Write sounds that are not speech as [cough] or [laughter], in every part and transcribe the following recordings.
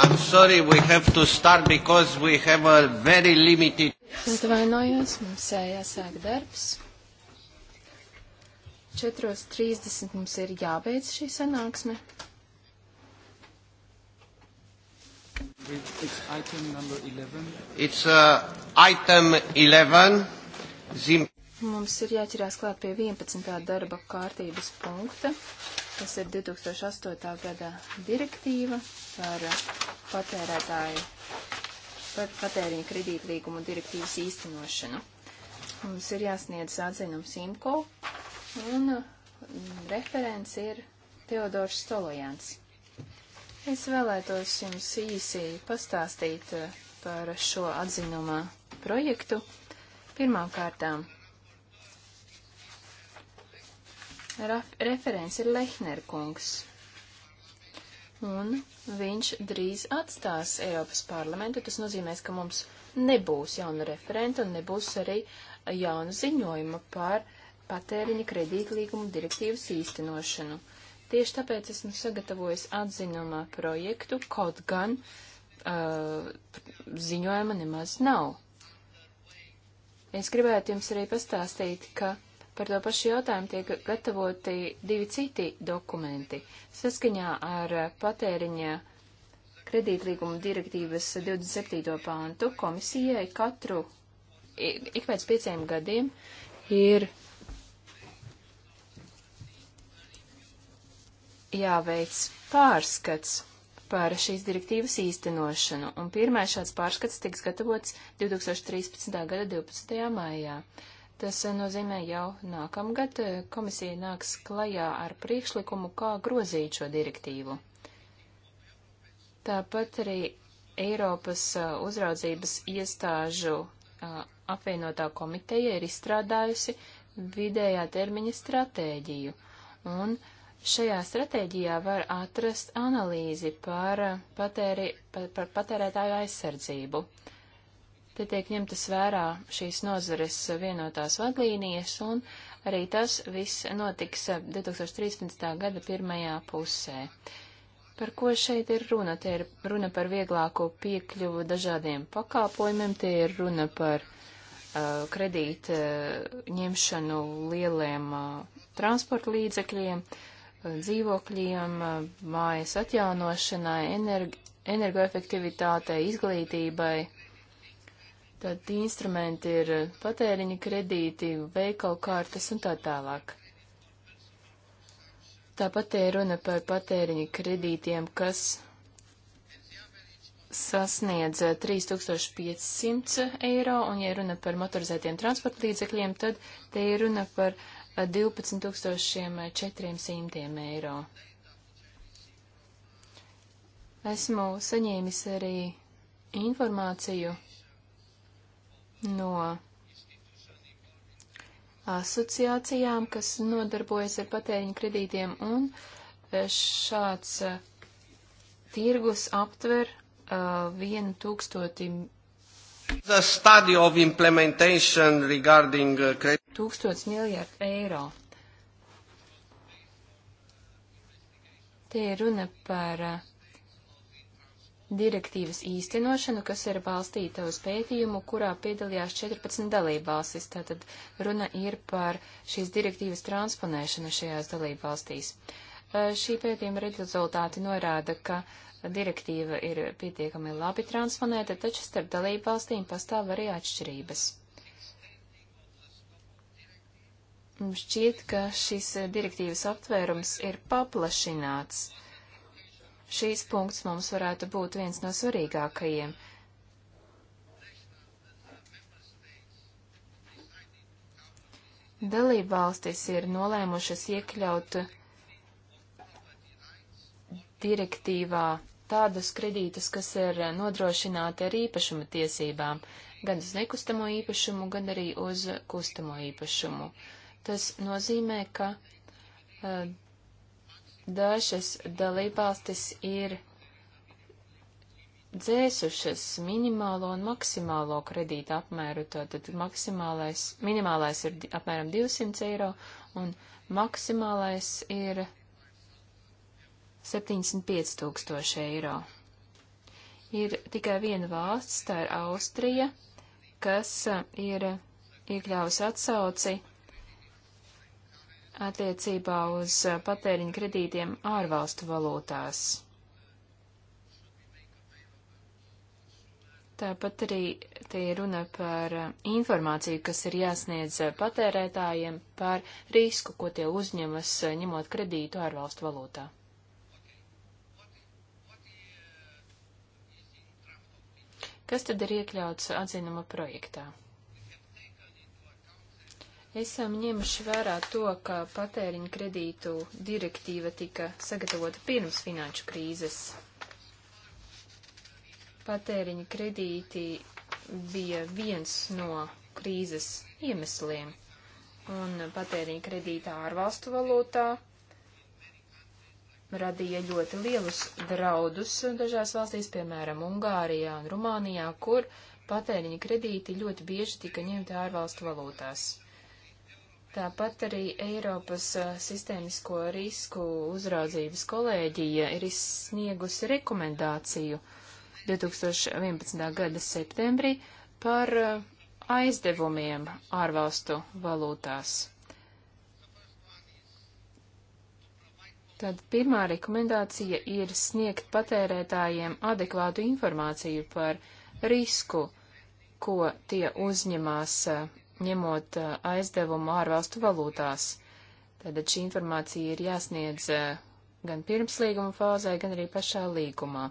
I'm sorry, we have to start because we have a very limited. Atvainojos, mums jāsāk darbs. 4.30 mums ir jābeidz šī sanāksme. It's item number 11. It's uh, item 11. Zim... Mums ir jāķerās klāt pie 11. darba kārtības punkta. Tas ir 2008. gada direktīva par patērētāju, par patēriņa kredītlīgumu direktīvas īstenošanu. Mums ir jāsniedz atzinums Simko, un referents ir Teodors Stolojans. Es vēlētos jums īsi pastāstīt eh, par šo atzinumā projektu. Pirmām kārtām referents ir Lehner kungs. Un viņš drīz atstās Eiropas parlamentu. Tas nozīmēs, ka mums nebūs jauna referenta un nebūs arī jauna ziņojuma par patēriņa kredītlīguma direktīvas īstenošanu. Tieši tāpēc esmu sagatavojis atzinumā projektu, kaut gan uh, ziņojuma nemaz nav. Es gribētu jums arī pastāstīt, ka Par to pašu jautājumu tiek gatavoti divi citi dokumenti. Saskaņā ar patēriņa kredītlīguma direktīvas 27. pāntu komisijai katru, ik pēc pieciem gadiem, ir jāveic pārskats par šīs direktīvas īstenošanu, un pirmais šāds pārskats tiks gatavots 2013. gada 12. maijā. Tas nozīmē jau nākamgad komisija nāks klajā ar priekšlikumu, kā grozīt šo direktīvu. Tāpat arī Eiropas uzraudzības iestāžu apvienotā komiteja ir izstrādājusi vidējā termiņa stratēģiju, un šajā stratēģijā var atrast analīzi par, patēri, par, par patērētāju aizsardzību. Uh, Te tiek ņemtas vērā šīs nozares vienotās vadlīnijas, un arī tas viss notiks 2013. gada pirmajā pusē. Par ko šeit ir runa? Te ir runa par vieglāko piekļuvu dažādiem pakāpojumiem, te ir runa par uh, kredīta uh, ņemšanu lieliem uh, transporta līdzekļiem, uh, dzīvokļiem, uh, mājas atjaunošanai, energ energoefektivitātei, izglītībai. Tad instrumenti ir patēriņa kredīti, veikalu kārtas un tā tālāk. Tāpat ir runa par patēriņa kredītiem, kas sasniedz 3500 eiro, un ja runa par motorizētiem transporta līdzekļiem, tad te ir runa par 12400 eiro. Esmu saņēmis arī informāciju no asociācijām, kas nodarbojas ar patēriņu kredītiem, un e, šāds e, tirgus aptver uh, vienu tūkstoti. Regarding... Tūkstots miljārdu eiro. Te ir runa par uh, direktīvas īstenošanu, kas ir balstīta uz pētījumu, kurā piedalījās 14 dalībvalstis. Tātad runa ir par šīs direktīvas transponēšanu šajās dalībvalstīs. Šī pētījuma rezultāti norāda, ka direktīva ir pietiekami labi transponēta, taču starp dalībvalstīm pastāv arī atšķirības. Šķiet, ka šis direktīvas aptvērums ir paplašināts. Uh, šīs punkts mums varētu būt viens no svarīgākajiem. Dalībvalstis ir nolēmušas iekļaut direktīvā tādus kredītus, kas ir nodrošināti ar īpašuma tiesībām, gan uz nekustamo īpašumu, gan arī uz kustamo īpašumu. Tas nozīmē, ka uh, Dažas dalībvalstis ir dzēsušas minimālo un maksimālo kredīta apmēru. Tātad maksimālais, minimālais ir apmēram 200 eiro un maksimālais ir 75 tūkstoši eiro. Ir tikai viena valsts, tā ir Austrija, kas eh, ir iekļāvusi atsauci attiecībā uz uh, patēriņa kredītiem ārvalstu valūtās. Tāpat arī te ir runa par uh, informāciju, kas ir jāsniedz uh, patērētājiem par risku, ko tie uzņemas ņemot kredītu ārvalstu valūtā. Kas tad ir iekļauts atzinuma projektā? Esam ņemuši vērā to, ka patēriņa kredītu direktīva tika sagatavota pirms finanšu krīzes. Patēriņa kredīti bija viens no krīzes iemesliem, un patēriņa kredītā ārvalstu valūtā radīja ļoti lielus draudus dažās valstīs, piemēram, Ungārijā un Rumānijā, kur patēriņa kredīti ļoti bieži tika ņemti ārvalstu valūtās. Tāpat arī Eiropas sistēmisko risku uzraudzības kolēģija ir izsniegusi rekomendāciju 2011. gada septembrī par aizdevumiem ārvalstu valūtās. Tad pirmā rekomendācija ir sniegt patērētājiem adekvātu informāciju par risku, ko tie uzņemās ņemot eh, aizdevumu ārvalstu valūtās. Tātad šī informācija ir jāsniedz eh, gan pirms līguma fāzē, gan arī pašā līgumā.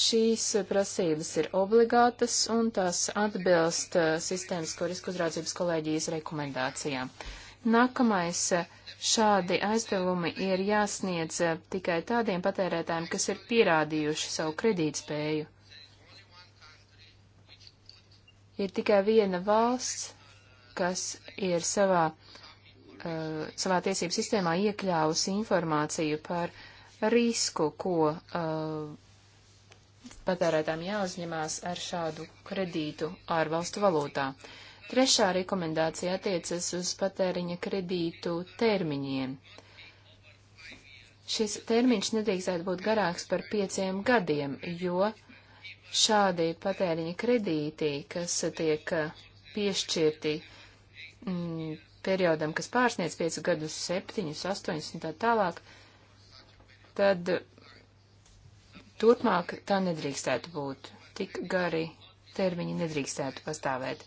Šīs prasības ir obligātas un tās atbilst eh, sistēmisko risku uzraudzības kolēģijas rekomendācijām. Nākamais šādi aizdevumi ir jāsniedz tikai tādiem patērētājiem, kas ir pierādījuši savu kredītspēju. Ir tikai viena valsts, kas ir savā, uh, savā tiesību sistēmā iekļāvusi informāciju par risku, ko uh, eh, patērētām jāuzņemās ar šādu kredītu ārvalstu valūtā. Trešā rekomendācija attiecas uz patēriņa kredītu termiņiem. Šis termiņš nedrīkstētu būt garāks par pieciem gadiem, jo uh, šādi patēriņa kredīti, kas tiek eh, piešķirti mm, periodam, kas pārsniec 5 gadus, 7, 8 un tā tālāk, tad turpmāk tā nedrīkstētu būt. Tik gari termiņi nedrīkstētu pastāvēt.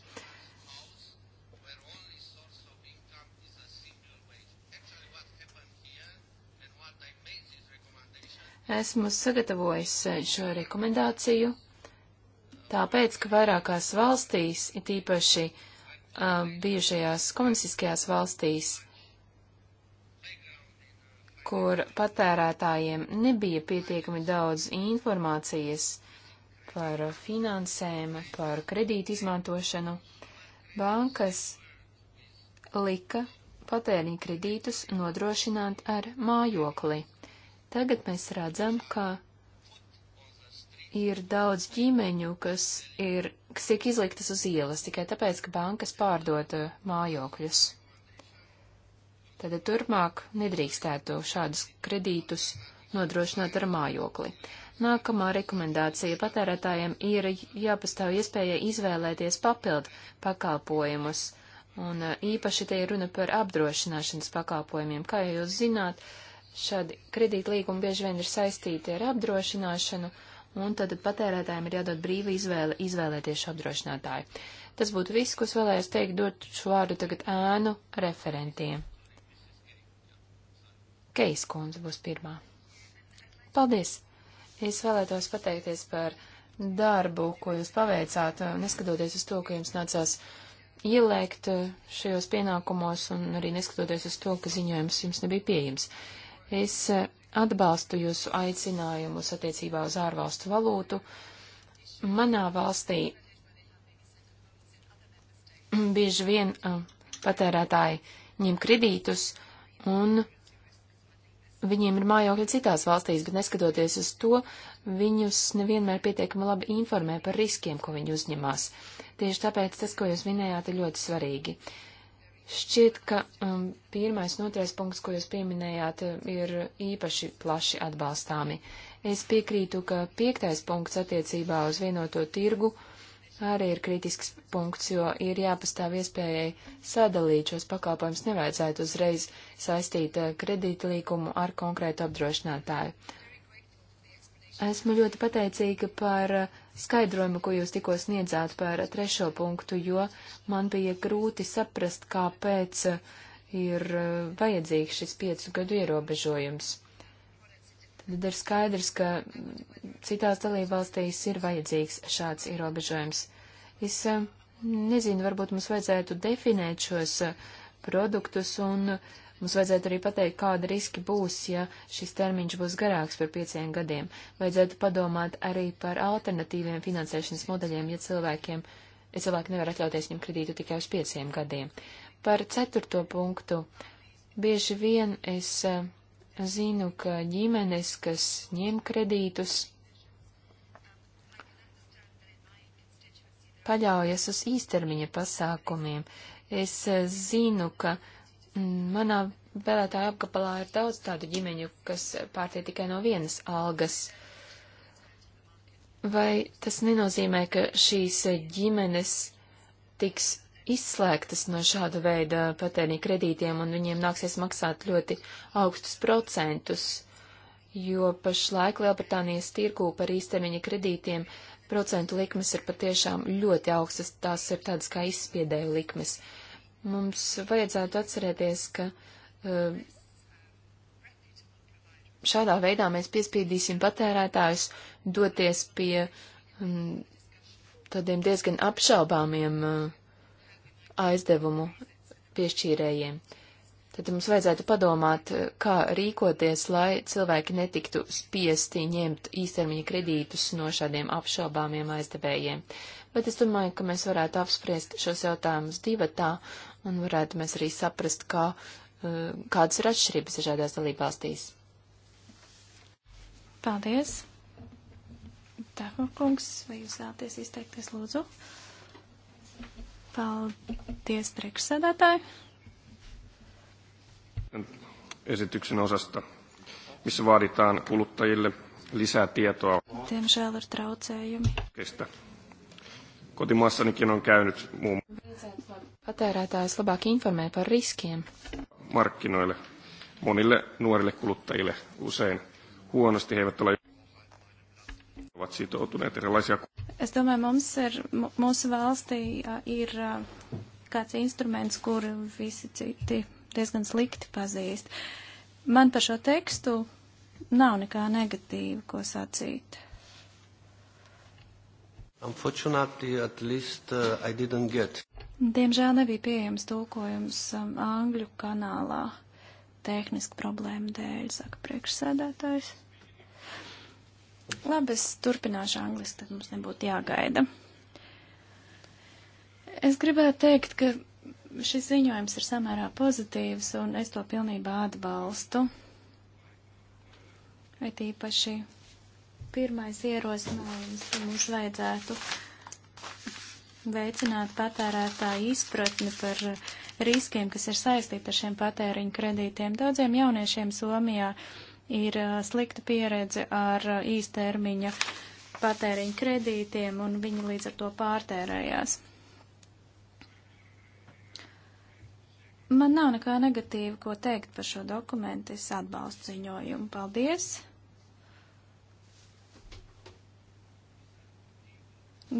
Esmu sagatavojis eh, šo rekomendāciju. Tāpēc, ka vairākās valstīs, it īpaši uh, bijušajās komunistiskajās valstīs, kur patērētājiem nebija pietiekami daudz informācijas par finansēm, par kredītu izmantošanu, bankas lika patēriņa kredītus nodrošināt ar mājokli. Tagad mēs redzam, ka Ir daudz ģimeņu, kas ir, kas tiek izliktas uz ielas tikai tāpēc, ka bankas pārdod eh, mājokļus. Tad turpmāk nedrīkstētu šādus kredītus nodrošināt ar mājokli. Nākamā rekomendācija patērētājiem ir jāpastāv iespēja izvēlēties papildu pakalpojumus, un eh, īpaši te ir runa par apdrošināšanas pakalpojumiem. Kā jūs zināt, šādi kredītlīgumi bieži vien ir saistīti ar apdrošināšanu, uh, un tad patērētājiem ir jādod brīva izvēle izvēlēties šo apdrošinātāju. Tas būtu viss, ko es vēlējos teikt, dot šo vārdu tagad ēnu referentiem. Keis kundze būs pirmā. Paldies! Es vēlētos pateikties par darbu, ko jūs paveicāt, neskatoties uz to, ka jums nācās ielēkt šajos pienākumos un arī neskatoties uz to, ka ziņojums jums nebija pieejams. Es atbalstu jūsu aicinājumus attiecībā uz ārvalstu valūtu. Manā valstī [clears throat] bieži vien uh, patērētāji ņem kredītus un viņiem ir mājokļi citās valstīs, bet neskatoties uz to, viņus nevienmēr pietiekami labi informē par riskiem, ko viņi uzņemās. Tieši tāpēc tas, ko jūs minējāt, ir ļoti svarīgi. Uh, Šķiet, ka um, pirmais un otrais punkts, ko jūs pieminējāt, ir īpaši plaši atbalstāmi. Es piekrītu, ka piektais punkts attiecībā uz vienoto tirgu arī ir kritisks punkts, jo ir jāpastāv iespējai sadalīt šos pakalpojumus, nevajadzētu uzreiz saistīt uh, kredītlīkumu ar konkrētu apdrošinātāju. Esmu ļoti pateicīga par uh, skaidrojumu, ko jūs tikko sniedzāt par trešo punktu, jo man bija grūti saprast, kāpēc ir e, vajadzīgs šis piecu gadu ierobežojums. Tad ir skaidrs, ka citās dalībvalstīs ir vajadzīgs šāds ierobežojums. Es e, nezinu, varbūt mums vajadzētu definēt šos uh, produktus, un mums vajadzētu arī pateikt, kāda riski būs, ja šis termiņš būs garāks par pieciem gadiem. Vajadzētu padomāt arī par alternatīviem finansēšanas modeļiem, ja cilvēkiem, ja cilvēki nevar atļauties ņemt kredītu tikai uz pieciem gadiem. Par ceturto punktu. Bieži vien es eh, zinu, ka ģimenes, kas ņem kredītus, paļaujas uz īstermiņa pasākumiem. Es eh, zinu, ka mm, manā vēlētāju apgabalā ir daudz tādu ģimeņu, kas eh, pārtie tikai no vienas algas. Vai tas nenozīmē, ka šīs eh, ģimenes tiks izslēgtas no šāda veida patēriņa kredītiem, un viņiem nāksies maksāt ļoti augstus procentus, jo pašlaik Lielbritānijas tirgū par īstermiņa kredītiem procentu likmes ir patiešām ļoti augstas, tās ir tādas kā izspiedēju likmes. Mums vajadzētu atcerēties, ka eh, šādā veidā mēs piespiedīsim patērētājus doties pie mm, tādiem diezgan apšaubāmiem eh, aizdevumu piešķīrējiem. Tad mums vajadzētu padomāt, kā rīkoties, lai cilvēki netiktu spiesti ņemt īstermiņa kredītus no šādiem apšaubāmiem aizdevējiem. Bet es domāju, ka mēs varētu apspriest šos jautājumus divatā un varētu mēs arī saprast, kā, eh, kādas ir atšķirības dažādās dalībvalstīs. Paldies! Tako kungs, vai jūs vēlaties izteikties lūdzu? Paldies priekšsēdētāji. Esityksen osasta, missä vaaditaan kuluttajille lisää tietoa. Diemžēl ir traucējumi. Kestä Kotimaassanikin on käynyt muun muassa. Patērētājs labāk informē par riskiem. Markkinoille. Monille nuorille kuluttajille usein huonosti he eivät ole ovat sitoutuneet erilaisia. Es domāju, mums ir, mūsu valstī ir kāds instruments, kuru visi citi diezgan slikti pazīst. Man par šo tekstu nav nekā negatīva, ko sacīt. Unfortunately, at least uh, I didn't get. Diemžēl nebija pieejams tulkojums um, angļu kanālā tehniska problēma dēļ, saka priekšsēdētājs. Labi, es turpināšu angliski, tad mums nebūtu jāgaida. Es gribētu teikt, ka šis ziņojums ir samērā pozitīvs, un es to pilnībā atbalstu. Vai tīpaši pirmais ierosinājums, ka mums vajadzētu veicināt patērētāju izpratni par riskiem, kas ir saistīti ar šiem patēriņu kredītiem. Daudziem jauniešiem Somijā ir slikta pieredze ar īstermiņa patēriņu kredītiem, un viņi līdz ar to pārtērējās. Man nav nekā negatīva, ko teikt par šo dokumentu. Es atbalstu ziņojumu. Paldies!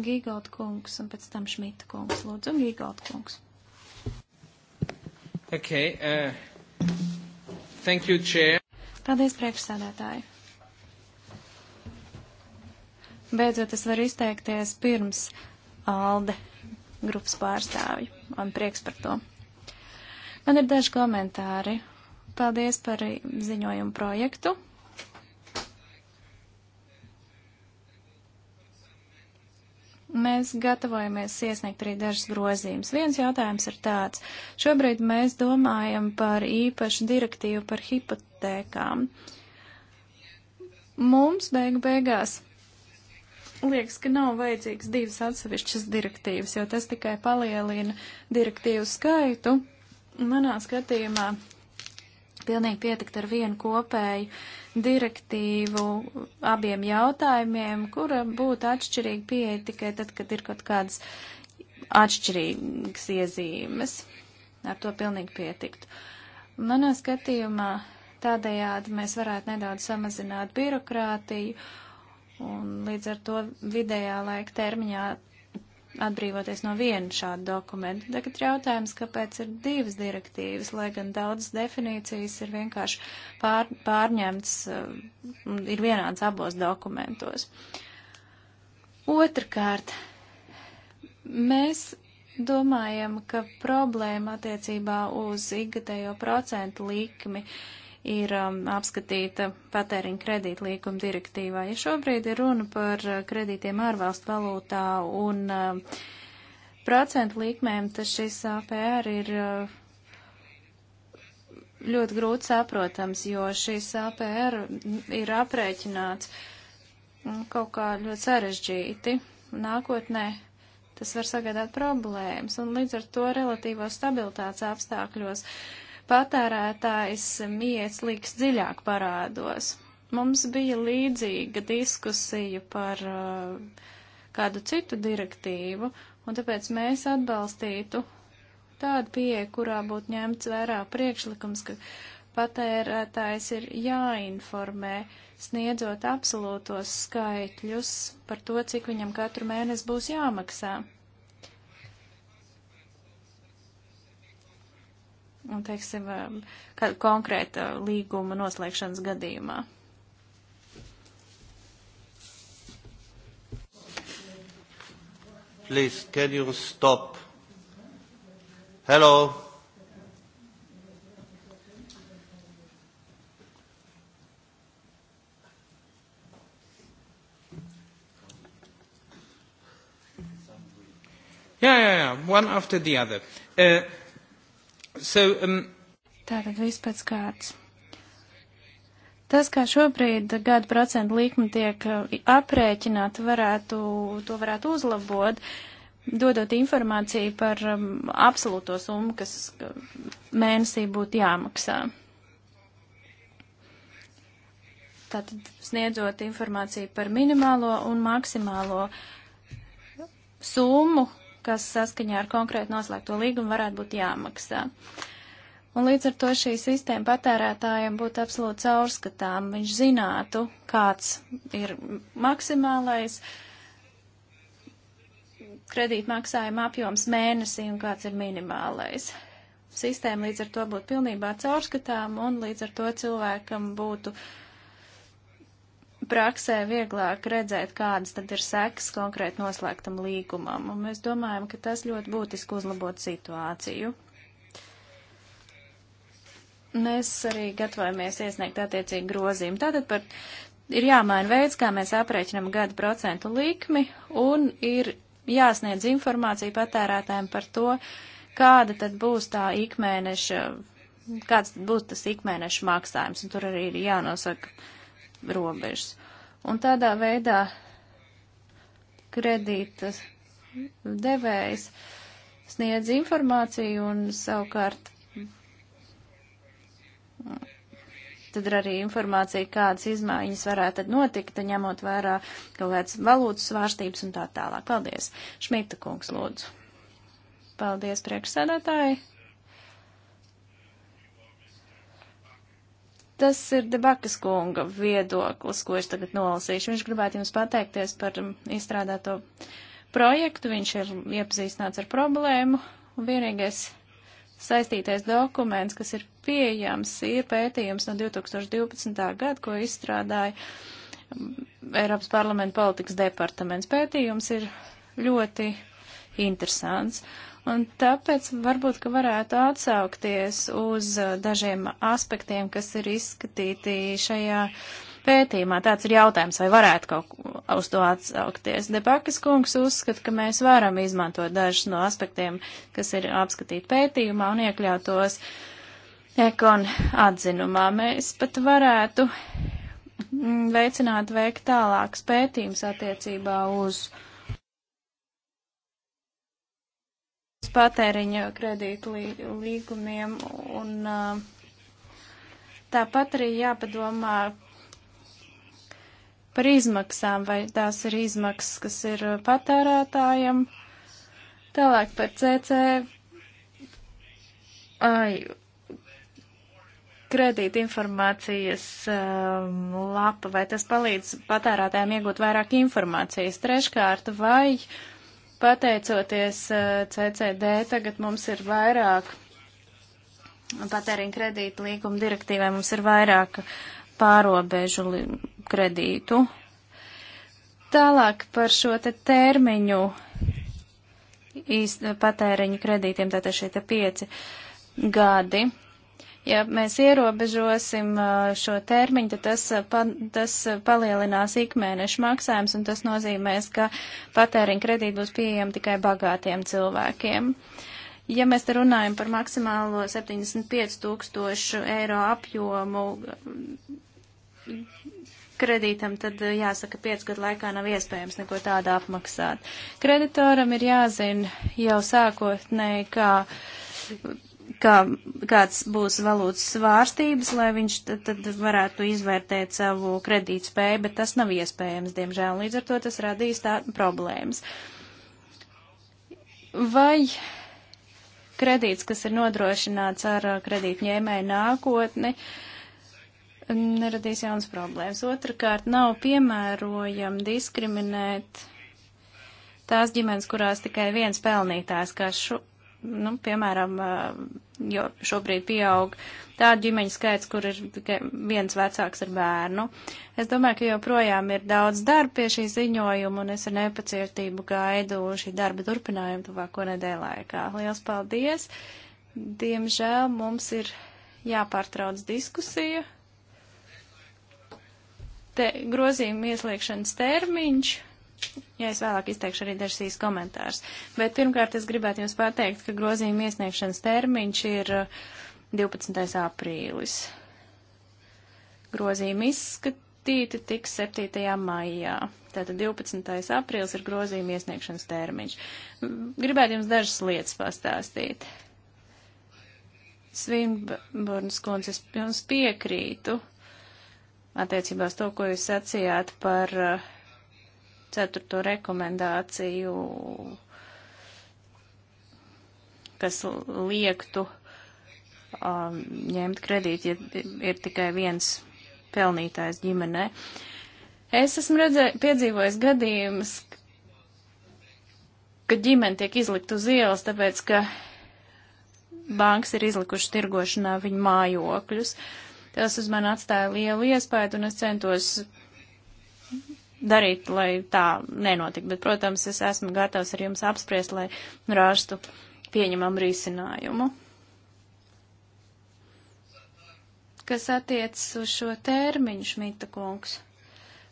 Gīgalt kungs un pēc tam Šmita kungs. Lūdzu, Gīgalt kungs. Okay, uh, thank you, chair. Paldies, priekšsādātāji. Beidzot, es varu izteikties pirms ALDE grupas pārstāvju. Man prieks par to. Man ir daži komentāri. Paldies par ziņojumu projektu. Mēs gatavojamies iesniegt arī dažas grozījumus. Viens jautājums ir tāds. Šobrīd mēs domājam par īpašu direktīvu par hipotekām. Mums beigu beigās liekas, ka nav vajadzīgs divas atsevišķas direktīvas, jo tas tikai palielina direktīvu skaitu. Manā skatījumā Pilnīgi pietikt ar vienu kopēju direktīvu abiem jautājumiem, kura būtu atšķirīga pieeja tikai tad, kad ir kaut kādas atšķirīgas iezīmes. Ar to pilnīgi pietikt. Manā skatījumā tādējādi mēs varētu nedaudz samazināt birokrātiju un līdz ar to vidējā laika termiņā atbrīvoties no viena šāda dokumenta. Tagad ir jautājums, kāpēc ir divas direktīvas, lai gan daudzas definīcijas ir vienkārši pār, pārņemts, eh, ir vienāds abos dokumentos. Otrakārt, mēs domājam, ka problēma attiecībā uz ikgadējo procentu likmi uh, ir um, apskatīta patēriņa kredīta līkuma direktīvā. Ja šobrīd ir runa par uh, kredītiem ārvalstu valūtā un um, procentu līkmēm, tad šis APR ir. Uh, ļoti grūti saprotams, jo šīs APR ir aprēķināts mm, kaut kā ļoti sarežģīti. Nākotnē tas var sagādāt problēmas, un līdz ar to relatīvos stabilitātes apstākļos uh, patērētājs miets liks dziļāk parādos. Mums bija līdzīga diskusija par uh, kādu citu direktīvu, un tāpēc mēs atbalstītu tādu pieeju, kurā būtu ņemts vērā priekšlikums, ka patērētājs ir jāinformē, sniedzot absolūtos skaitļus par to, cik viņam katru mēnesi būs jāmaksā. un, teiksim, um, konkrēta līguma noslēgšanas gadījumā. Please, can you stop? Hello? Yeah, yeah, yeah, one after the other. Uh, So, um... Tātad viss pēc kārtas. Tas, kā šobrīd gada procentu likme tiek uh, aprēķināta, varētu, to varētu uzlabot, dodot informāciju par um, absolūto summu, kas mēnesī būtu jāmaksā. Tātad sniedzot informāciju par minimālo un maksimālo summu, kas saskaņā ar konkrētu noslēgto līgumu varētu būt jāmaksā. Un līdz ar to šī sistēma patērētājiem būtu absolūti caurskatām. Viņš zinātu, kāds ir maksimālais kredītmaksājuma apjoms mēnesī un kāds ir minimālais. Sistēma līdz ar to būtu pilnībā caurskatām un līdz ar to cilvēkam būtu uh, praksē vieglāk redzēt, kādas tad ir sekas konkrēti noslēgtam līgumam, un mēs domājam, ka tas ļoti būtiski uzlabot situāciju. Mēs arī gatavojamies iesniegt attiecīgi grozījumu. Tātad par ir jāmaina veids, kā mēs aprēķinam gada procentu likmi, un ir jāsniedz informācija patērētājiem par to, kāda tad būs tā ikmēneša, kāds būs tas ikmēneša maksājums, un tur arī ir jānosaka robežas. Un tādā veidā kredītas devējs sniedz informāciju un savukārt tad ir arī informācija, kādas izmaiņas varētu notikt, ņemot vērā kaut kādas valūtas svārstības un tā tālāk. Paldies. Šmita kungs, lūdzu. Paldies, priekšsēdētāji. Tas ir debakas kunga viedoklis, ko es tagad nolasīšu. Viņš gribētu jums pateikties par um, izstrādāto projektu. Viņš ir iepazīstināts ar problēmu. Un vienīgais saistītais dokuments, kas ir pieejams, ir pētījums no 2012. gada, ko izstrādāja um, Eiropas parlamenta politikas departaments. Pētījums ir ļoti interesants. Uh, Un tāpēc varbūt, ka varētu atsaukties uz eh, dažiem aspektiem, kas ir izskatīti šajā pētījumā. Tāds ir jautājums, vai varētu kaut uz to atsaukties. Debakas kungs uzskata, ka mēs varam izmantot dažus no aspektiem, kas ir apskatīti pētījumā un iekļautos ekon atzinumā. Mēs pat varētu mm, veicināt veikt tālākus pētījumus attiecībā uz patēriņa kredītu līgumiem. Un, tāpat arī jāpadomā par izmaksām, vai tās ir izmaksas, kas ir patērētājiem. Tālāk par CC ai, kredīta informācijas um, lapa, vai tas palīdz patērētājiem iegūt vairāk informācijas. Treškārt, vai uh, Pateicoties eh, CCD, tagad mums ir vairāk patēriņa kredīta līguma direktīvai, mums ir vairāk pārobežu kredītu. Tālāk par šo te termiņu patēriņu kredītiem, tātad šie te pieci gadi. Ja mēs ierobežosim uh, šo termiņu, tad tas, uh, pa, tas uh, palielinās ikmēnešu maksājums, un tas nozīmēs, ka patēriņa kredīti būs pieejami tikai bagātiem cilvēkiem. Ja mēs te runājam par maksimālo 75 tūkstošu eiro apjomu kredītam, tad jāsaka, piecu gadu laikā nav iespējams neko tādu apmaksāt. Kreditoram ir jāzina jau sākotnēji, kā kā, kāds būs valūtas svārstības, lai viņš tad, tad varētu izvērtēt savu kredītspēju, bet tas nav iespējams, diemžēl. Līdz ar to tas radīs tā problēmas. Vai kredīts, kas ir nodrošināts ar kredītņēmēju nākotni, neradīs jaunas problēmas. Otrakārt, nav piemērojam diskriminēt tās ģimenes, kurās tikai viens pelnītājs, kā šo, nu, piemēram, jo šobrīd pieaug tādu ģimeņu skaits, kur ir tikai viens vecāks ar bērnu. Es domāju, ka joprojām ir daudz darba pie šī ziņojuma, un es ar nepacietību gaidu šī darba turpinājumu tuvāko nedēļu laikā. Lielas paldies! Diemžēl mums ir jāpārtrauc diskusija. Te grozījuma ieslēgšanas termiņš ja es vēlāk izteikšu arī dažas īsts komentārs. Bet pirmkārt es gribētu jums pateikt, ka grozījuma iesniegšanas termiņš ir 12. Eh, aprīlis. Grozījumi izskatīti tiks 7. maijā. Tātad 12. aprīlis ir grozījuma iesniegšanas termiņš. Gribētu jums dažas lietas pastāstīt. Svinburnas kundze, es jums piekrītu attiecībās to, ko jūs sacījāt par uh, ceturto rekomendāciju, kas liektu um, ņemt kredīti, ja ir tikai viens pelnītājs ģimenē. Es esmu redzē, piedzīvojis gadījumus, ka ģimene tiek izlikt uz ielas, tāpēc, ka bankas ir izlikuši tirgošanā viņu mājokļus. Tas uz mani atstāja lielu iespēju, un es centos darīt, lai tā nenotiktu. Bet, protams, es esmu gatavs ar jums apspriest, lai rāstu pieņemam risinājumu. Kas attiecas uz šo termiņu, Šmita kungs?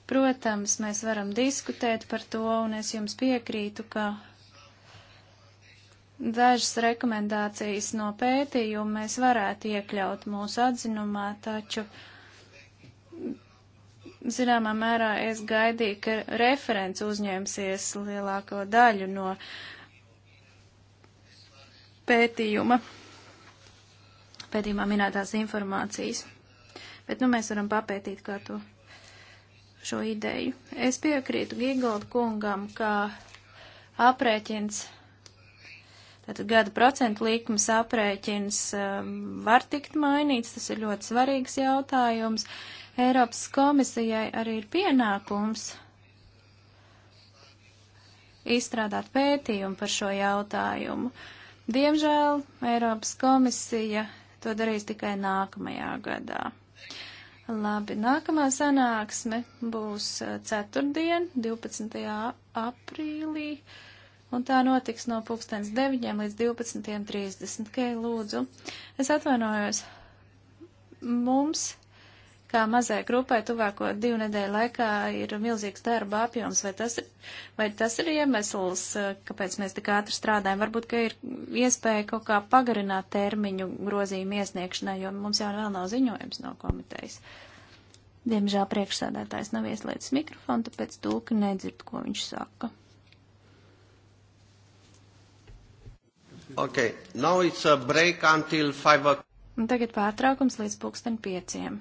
Protams, mēs varam diskutēt par to, un es jums piekrītu, ka dažas rekomendācijas no pētījuma mēs varētu iekļaut mūsu atzinumā, taču zināmā mērā es gaidīju, ka referents uzņemsies lielāko daļu no pētījuma, pētījumā minētās informācijas. Bet nu mēs varam papētīt, kā to šo ideju. Es piekrītu Gigolda kungam, ka aprēķins, tātad gada procentu likums aprēķins um, var tikt mainīts, tas ir ļoti svarīgs jautājums. Uh, Eiropas komisijai arī ir pienākums izstrādāt pētījumu par šo jautājumu. Diemžēl Eiropas komisija to darīs tikai nākamajā gadā. Labi, nākamā sanāksme būs uh, ceturtdien, 12. aprīlī, un tā notiks no 2009 līdz 12.30. Kei, lūdzu, es atvainojos, mums kā mazai grupai tuvāko divu nedēļu laikā ir milzīgs darba apjoms, vai tas, vai tas ir iemesls, kāpēc mēs tik ātri strādājam? Varbūt, ka ir iespēja kaut kā pagarināt termiņu grozījumu iesniegšanai, jo mums jau vēl nav ziņojums no komitejas. Diemžēl priekšsēdētājs nav ieslēdzis mikrofonu, tāpēc tulka nedzird, ko viņš saka. Okay, now it's a break until 5 o'clock. Tagad pārtraukums līdz pulksten pieciem.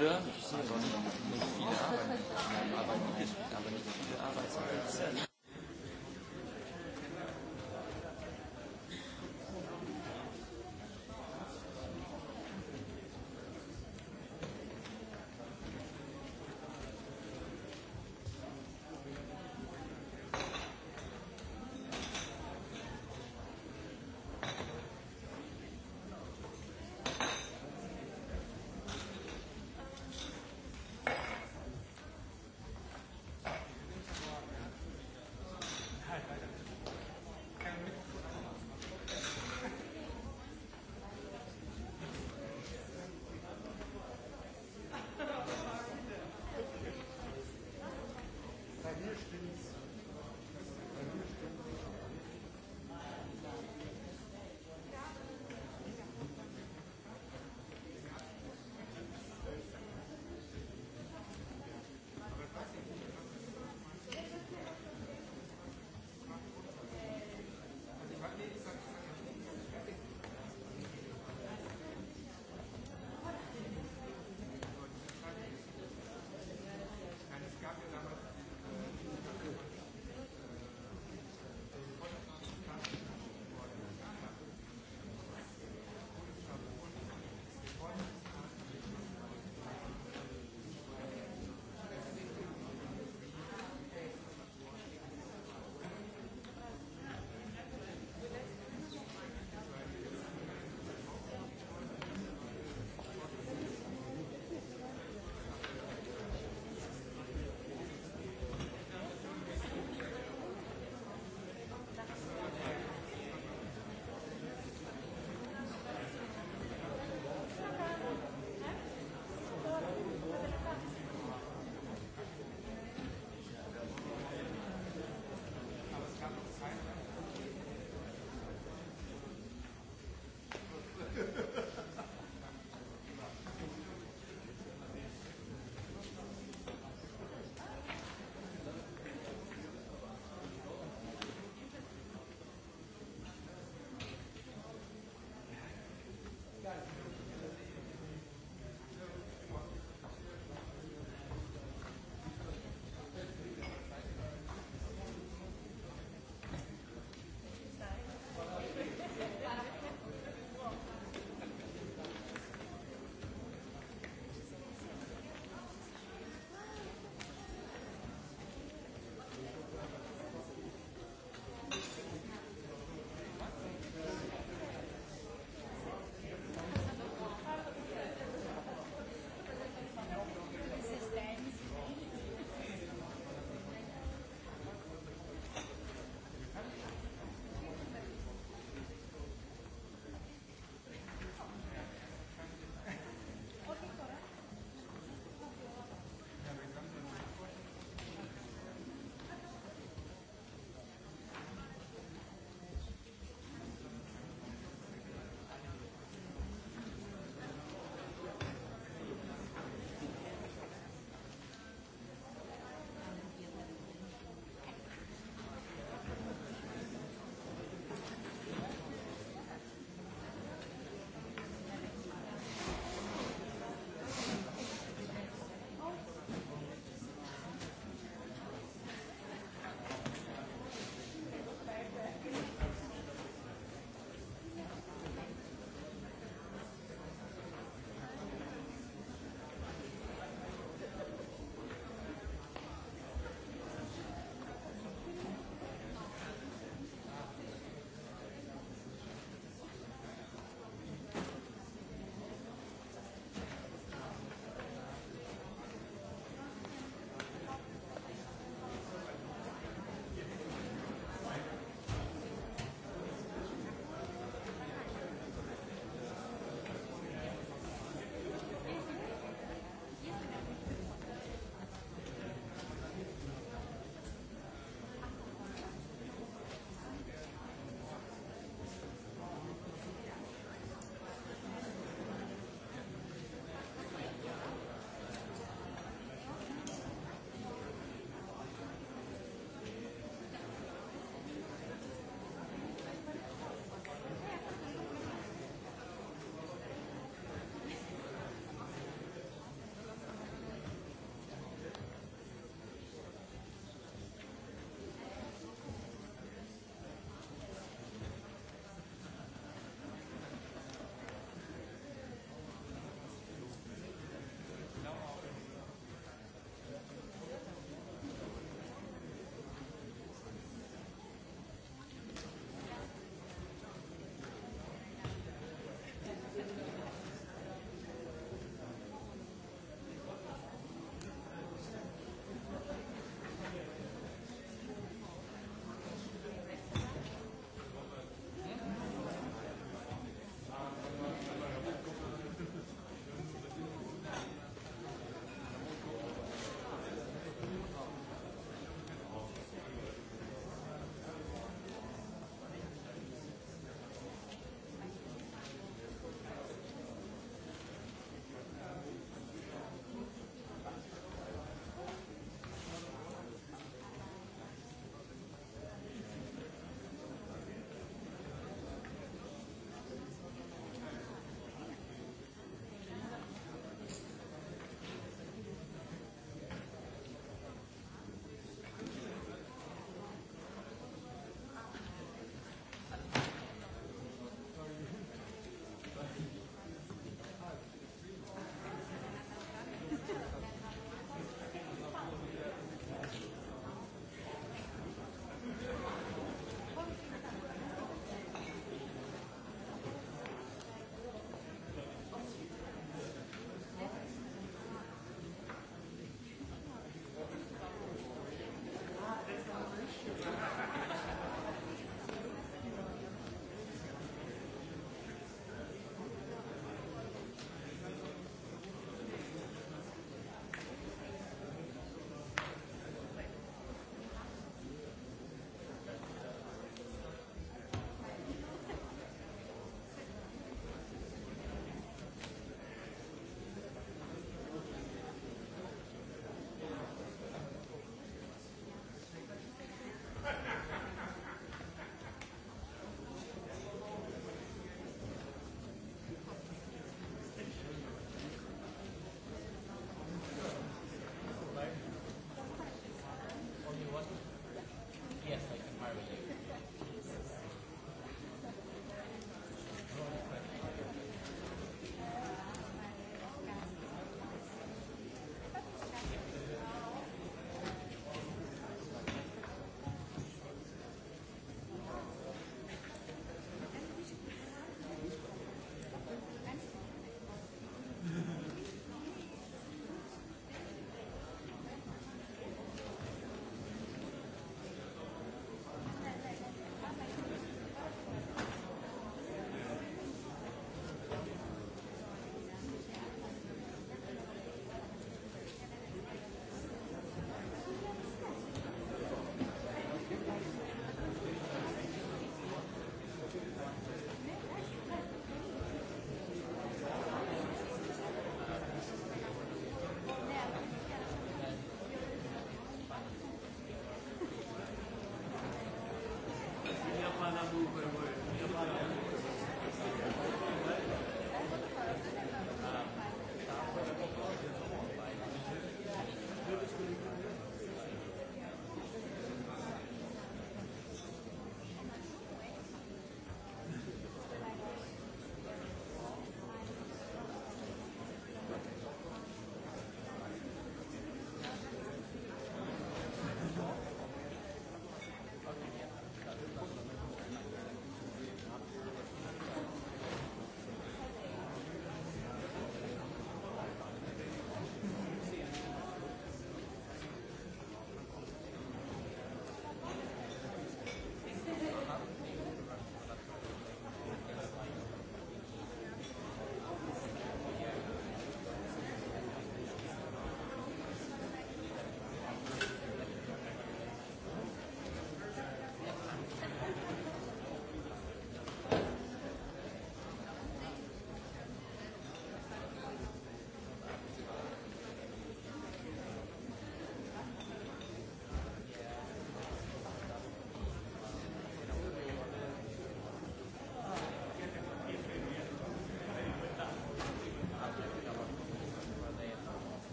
wurde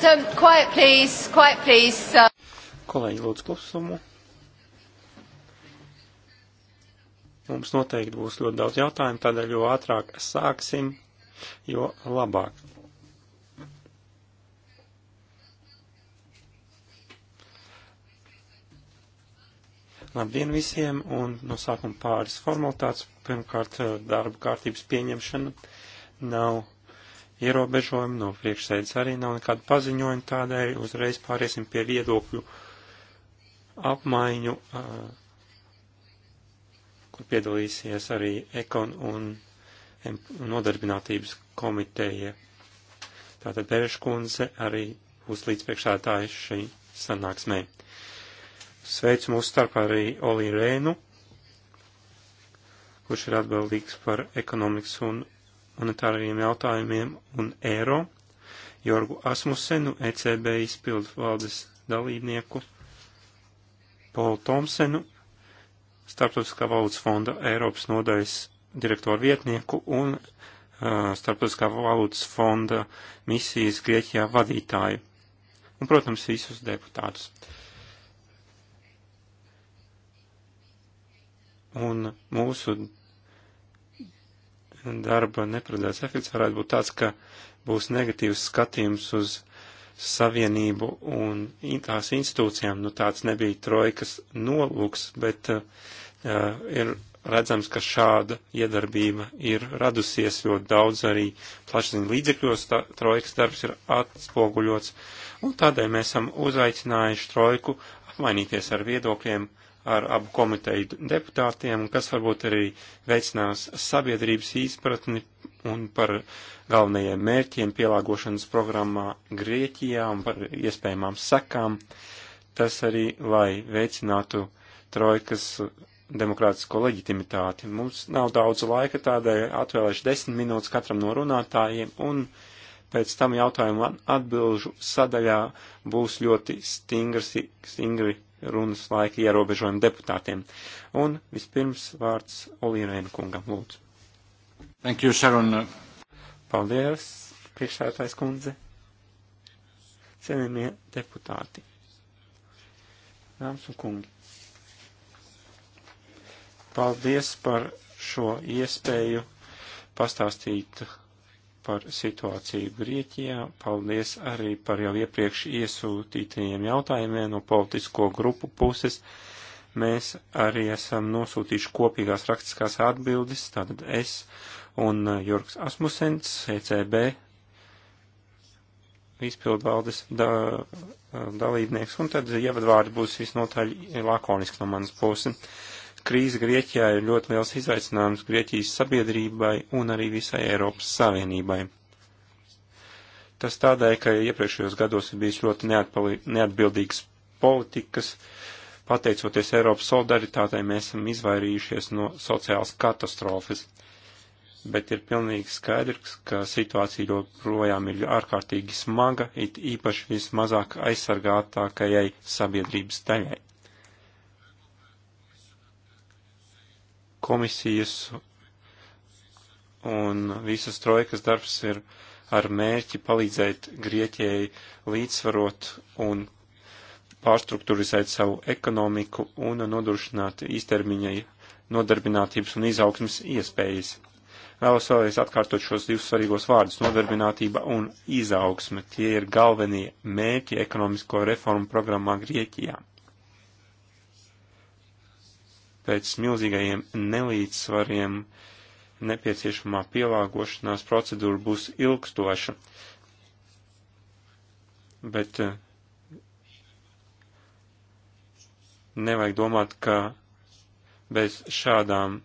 So, quiet please, quiet please. Kolēģi, lūdzu klusumu. Mums noteikti būs ļoti daudz jautājumu, tādēļ jo ātrāk sāksim, jo labāk. Labdien visiem, un no sākuma pāris formalitātes. Pirmkārt, eh, darba kārtības pieņemšana nav ierobežojumi, no priekšsēdes arī nav nekāda paziņojuma, tādēļ uzreiz pāriesim pie viedokļu apmaiņu, kur piedalīsies arī ekon un nodarbinātības komiteja. Tātad Bereškundze arī būs līdzpriekšētāja šī sanāksmē. Sveicu mūsu starpā arī Olī Rēnu, kurš ir atbildīgs par ekonomikas un monetārajiem jautājumiem un eiro, Jorgu Asmusenu, ECB izpildu valdes dalībnieku, Polu Tomsenu, Startautiskā valūtas fonda Eiropas nodaļas direktoru vietnieku un uh, Startautiskā valūtas fonda misijas Grieķijā vadītāju. Un, protams, visus deputātus. Un mūsu darba neparedzēts efekts varētu būt tāds, ka būs negatīvs skatījums uz savienību un tās institūcijām. Nu, tāds nebija trojkas nolūks, bet uh, uh ir redzams, ka šāda iedarbība ir radusies ļoti daudz arī plašsaziņu līdzekļos, tā, trojkas darbs ir atspoguļots, un tādēļ mēs esam uzaicinājuši trojku apmainīties ar viedokļiem ar abu komiteju deputātiem, kas varbūt arī veicinās sabiedrības izpratni un par galvenajiem mērķiem pielāgošanas programmā Grieķijā un par iespējamām sekām. Tas arī, lai veicinātu trojkas demokrātisko leģitimitāti. Mums nav daudz laika, tādēļ atvēlēšu desmit minūtes katram no runātājiem un uh, Pēc tam jautājumu atbilžu sadaļā būs ļoti stingri, stingri runas laika ierobežojumi deputātiem. Un vispirms vārds Olīnēna kungam lūdzu. Thank you, Sharon. Paldies, priekšsētājs kundze. Cienījamie deputāti. Dāmas un kungi. Paldies par šo iespēju pastāstīt par situāciju Grieķijā. Paldies arī par jau iepriekš iesūtītajiem jautājumiem no politisko grupu puses. Mēs arī esam nosūtījuši kopīgās rakstiskās atbildes, tātad es un eh, Jurgs Asmusens, ECB, izpildvaldes da, eh, dalībnieks, un tad ievadvārdi būs visnotaļ lakoniski no manas puses. Krīze Grieķijā ir ļoti liels izaicinājums Grieķijas sabiedrībai un arī visai Eiropas Savienībai. Tas tādēļ, ka iepriekšējos gados ir bijis ļoti neatbildīgs politikas, pateicoties Eiropas solidaritātei, mēs esam izvairījušies no sociālas katastrofas. Bet ir pilnīgi skaidrs, ka situācija joprojām ir ārkārtīgi smaga, it īpaši vismazāk aizsargātākajai sabiedrības daļai. komisijas un visas trojkas darbs ir ar mērķi palīdzēt Grieķijai līdzsvarot un pārstruktūrizēt savu ekonomiku un nodrošināt īstermiņai nodarbinātības un izaugsmas iespējas. Vēlos vēlreiz atkārtot šos divus svarīgos vārdus - nodarbinātība un izaugsme. Tie ir galvenie mērķi ekonomisko reformu programmā Grieķijā pēc milzīgajiem nelīdzsvariem nepieciešamā pielāgošanās procedūra būs ilgstoša. Bet eh, nevajag domāt, ka bez šādām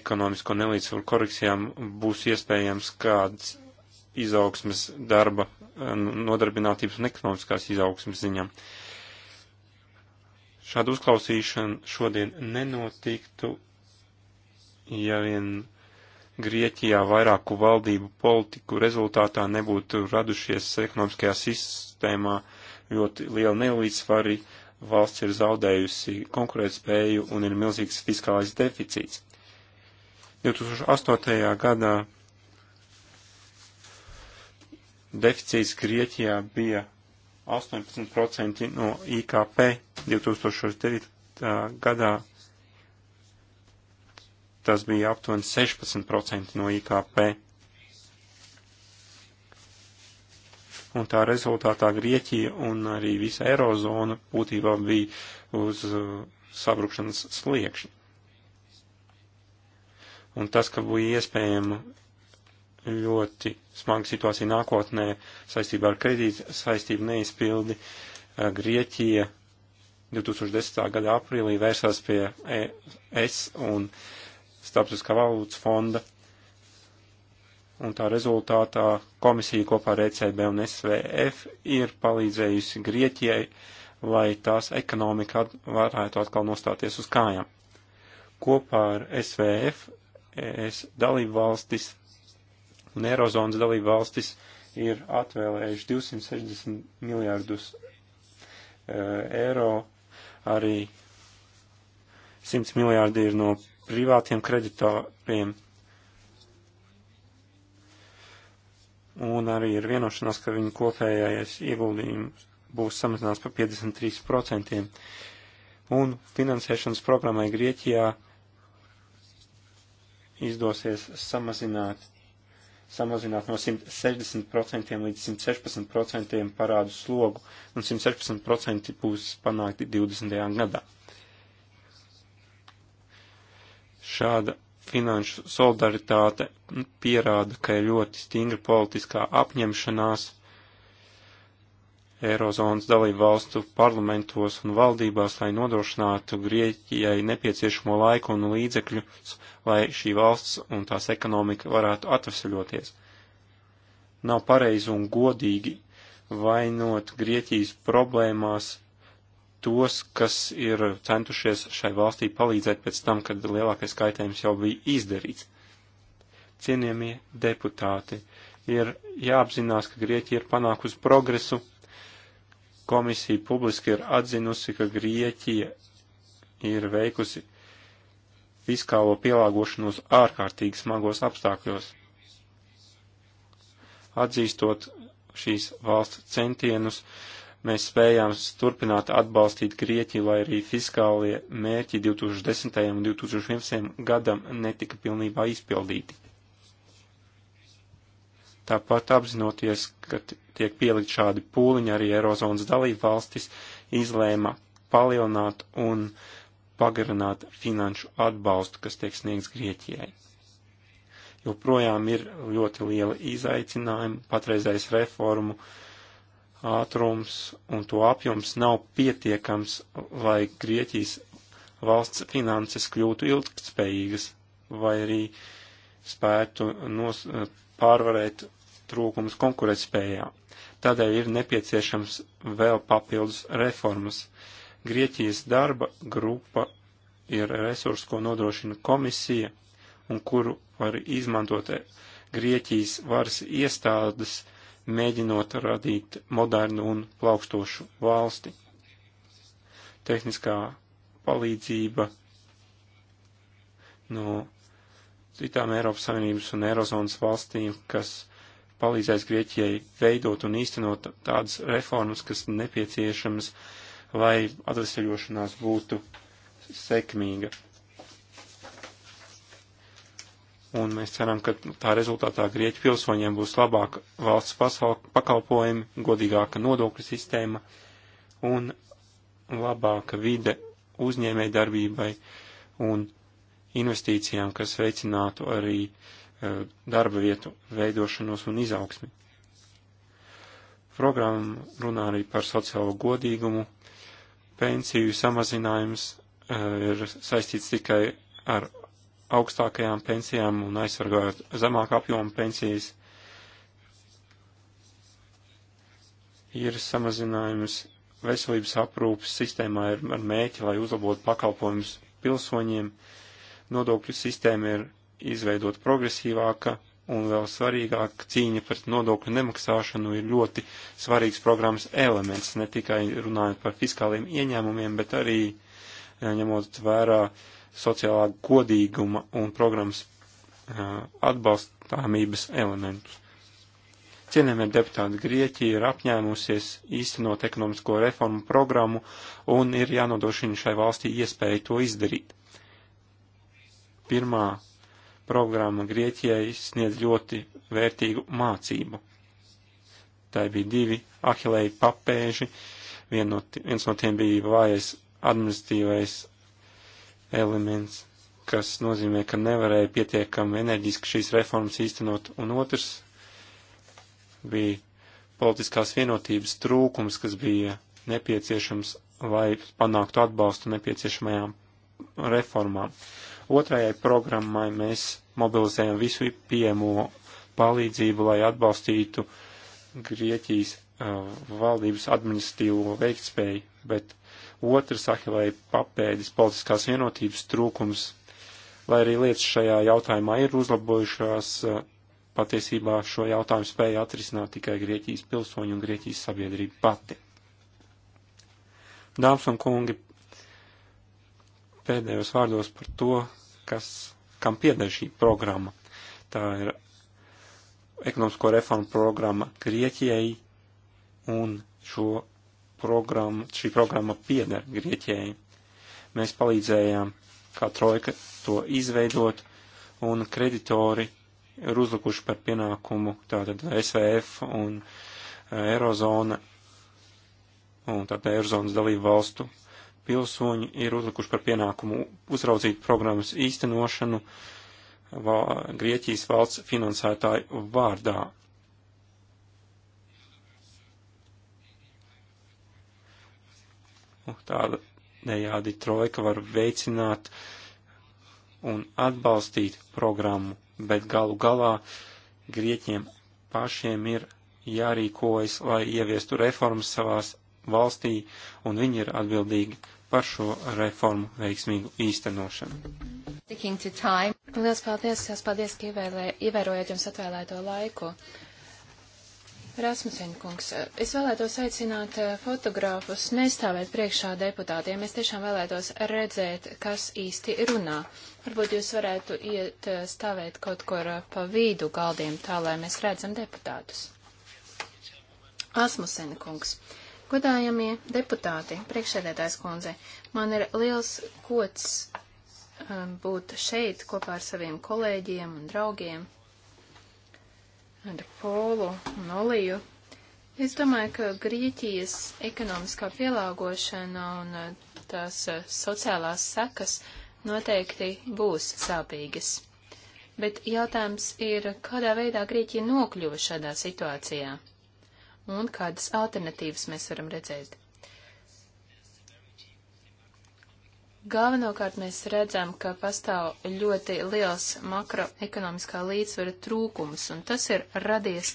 ekonomisko nelīdzsvaru korekcijām būs iespējams kāds izaugsmes darba, eh, nodarbinātības un ekonomiskās izaugsmes ziņām. Uh, šāda uzklausīšana šodien nenotiktu, ja vien Grieķijā vairāku valdību politiku rezultātā nebūtu radušies ekonomiskajā sistēmā ļoti liela nelīdzsvari, valsts ir zaudējusi konkurētspēju un ir milzīgs fiskālais deficīts. 2008. gadā deficīts Grieķijā bija 18% no IKP 2009. Uh, gadā. Tas bija aptuveni 16% no IKP. Un tā rezultātā Grieķija un arī visa Eirozona būtībā bija uz uh, sabrukšanas sliekšņa. Un tas, ka bija iespējama ļoti smaga situācija nākotnē saistībā ar kredīt saistību neizpildi. Eh, Grieķija 2010. gada aprīlī vērsās pie ES un Starptautiskā valūtas fonda, un tā rezultātā komisija kopā ar ECB un SVF ir palīdzējusi Grieķijai, lai tās ekonomika varētu atkal nostāties uz kājām. Kopā ar SVF es dalību valstis un Eirozonas dalība valstis ir atvēlējuši 260 miljārdus e, eiro, arī 100 miljārdi ir no privātiem kreditoriem. Un arī ir vienošanās, ka viņu kopējais ieguldījums būs samazināts par 53%. Un finansēšanas programmai Grieķijā izdosies samazināt samazināt no 160% līdz 116% parādu slogu, un 116% būs panākti 20. gadā. Šāda finanšu solidaritāte nu, pierāda, ka ir ļoti stingra politiskā apņemšanās Eirozonas dalību valstu parlamentos un valdībās, lai nodrošinātu Grieķijai nepieciešamo laiku un līdzekļus, lai šī valsts un tās ekonomika varētu atvesaļoties. Nav pareizi un godīgi vainot Grieķijas problēmās tos, kas ir centušies šai valstī palīdzēt pēc tam, kad lielākais kaitējums jau bija izdarīts. Cienījamie deputāti, ir jāapzinās, ka Grieķija ir panākusi progresu Komisija publiski ir atzinusi, ka Grieķija ir veikusi fiskālo pielāgošanos ārkārtīgi smagos apstākļos. Atzīstot šīs valsts centienus, mēs spējām turpināt atbalstīt Grieķiju, lai arī fiskālie mērķi 2010. un 2011. gadam netika pilnībā izpildīti. Tāpat apzinoties, ka tiek pielikt šādi pūliņi, arī Eirozonas dalību valstis izlēma palielināt un pagarināt finanšu atbalstu, kas tiek sniegts Grieķijai. Joprojām ir ļoti liela izaicinājuma, patreizējais reformu ātrums un to apjoms nav pietiekams, lai Grieķijas valsts finanses kļūtu ilgtspējīgas vai arī spētu nos, pārvarēt trūkums konkurētspējā. Tādēļ ir nepieciešams vēl papildus reformas. Grieķijas darba grupa ir resurs, ko nodrošina komisija un kuru var izmantot Grieķijas varas iestādes, mēģinot radīt modernu un plaukstošu valsti. Tehniskā palīdzība no citām Eiropas Savienības un Eirozonas valstīm, kas palīdzēs Grieķijai veidot un īstenot tādas reformas, kas nepieciešamas, lai atvesaļošanās būtu sekmīga. Un mēs ceram, ka tā rezultātā Grieķu pilsoņiem būs labāka valsts pakalpojumi, godīgāka nodokļu sistēma un labāka vide uzņēmē darbībai un investīcijām, kas veicinātu arī uh, Eh, darba vietu veidošanos un izaugsmi. Programma runā arī par sociālo godīgumu. Pensiju samazinājums eh, ir saistīts tikai ar augstākajām pensijām un aizsargājot zemāk apjomu pensijas. Ir samazinājums veselības aprūpas sistēmā ir ar mēķi, lai uzlabotu pakalpojumus pilsoņiem. Nodokļu sistēma ir izveidot progresīvāka un vēl svarīgāk cīņa pret nodokļu nemaksāšanu ir ļoti svarīgs programmas elements, ne tikai runājot par fiskāliem ieņēmumiem, bet arī ņemot vērā sociālā godīguma un programmas atbalstāmības elementus. Cienējamie deputāti, Grieķija ir apņēmusies īstenot ekonomisko reformu programmu un ir jānodrošina šai valstī iespēja to izdarīt. Pirmā programma Grieķijai sniedz ļoti vērtīgu mācību. Tā bija divi ahilēji papēži, Vien no, viens no tiem bija vājais administratīvais elements, kas nozīmē, ka nevarēja pietiekami enerģiski šīs reformas īstenot, un otrs bija politiskās vienotības trūkums, kas bija nepieciešams, lai panāktu atbalstu nepieciešamajām reformām. Otrajai programmai mēs mobilizējam visu pieejamo palīdzību, lai atbalstītu Grieķijas uh, valdības administratīvo veiktspēju, bet otrs Ahilai papēdis politiskās vienotības trūkums, lai arī lietas šajā jautājumā ir uzlabojušās, uh, patiesībā šo jautājumu spēja atrisināt tikai Grieķijas pilsoņu un Grieķijas sabiedrība pati. Dāmas un kungi, pēdējos vārdos par to, kas, kam pieder šī programma. Tā ir ekonomisko reformu programma Grieķijai un šo programmu, šī programma pieder Grieķijai. Mēs palīdzējām, kā trojka, to izveidot un kreditori ir uzlikuši par pienākumu tātad SVF un e, Eirozona un tātad Eirozonas dalību valstu uh, pilsoņi ir uzlikuši par pienākumu uzraudzīt programmas īstenošanu va Grieķijas valsts finansētāju vārdā. Tādējādi trojka var veicināt un atbalstīt programmu, bet galu galā Grieķiem pašiem ir jārīkojas, lai ieviestu reformas savās valstī, un viņi ir atbildīgi par šo reformu veiksmīgu īstenošanu. Lielas paldies, liels paldies, ka ievēlē, ievērojat jums atvēlēto laiku. Rasmusen kungs, es vēlētos aicināt eh, fotogrāfus nestāvēt priekšā deputātiem. Es tiešām vēlētos redzēt, kas īsti runā. Varbūt jūs varētu iet eh, stāvēt kaut kur eh, pa vidu galdiem tā, lai mēs redzam deputātus. Asmusen kungs. Uh, Godājamie deputāti, priekšsēdētājs kundze, man ir liels gods um, būt šeit kopā ar saviem kolēģiem un draugiem, ar Polu un Oliju. Es domāju, ka Grieķijas ekonomiskā pielāgošana un uh, tās uh, sociālās sekas noteikti būs sāpīgas. Bet jautājums ir, kādā veidā Grieķija nokļuva šādā situācijā? un kādas alternatīvas mēs varam redzēt. Galvenokārt mēs redzam, ka pastāv ļoti liels makroekonomiskā līdzsvera trūkums, un tas ir radies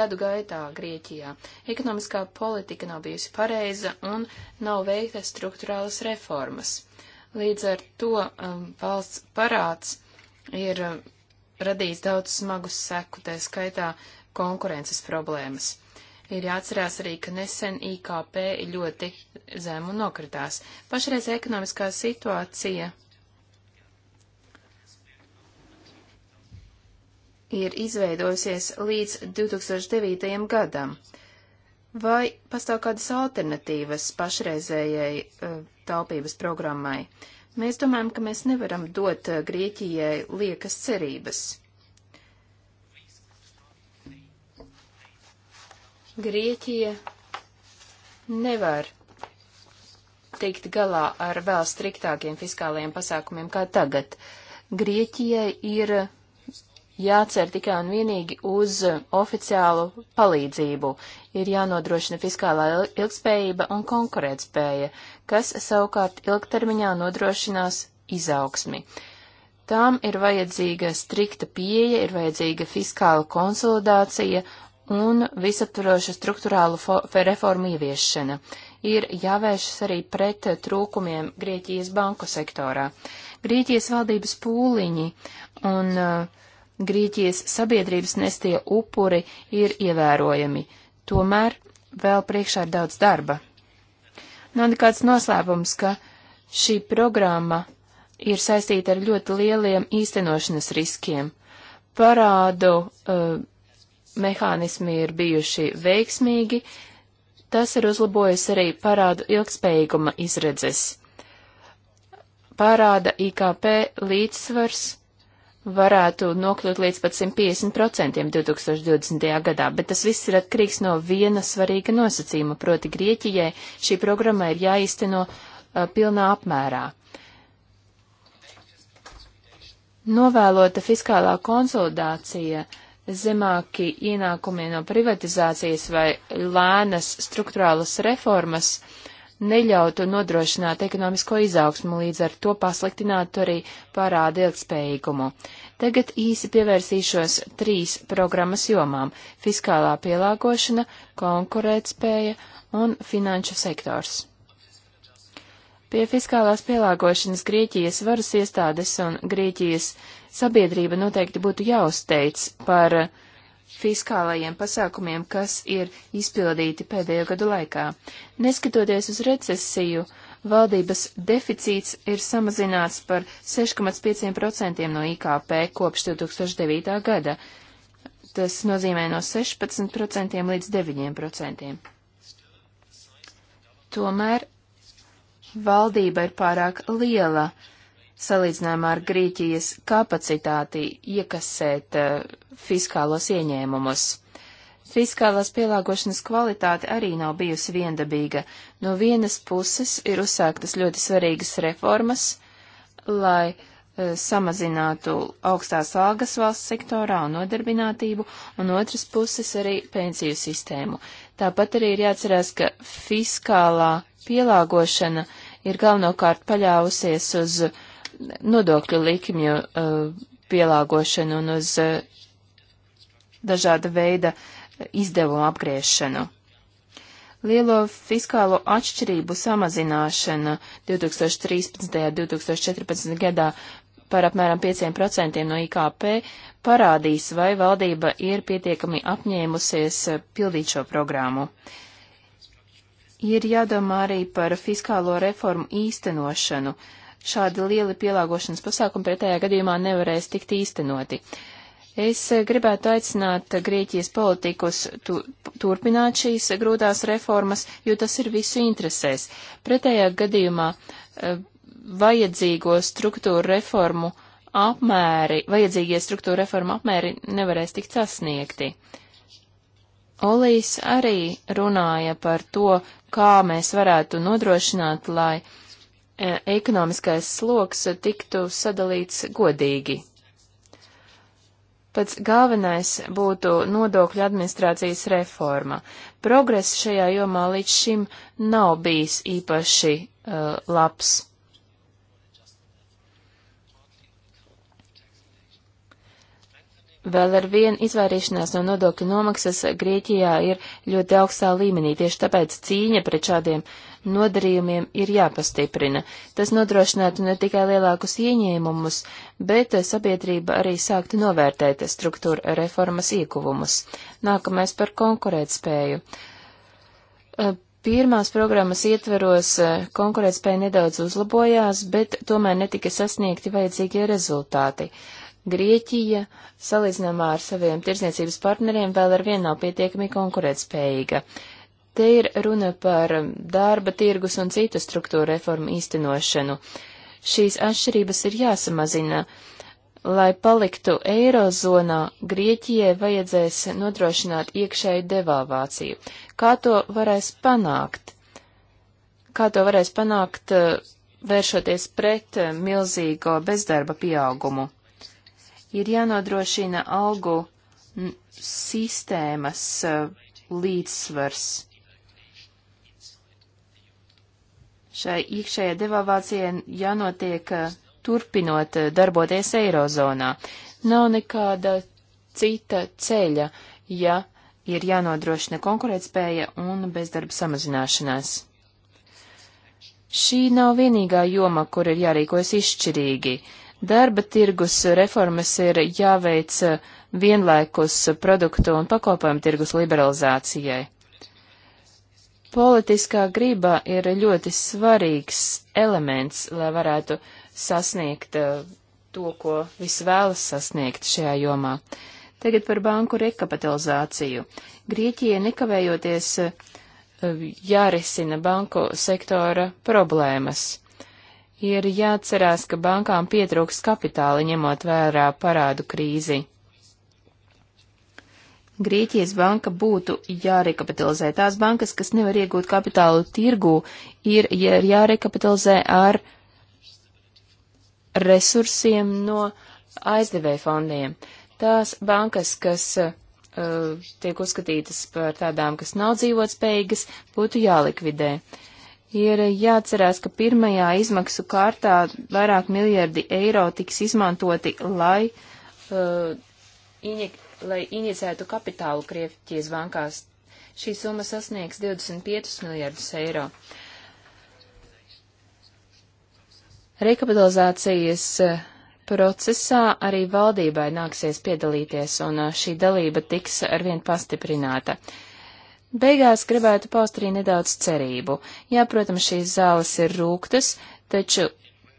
gadu gaitā Grieķijā. Ekonomiskā politika nav bijusi pareiza un nav veikta struktūrālas reformas. Līdz ar to um, valsts parāds ir um, radījis daudz smagus seku, tā skaitā konkurences problēmas. Ir jāatcerās arī, ka nesen IKP ļoti zemu nokritās. Pašreiz ekonomiskā situācija ir izveidojusies līdz 2009. gadam. Vai pastāv kādas alternatīvas pašreizējai uh, taupības programmai? Mēs domājam, ka mēs nevaram dot e, Grieķijai liekas cerības. Grieķija nevar tikt galā ar vēl striktākiem fiskālajiem pasākumiem kā tagad. Grieķijai ir jācer tikai un vienīgi uz oficiālu palīdzību. Ir jānodrošina fiskālā ilgspējība un konkurētspēja, kas savukārt ilgtermiņā nodrošinās izaugsmi. Tām ir vajadzīga strikta pieeja, ir vajadzīga fiskāla konsolidācija un visaptvaroša struktūrālu reformu ieviešana. Ir jāvēršas arī pret trūkumiem Grieķijas banku sektorā. Grieķijas valdības pūliņi un uh, Grieķijas sabiedrības nestie upuri ir ievērojami, tomēr vēl priekšā ir daudz darba. Nav nekāds noslēpums, ka šī programma ir saistīta ar ļoti lieliem īstenošanas riskiem. Parādu uh, mehānismi ir bijuši veiksmīgi, tas ir uzlabojis arī parādu ilgspējīguma izredzes. Parāda IKP līdzsvars varētu nokļūt līdz pat 150% 2020. gadā, bet tas viss ir atkarīgs no viena svarīga nosacījuma, proti Grieķijai šī programma ir jāizteno uh, pilnā apmērā. Novēlota fiskālā konsolidācija uh, zemāki ienākumi no privatizācijas vai lēnas struktūrālas reformas neļautu nodrošināt ekonomisko izaugsmu, līdz ar to pasliktinātu arī parāda ilgspējīgumu. Tagad īsi pievērsīšos trīs programmas jomām - fiskālā pielāgošana, konkurētspēja un finanšu sektors. Pie fiskālās pielāgošanas Grieķijas varas iestādes un Grieķijas uh, sabiedrība noteikti būtu jāuzteic par fiskālajiem pasākumiem, kas ir izpildīti pēdējo gadu laikā. Neskatoties uz recesiju, valdības deficīts ir samazināts par 6,5% no IKP kopš 2009. gada. Tas nozīmē no 16% līdz 9%. Tomēr valdība ir pārāk liela, uh, salīdzinājumā ar Grieķijas kapacitāti iekasēt uh, fiskālos ieņēmumus. Fiskālās pielāgošanas kvalitāte arī nav bijusi viendabīga. No vienas puses ir uzsāktas ļoti svarīgas reformas, lai uh, samazinātu augstās algas valsts sektorā un nodarbinātību, un otras puses arī pensiju sistēmu. Tāpat arī ir jāatcerās, ka fiskālā pielāgošana ir galvenokārt paļāvusies uz uh, nodokļu likmju uh, pielāgošanu un uz uh, dažāda veida izdevumu apgriešanu. Lielo fiskālo atšķirību samazināšana 2013. un 2014. gadā par apmēram 5% no IKP parādīs, vai valdība ir pietiekami apņēmusies uh, pildīt šo programmu. Ir jādomā arī par fiskālo reformu īstenošanu, uh, šādi lieli pielāgošanas pasākumi pretējā gadījumā nevarēs tikt īstenoti. Es eh, gribētu aicināt eh, Grieķijas politikus tu, turpināt šīs grūtās reformas, jo tas ir visu interesēs. Pretējā gadījumā eh, vajadzīgo struktūru reformu apmēri, vajadzīgie struktūru reformu apmēri nevarēs tikt sasniegti. Olīs arī runāja par to, kā mēs varētu nodrošināt, lai uh, E, ekonomiskais sloks tiktu sadalīts godīgi. Pats galvenais būtu nodokļu administrācijas reforma. Progress šajā jomā līdz šim nav bijis īpaši uh, labs. Vēl ar vienu izvairīšanās no nodokļu nomaksas Grieķijā ir ļoti augstā līmenī, tieši tāpēc cīņa pret šādiem uh, nodarījumiem ir jāpastiprina. Tas nodrošinātu ne tikai lielākus ieņēmumus, bet sabiedrība arī sāktu novērtēt struktūra reformas iekuvumus. Nākamais par konkurētspēju. Eh, Pirmās programmas ietveros eh, konkurētspēja nedaudz uzlabojās, bet tomēr netika sasniegti vajadzīgie rezultāti. Grieķija, salīdzinājumā ar saviem tirsniecības partneriem, vēl ar vienu nav pietiekami konkurētspējīga. Uh, Te ir runa par darba tirgus un citu struktūru reformu īstenošanu. Šīs atšķirības ir jāsamazina. Lai paliktu eirozonā, Grieķijai vajadzēs nodrošināt iekšēju devalvāciju. Kā to varēs panākt? Kā to varēs panākt, eh, vēršoties pret eh, milzīgo bezdarba pieaugumu? Ir jānodrošina algu sistēmas eh, līdzsvars šai iekšējai devalvācijai jānotiek eh, turpinot eh, darboties Eirozonā. Nav nekāda cita ceļa, ja ir jānodrošina konkurētspēja un bezdarba samazināšanās. Šī nav vienīgā joma, kur ir jārīkojas izšķirīgi. Darba tirgus reformas ir jāveic eh, vienlaikus produktu un pakalpojumu tirgus liberalizācijai. Politiskā griba ir ļoti svarīgs elements, lai varētu sasniegt eh, to, ko visi vēlas sasniegt šajā jomā. Tagad par banku rekapitalizāciju. Grieķija nekavējoties eh, jārisina banku sektora problēmas ir jāatcerās, ka bankām pietrūks kapitāli ņemot vērā parādu krīzi. Grieķijas banka būtu jārekapitalizē. Tās bankas, kas nevar iegūt kapitālu tirgu, ir jārekapitalizē ar resursiem no aizdevēja fondiem. Tās bankas, kas uh, tiek uzskatītas par tādām, kas nav dzīvotspējīgas, būtu jālikvidē. Ir jāatcerās, ka pirmajā izmaksu kārtā vairāk miljardi eiro tiks izmantoti, lai uh, injek lai inicētu kapitālu Krievķijas bankās. Šī summa sasniegs 25 miljardus eiro. Rekapitalizācijas eh, procesā arī valdībai nāksies piedalīties, un eh, šī dalība tiks arvien pastiprināta. Beigās gribētu paust arī nedaudz cerību. Jā, protams, šīs zāles ir rūktas, taču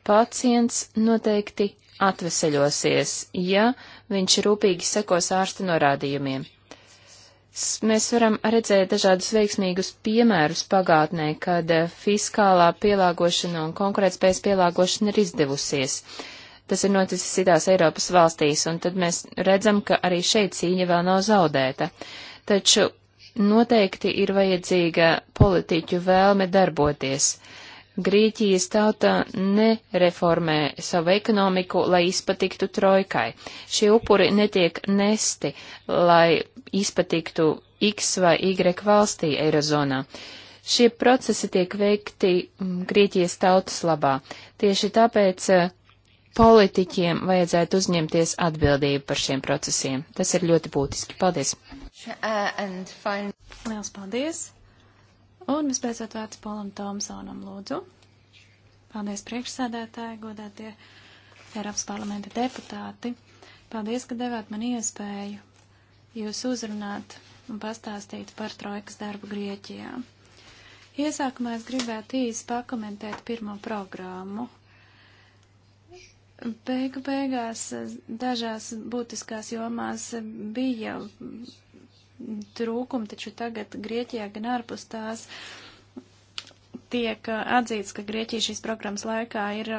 pacients noteikti atveseļosies, ja viņš rūpīgi sekos ārsta norādījumiem. Mēs varam redzēt dažādus veiksmīgus piemērus pagātnē, kad eh, fiskālā pielāgošana un konkurētspējas pielāgošana ir izdevusies. Tas ir noticis citās Eiropas valstīs, un tad mēs redzam, ka arī šeit cīņa vēl nav zaudēta. Taču noteikti ir vajadzīga politiķu vēlme darboties. Uh, Grieķijas tauta nereformē savu ekonomiku, lai izpatiktu trojkai. Šie upuri netiek nesti, lai izpatiktu X vai Y valstī Eirozonā. Šie procesi tiek veikti mm, Grieķijas tautas labā. Tieši tāpēc eh, politiķiem vajadzētu uzņemties atbildību par šiem procesiem. Tas ir ļoti būtiski. Paldies! Liels paldies! Un visbeidzot vārds Polam Tomsonam lūdzu. Paldies priekšsēdētāji, godātie Eiropas parlamenta deputāti. Paldies, ka devāt man iespēju jūs uzrunāt un pastāstīt par trojkas darbu Grieķijā. Iesākumā es gribētu īsi pakomentēt pirmo programmu. Beigu beigās dažās būtiskās jomās bija jau trūkumi, taču tagad Grieķijā gan ārpus tās tiek atzīts, ka Grieķija šīs programmas laikā ir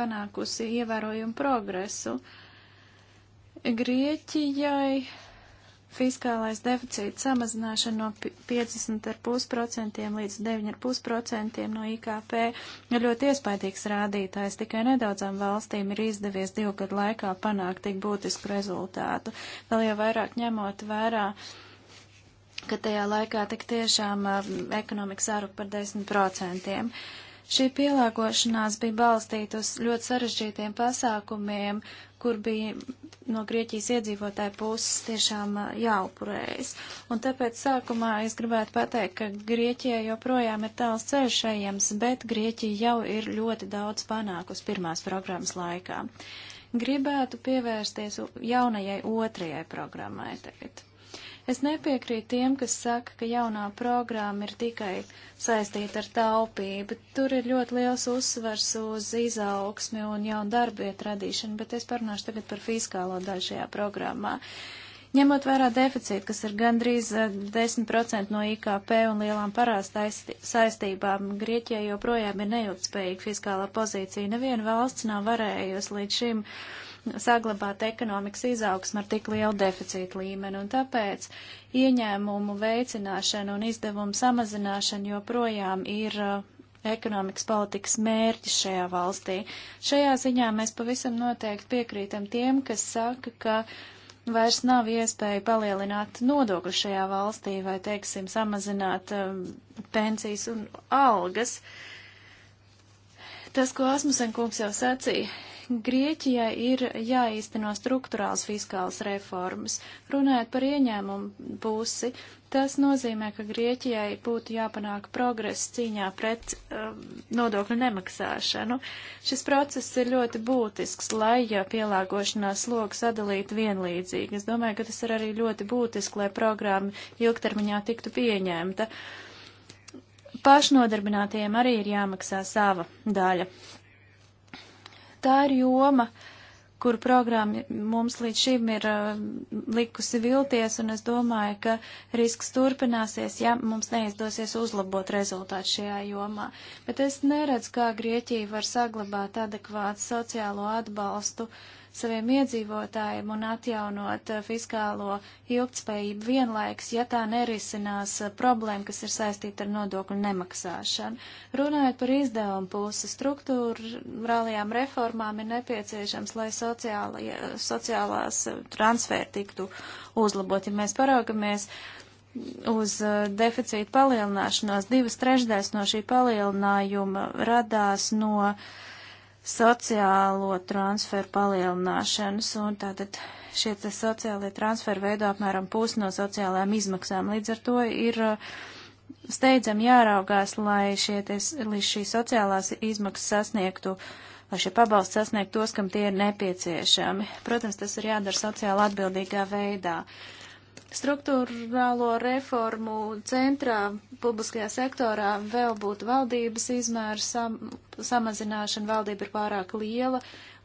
panākusi ievērojumu progresu. Grieķijai fiskālais deficīts samazināšana no 50,5% līdz 9,5% no IKP ir ļoti iespaidīgs rādītājs. Tikai nedaudzām valstīm ir izdevies divu gadu laikā panākt tik būtisku rezultātu. Vēl jau vairāk ņemot vērā ka tajā laikā tik tiešām um, ekonomika sārup par 10%. Šī pielāgošanās bija balstīta uz ļoti sarežģītiem pasākumiem, kur bija no Grieķijas iedzīvotāja puses tiešām jāupurējas. Un tāpēc sākumā es gribētu pateikt, ka Grieķijai joprojām ir tāls ceļš ejams, bet Grieķija jau ir ļoti daudz panākus pirmās programmas laikā. Gribētu pievērsties jaunajai otrajai programmai tagad. Es nepiekrītu tiem, kas saka, ka jaunā programma ir tikai saistīta ar taupību. Tur ir ļoti liels uzsvars uz izaugsmi un jaunu darbietu radīšanu, bet es parunāšu tagad par fiskālo daļu šajā programmā. Ņemot vērā deficītu, kas ir gandrīz 10% eh, no IKP un lielām parāsta saistībām, Grieķijai joprojām ir nejūtspējīga fiskālā pozīcija. Neviena valsts nav varējusi līdz šim uh, saglabāt ekonomikas izaugsmu ar tik lielu deficītu līmeni, un tāpēc ieņēmumu veicināšana un izdevumu samazināšana joprojām ir uh, ekonomikas politikas mērķis šajā valstī. Šajā ziņā mēs pavisam noteikti piekrītam tiem, kas saka, ka vairs nav iespēja palielināt nodokļu šajā valstī vai, teiksim, samazināt um, pensijas un algas. Tas, ko Asmusen kungs jau sacīja, Grieķijai ir jāīsteno struktūrāls fiskāls reformas. Runājot par ieņēmumu pusi, tas nozīmē, ka Grieķijai būtu jāpanāk progress cīņā pret uh, nodokļu nemaksāšanu. Šis process ir ļoti būtisks, lai ja pielāgošanās slogu sadalītu vienlīdzīgi. Es domāju, ka tas ir arī ļoti būtiski, lai programma ilgtermiņā tiktu pieņemta. Pašnodarbinātiem arī ir jāmaksā sava daļa. Tā ir joma, kur programma mums līdz šim ir uh, likusi vilties, un es domāju, ka risks turpināsies, ja mums neizdosies uzlabot rezultātu šajā jomā. Bet es neredzu, kā Grieķija var saglabāt adekvātu sociālo atbalstu uh, saviem iedzīvotājiem un atjaunot eh, fiskālo ilgtspējību vienlaiks, ja tā nerisinās eh, problēma, kas ir saistīta ar nodokļu nemaksāšanu. Runājot par izdevumu pusi, struktūrālajām reformām ir nepieciešams, lai sociāla, sociālās eh, transferi tiktu uzlaboti. Ja mēs paraugamies uz deficīta palielināšanos, divas trešdaļas no šī palielinājuma radās no uh, sociālo transferu palielināšanas, un tātad šie sociālie transferi veido apmēram pusi no sociālajām izmaksām. Līdz ar to ir uh, steidzam jāraugās, lai, šie, ties, lai šī sociālās izmaksas sasniegtu, lai šie pabalsti sasniegtu tos, kam tie ir nepieciešami. Protams, tas ir jādara sociāli atbildīgā veidā. Uh, Struktūrālo reformu centrā publiskajā sektorā vēl būtu valdības izmēra sam samazināšana, valdība ir pārāk liela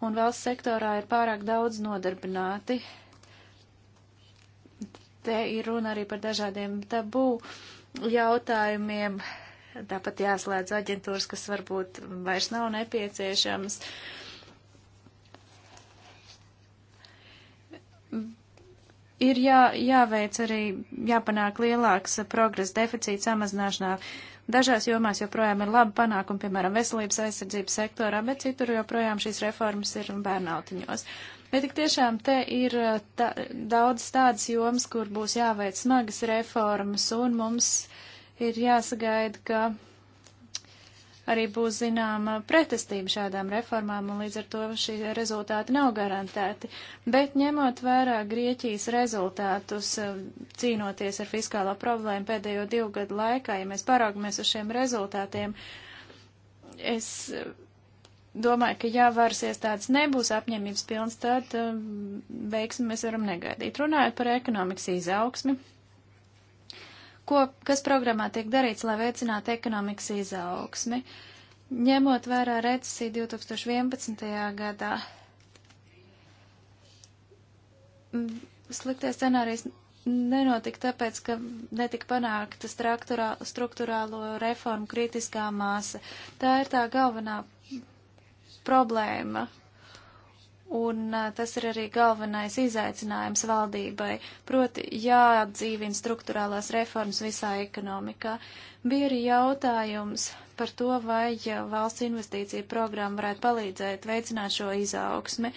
un valsts sektorā ir pārāk daudz nodarbināti. Te ir runa arī par dažādiem tabū jautājumiem. Tāpat jāslēdz aģentūras, kas varbūt vairs nav nepieciešams ir jā, jāveic arī jāpanāk lielāks progress deficīta samazināšanā. Dažās jomās joprojām ir labi panākumi, piemēram, veselības aizsardzības sektorā, bet citur joprojām šīs reformas ir bērnautiņos. Bet tik tiešām te ir uh, ta, daudz tādas jomas, kur būs jāveic smagas reformas, un mums ir jāsagaida, ka arī būs zināma pretestība šādām reformām, un līdz ar to šī rezultāti nav garantēti. Bet ņemot vērā Grieķijas rezultātus, cīnoties ar fiskālo problēmu pēdējo divu gadu laikā, ja mēs paraugamies uz šiem rezultātiem, es domāju, ka ja varas iestādes nebūs apņemības pilns, tad veiksmi um, mēs varam negaidīt. Runājot par ekonomikas izaugsmi ko, kas programmā tiek darīts, lai veicinātu ekonomikas izaugsmi. Ņemot vērā recesiju 2011. gadā, sliktais scenārijs nenotika tāpēc, ka netika panākta struktūrālo reformu kritiskā māsa. Tā ir tā galvenā problēma, Un tas ir arī galvenais izaicinājums valdībai, proti jāatdzīvina struktūrālās reformas visā ekonomikā. Bija arī jautājums par to, vai valsts investīcija programma varētu palīdzēt veicināt šo izaugsmi.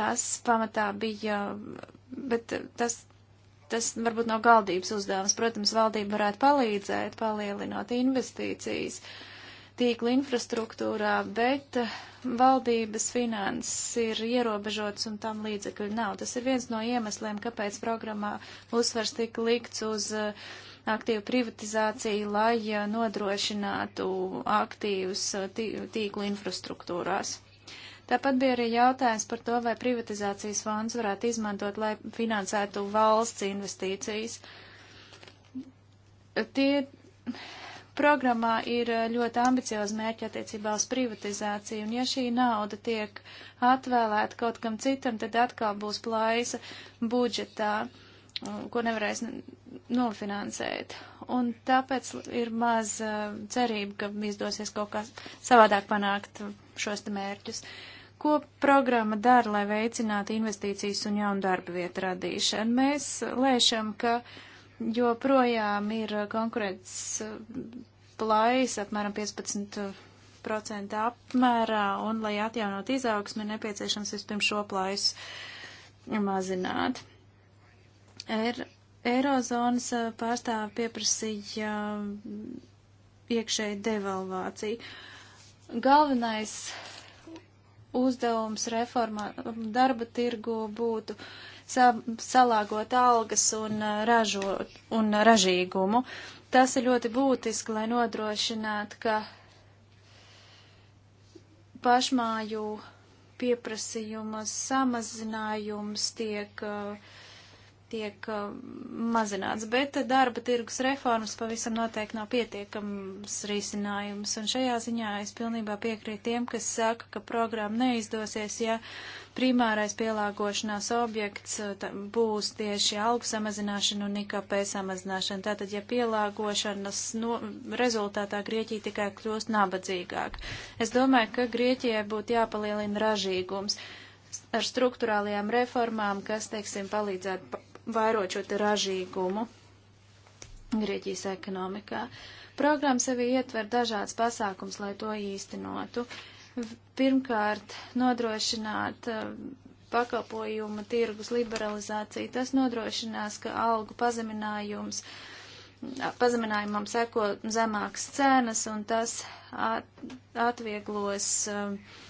Tas pamatā bija, bet tas, tas varbūt nav no galdības uzdevums. Protams, valdība varētu palīdzēt, palielinot investīcijas. Uh, tīkla infrastruktūrā, bet eh, valdības finanses ir ierobežotas un tam līdzekļu nav. Tas ir viens no iemesliem, kāpēc programmā uzsvars tika likts uz eh, aktīvu privatizāciju, lai eh, nodrošinātu aktīvus tīklu infrastruktūrās. Tāpat bija arī jautājums par to, vai privatizācijas fonds varētu izmantot, lai finansētu valsts investīcijas. Tie Programmā ir eh, ļoti ambiciozi mērķi attiecībā uz privatizāciju, un ja šī nauda tiek atvēlēta kaut kam citam, tad atkal būs plaisa budžetā, ko nevarēs nofinansēt. Un tāpēc ir maz eh, cerība, ka izdosies kaut kā savādāk panākt šos te mērķus. Ko programma dara, lai veicinātu investīcijas un jaunu darba vietu radīšanu? Mēs lēšam, ka. Uh, joprojām ir uh, konkurēts uh, plājas apmēram 15% uh, apmērā, un, lai atjaunot izaugsmi, ir nepieciešams vispirms šo plājas mazināt. Er, Eirozonas pārstāvi pieprasīja iekšēju devalvāciju. Galvenais uzdevums reformā darba tirgu būtu uh, sa salāgot algas un, uh, ražo, un ražīgumu. Tas ir ļoti būtiski, lai nodrošinātu, ka pašmāju pieprasījuma samazinājums tiek uh, tiek uh, mazināts, bet darba tirgus reformas pavisam noteikti nav pietiekams risinājums. Un šajā ziņā es pilnībā piekrītu tiem, kas saka, ka programma neizdosies, ja primārais pielāgošanās objekts uh, būs tieši algu samazināšana un IKP samazināšana. Tātad, ja pielāgošanas no, rezultātā Grieķija tikai kļūst nabadzīgāk. Es domāju, ka Grieķijai būtu jāpalielina ražīgums ar struktūrālajām reformām, kas, teiksim, palīdzētu vairot šo te ražīgumu Grieķijas ekonomikā. Programma sevi ietver dažāds pasākums, lai to īstenotu. Pirmkārt, nodrošināt uh, pakalpojuma tirgus liberalizāciju. Tas nodrošinās, ka algu pazeminājums, pazeminājumam seko zemākas cenas un tas atvieglos uh,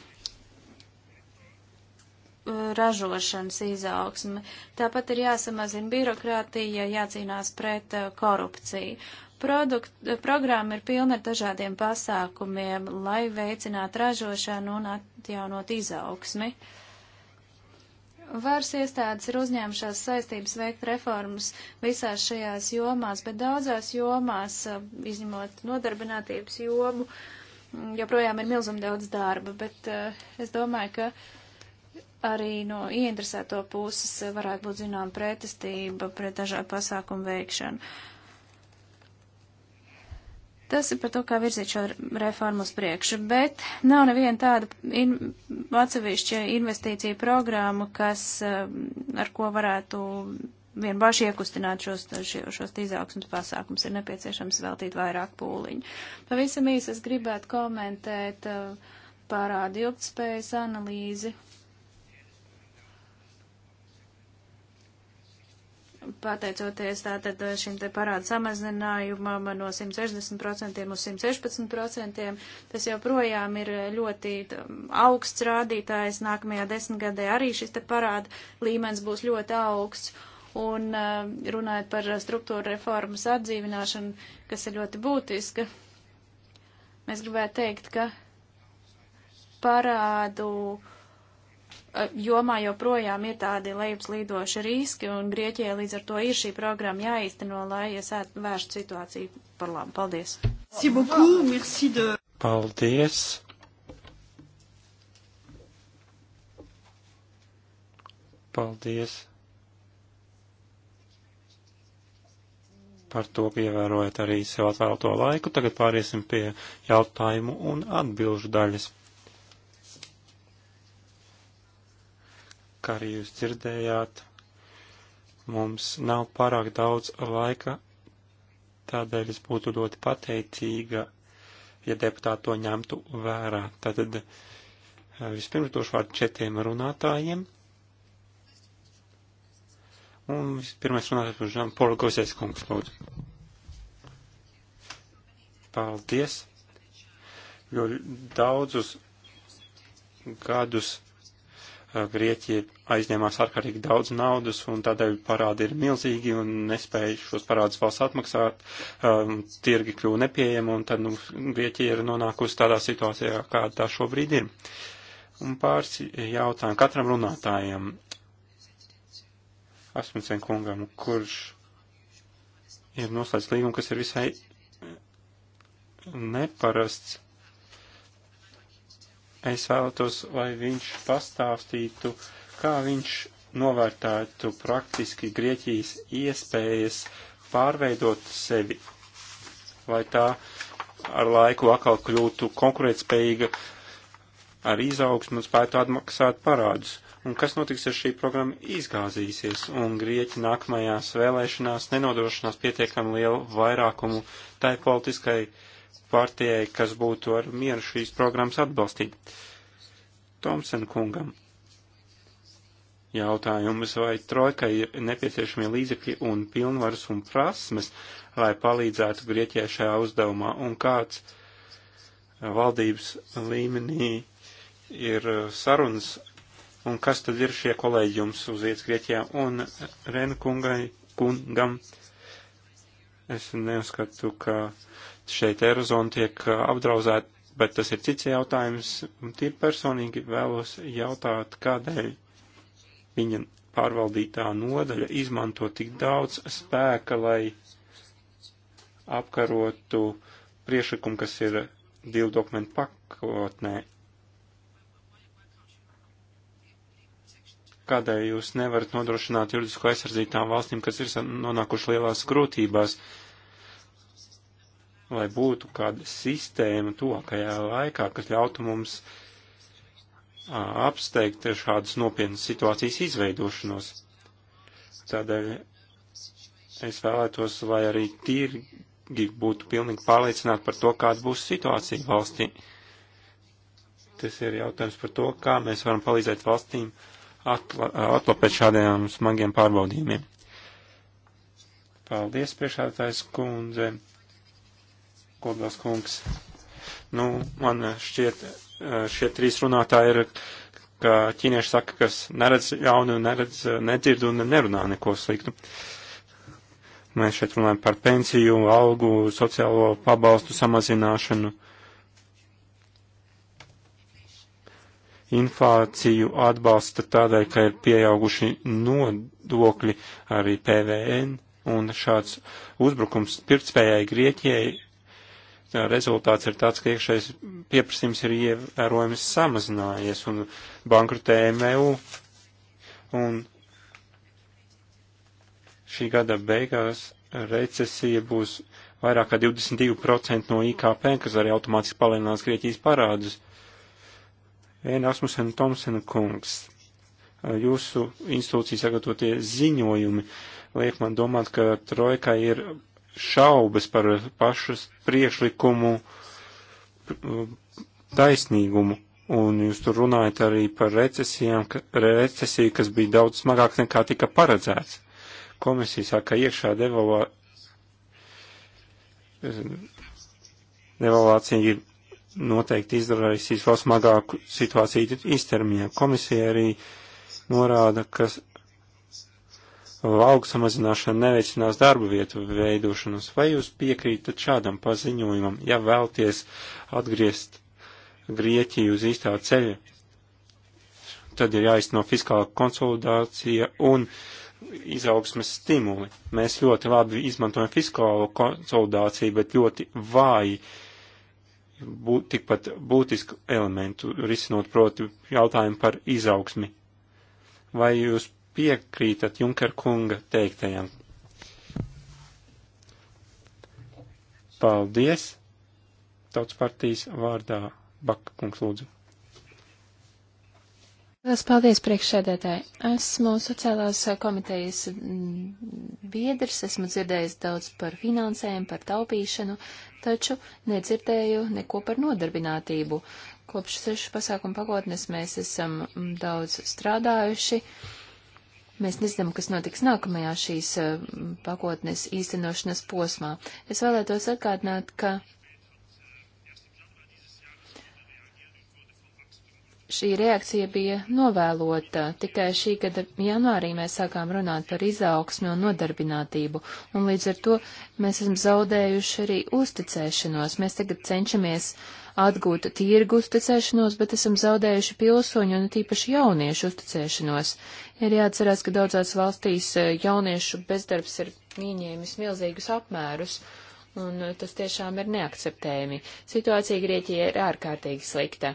ražošanas izaugsme. Tāpat ir jāsamazina birokrātija, jācīnās pret uh, korupciju. Produkt, uh, programma ir pilna ar dažādiem pasākumiem, lai veicinātu ražošanu un atjaunot izaugsmi. Varas iestādes ir uzņēmušās saistības veikt reformas visās šajās jomās, bet daudzās jomās, uh, izņemot nodarbinātības jomu, mm, joprojām ir milzum daudz darba, bet uh, es domāju, ka uh, arī no ieinteresēto puses varētu būt zinām pretestība pret dažādu pasākumu veikšanu. Tas ir par to, kā virzīt šo reformu uz priekšu, bet nav neviena tāda in, atsevišķa investīcija programma, kas, eh, ar ko varētu vienkārši iekustināt šos, šos izaugsmus pasākums, ir nepieciešams veltīt vairāk pūliņu. Pavisam īsi es gribētu komentēt eh, parādi ilgtspējas analīzi pateicoties tātad eh, šim te parādu samazinājumam no 160% uz 116%, tas joprojām ir eh, ļoti mm, augsts rādītājs. Nākamajā desmitgadē arī šis te parāda līmenis būs ļoti augsts. Un eh, runājot par struktūra reformas atdzīvināšanu, kas ir ļoti būtiska, mēs gribētu teikt, ka parādu uh, jomā joprojām ir tādi lejupslīdoši riski, un Grieķijai līdz ar to ir šī programma jāīsteno, lai iesvērstu situāciju par labu. Paldies! Paldies! Paldies par to, ka ievērojat arī sev atvēlto laiku. Tagad pāriesim pie jautājumu un atbilžu daļas. kā arī jūs dzirdējāt, mums nav pārāk daudz laika, tādēļ es būtu ļoti pateicīga, ja deputāti to ņemtu vērā. Tātad eh, vispirms došu vārdu četriem runātājiem. Un vispirmais runātājs būs Žan Pola Gosies kungs, lūdzu. Paldies! Jo daudzus gadus Grieķija aizņēmās ārkārtīgi daudz naudas un tādēļ parādi ir milzīgi un nespēja šos parādus valsts atmaksāt, um, tirgi kļūna nepieejami un tad nu, Grieķija ir nonākusi tādā situācijā, kāda tā šobrīd ir. Un pāris jautājumu katram runātājam. Asmucen kungam, kurš ir noslēdz līgumu, kas ir visai neparasts Es vēlētos, lai viņš pastāstītu, kā viņš novērtētu praktiski Grieķijas iespējas pārveidot sevi, lai tā ar laiku atkal kļūtu konkurētspējīga ar izaugsmu un spētu atmaksāt parādus. Un kas notiks, ja šī programma izgāzīsies un Grieķi nākamajās vēlēšanās nenodrošinās pietiekami lielu vairākumu tai politiskai uh, partijai, kas būtu ar mieru šīs programmas atbalstīt. Tomsen kungam jautājums, vai trojkai ir nepieciešamie līdzekļi un pilnvaras un prasmes, lai palīdzētu Grieķijai šajā uzdevumā, un kāds valdības līmenī ir sarunas, un kas tad ir šie kolēģiums uz vietas Grieķijā, un Renkungai kungam. Es neuzskatu, ka uh, šeit Eirozona tiek uh, apdrauzēta, bet tas ir cits jautājums. Un tīri personīgi vēlos jautāt, kādēļ viņa pārvaldītā nodaļa izmanto tik daudz spēka, lai apkarotu priešlikumu, kas ir divu dokumentu pakotnē. Kādēļ jūs nevarat nodrošināt juridisko aizsardzītām valstīm, kas ir nonākuši lielās grūtībās? Uh, lai būtu kāda sistēma tuvākajā laikā, kas ļautu mums apsteigt šādas nopietnas situācijas izveidošanos. Tādēļ es vēlētos, lai arī tirgi būtu pilnīgi pārliecināti par to, kāda būs situācija valstī. Tas ir jautājums par to, kā mēs varam palīdzēt valstīm atla atlapēt šādiem smagiem pārbaudījumiem. Paldies, priekšādātājs kundze. Kobels kungs. Nu, man šķiet, eh, šie trīs runātāji ir, ka ķīnieši saka, kas neredz jaunu, neredz, nedzird un nerunā neko sliktu. Mēs šeit runājam par pensiju, algu, sociālo pabalstu samazināšanu, inflāciju atbalsta tādēļ, ka ir pieauguši nodokļi, arī PVN, un šāds uzbrukums pirtspējai Grieķijai rezultāts ir tāds, ka iekšējais pieprasījums ir ievērojami samazinājies un bankrutē MVU. E un šī gada beigās recesija būs vairāk kā 22% no IKP, kas arī automātiski palielinās Grieķijas parādus. Ēna Asmusen Tomsena kungs, jūsu institūcija sagatavotie ziņojumi liek man domāt, ka trojkai ir šaubas par pašas priekšlikumu taisnīgumu. Un jūs tur runājat arī par recesijām, ka, recesiju, kas bija daudz smagāk nekā tika paredzēts. Komisija saka, ka iekšā devalvā, devalvācija noteikti izdarīsīs vēl smagāku situāciju īstermiņā. Komisija arī norāda, ka augu samazināšana neveicinās darba vietu veidošanos. Vai jūs piekrītat šādam paziņojumam, ja vēlties atgriezt Grieķiju uz īstā ceļa? Tad ir jāizno fiskāla konsolidācija un izaugsmes stimuli. Mēs ļoti labi izmantojam fiskālo konsolidāciju, bet ļoti vāji būt, tikpat būtisku elementu risinot proti jautājumu par izaugsmi. Vai jūs piekrītat Junker kunga teiktajam. Paldies! Tautas partijas vārdā Baka kungs lūdzu. Lielas paldies priekšsēdētāji. Esmu sociālās komitejas mm, biedrs, esmu dzirdējis daudz par finansēm, par taupīšanu, taču nedzirdēju neko par nodarbinātību. Kopš sešu pasākumu pakotnes mēs esam mm, daudz strādājuši. Uh, Mēs nezinām, kas notiks nākamajā šīs eh, pakotnes īstenošanas posmā. Es vēlētos atkārtināt, ka šī reakcija bija novēlota. Tikai šī gada janvārī mēs sākām runāt par izaugsmi un nodarbinātību, un līdz ar to mēs esam zaudējuši arī uzticēšanos. Mēs tagad cenšamies uh, atgūt tirgu uzticēšanos, bet esam zaudējuši pilsoņu un tīpaši jauniešu uzticēšanos. Ir jāatcerās, ka daudzās valstīs eh, jauniešu bezdarbs ir mīņēmis milzīgus apmērus, un eh, tas tiešām ir neakceptējami. Situācija Grieķija ir ārkārtīgi slikta.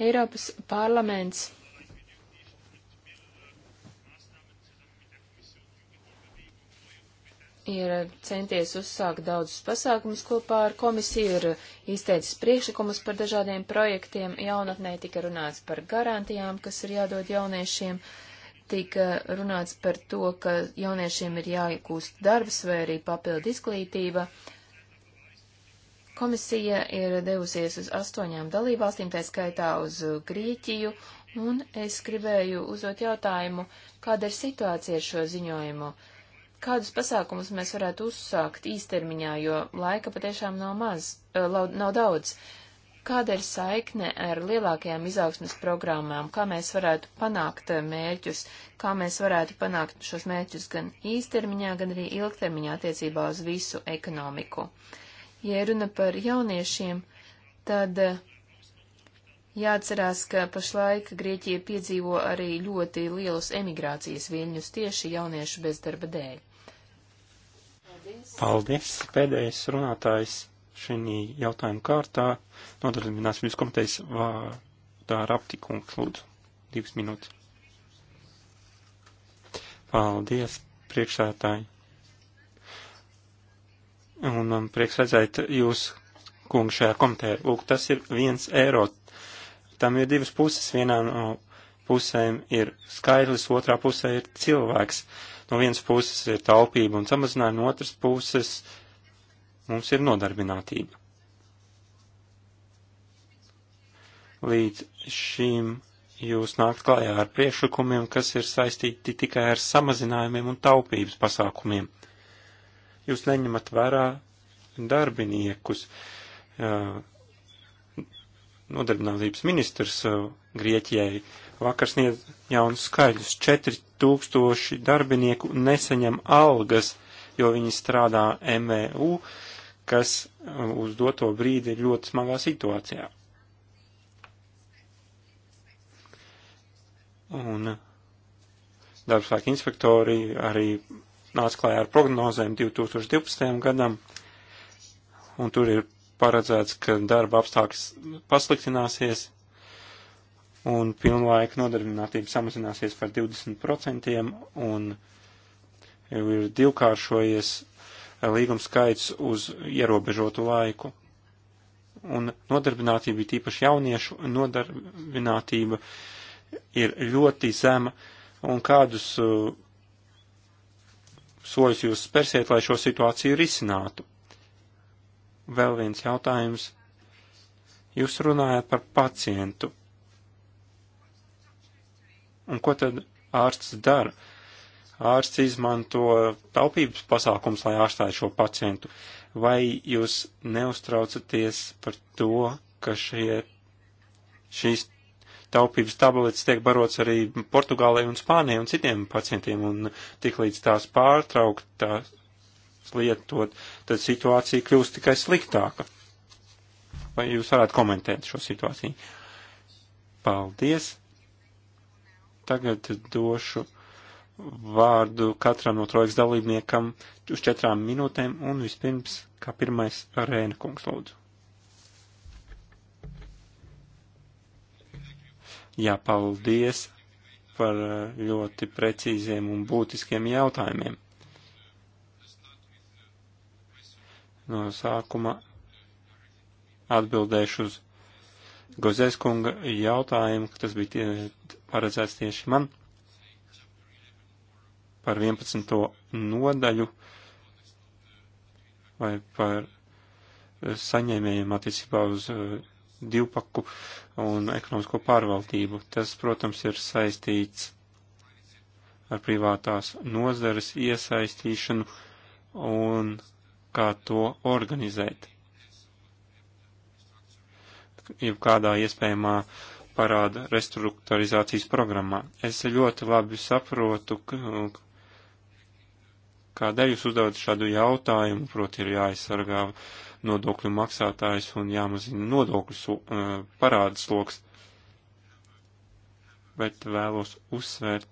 Eiropas parlaments ir centies uzsākt daudzus pasākumus kopā ar komisiju, ir izteicis priekšlikumus par dažādiem projektiem, jaunatnē tika runāts par garantijām, kas ir jādod jauniešiem, tika runāts par to, ka jauniešiem ir jāiegūst darbs vai arī papildu izglītība. Komisija ir devusies uz astoņām dalībvalstīm, tā skaitā uz Grieķiju, un es gribēju uzdot jautājumu, kāda ir situācija ar šo ziņojumu. Uh, kādus pasākumus mēs varētu uzsākt īstermiņā, jo laika patiešām nav maz, eh, nav daudz. Kāda ir saikne ar lielākajām izaugsmes programmām, kā mēs varētu panākt eh, mērķus, kā mēs varētu panākt šos mērķus gan īstermiņā, gan arī ilgtermiņā attiecībā uz visu ekonomiku. Ja runa par jauniešiem, tad eh, Jāatcerās, ka pašlaik Grieķija piedzīvo arī ļoti lielus emigrācijas viļņus tieši jauniešu bezdarba dēļ. Paldies! Pēdējais runātājs šī jautājuma kārtā nodarbināsības komitejas vārdā Raptikungs, lūdzu, divas minūtes. Paldies, priekšsētāji! Un man um, prieks redzēt jūs, kungi, šajā komitē. Lūk, tas ir viens eiro. Tam ir divas puses. Vienā no pusēm ir skaidrs, otrā pusē ir cilvēks. No vienas puses ir taupība un samazinājumi, no otras puses mums ir nodarbinātība. Līdz šīm jūs nākt klājā ar priekšlikumiem, kas ir saistīti tikai ar samazinājumiem un taupības pasākumiem. Jūs neņemat vērā darbiniekus. Nodarbinātības ministrs uh, Grieķijai vakar sniedz jaunus skaļus. 4000 darbinieku nesaņem algas, jo viņi strādā MVU, kas uh, uz doto brīdi ir ļoti smagā situācijā. Un uh, darbspēka inspektori arī nāca klājā ar prognozēm 2012. gadam, un tur ir paredzēts, ka darba apstākļi pasliktināsies un pilnlaika nodarbinātība samazināsies par 20% un ir divkāršojies līgums skaits uz ierobežotu laiku. Un nodarbinātība, tīpaši jauniešu nodarbinātība, ir ļoti zema, un kādus uh, soļus jūs spērsiet, lai šo situāciju risinātu? Vēl viens jautājums. Jūs runājat par pacientu Un ko tad ārsts dara? Ārsts izmanto taupības pasākums, lai ārstētu šo pacientu. Vai jūs neuztraucaties par to, ka šie, šīs taupības tabletes tiek barots arī Portugālei un Spānijai un citiem pacientiem, un tiklīdz tās pārtraukt, tās lietot, tad situācija kļūst tikai sliktāka. Vai jūs varētu komentēt šo situāciju? Paldies! Tagad došu vārdu katram no trojas dalībniekam uz četrām minūtēm un vispirms, kā pirmais, Rēna kungs lūdzu. Jā, paldies par ļoti precīziem un būtiskiem jautājumiem. No sākuma atbildēšu uz Gozēskunga jautājumu, ka tas bija tie, paredzēts tieši man par 11. nodaļu vai par eh, saņēmējiem attiecībā uz eh, divpaku un ekonomisko pārvaldību. Tas, protams, ir saistīts ar privātās nozares iesaistīšanu un kā to organizēt. Jebkādā iespējamā uh, parāda restruktūrizācijas programmā. Es ļoti labi saprotu, kādēļ jūs uzdodat šādu jautājumu, proti ir jāaizsargā nodokļu maksātājs un jāmazina nodokļu eh, parādas sloks. Bet vēlos uzsvērt,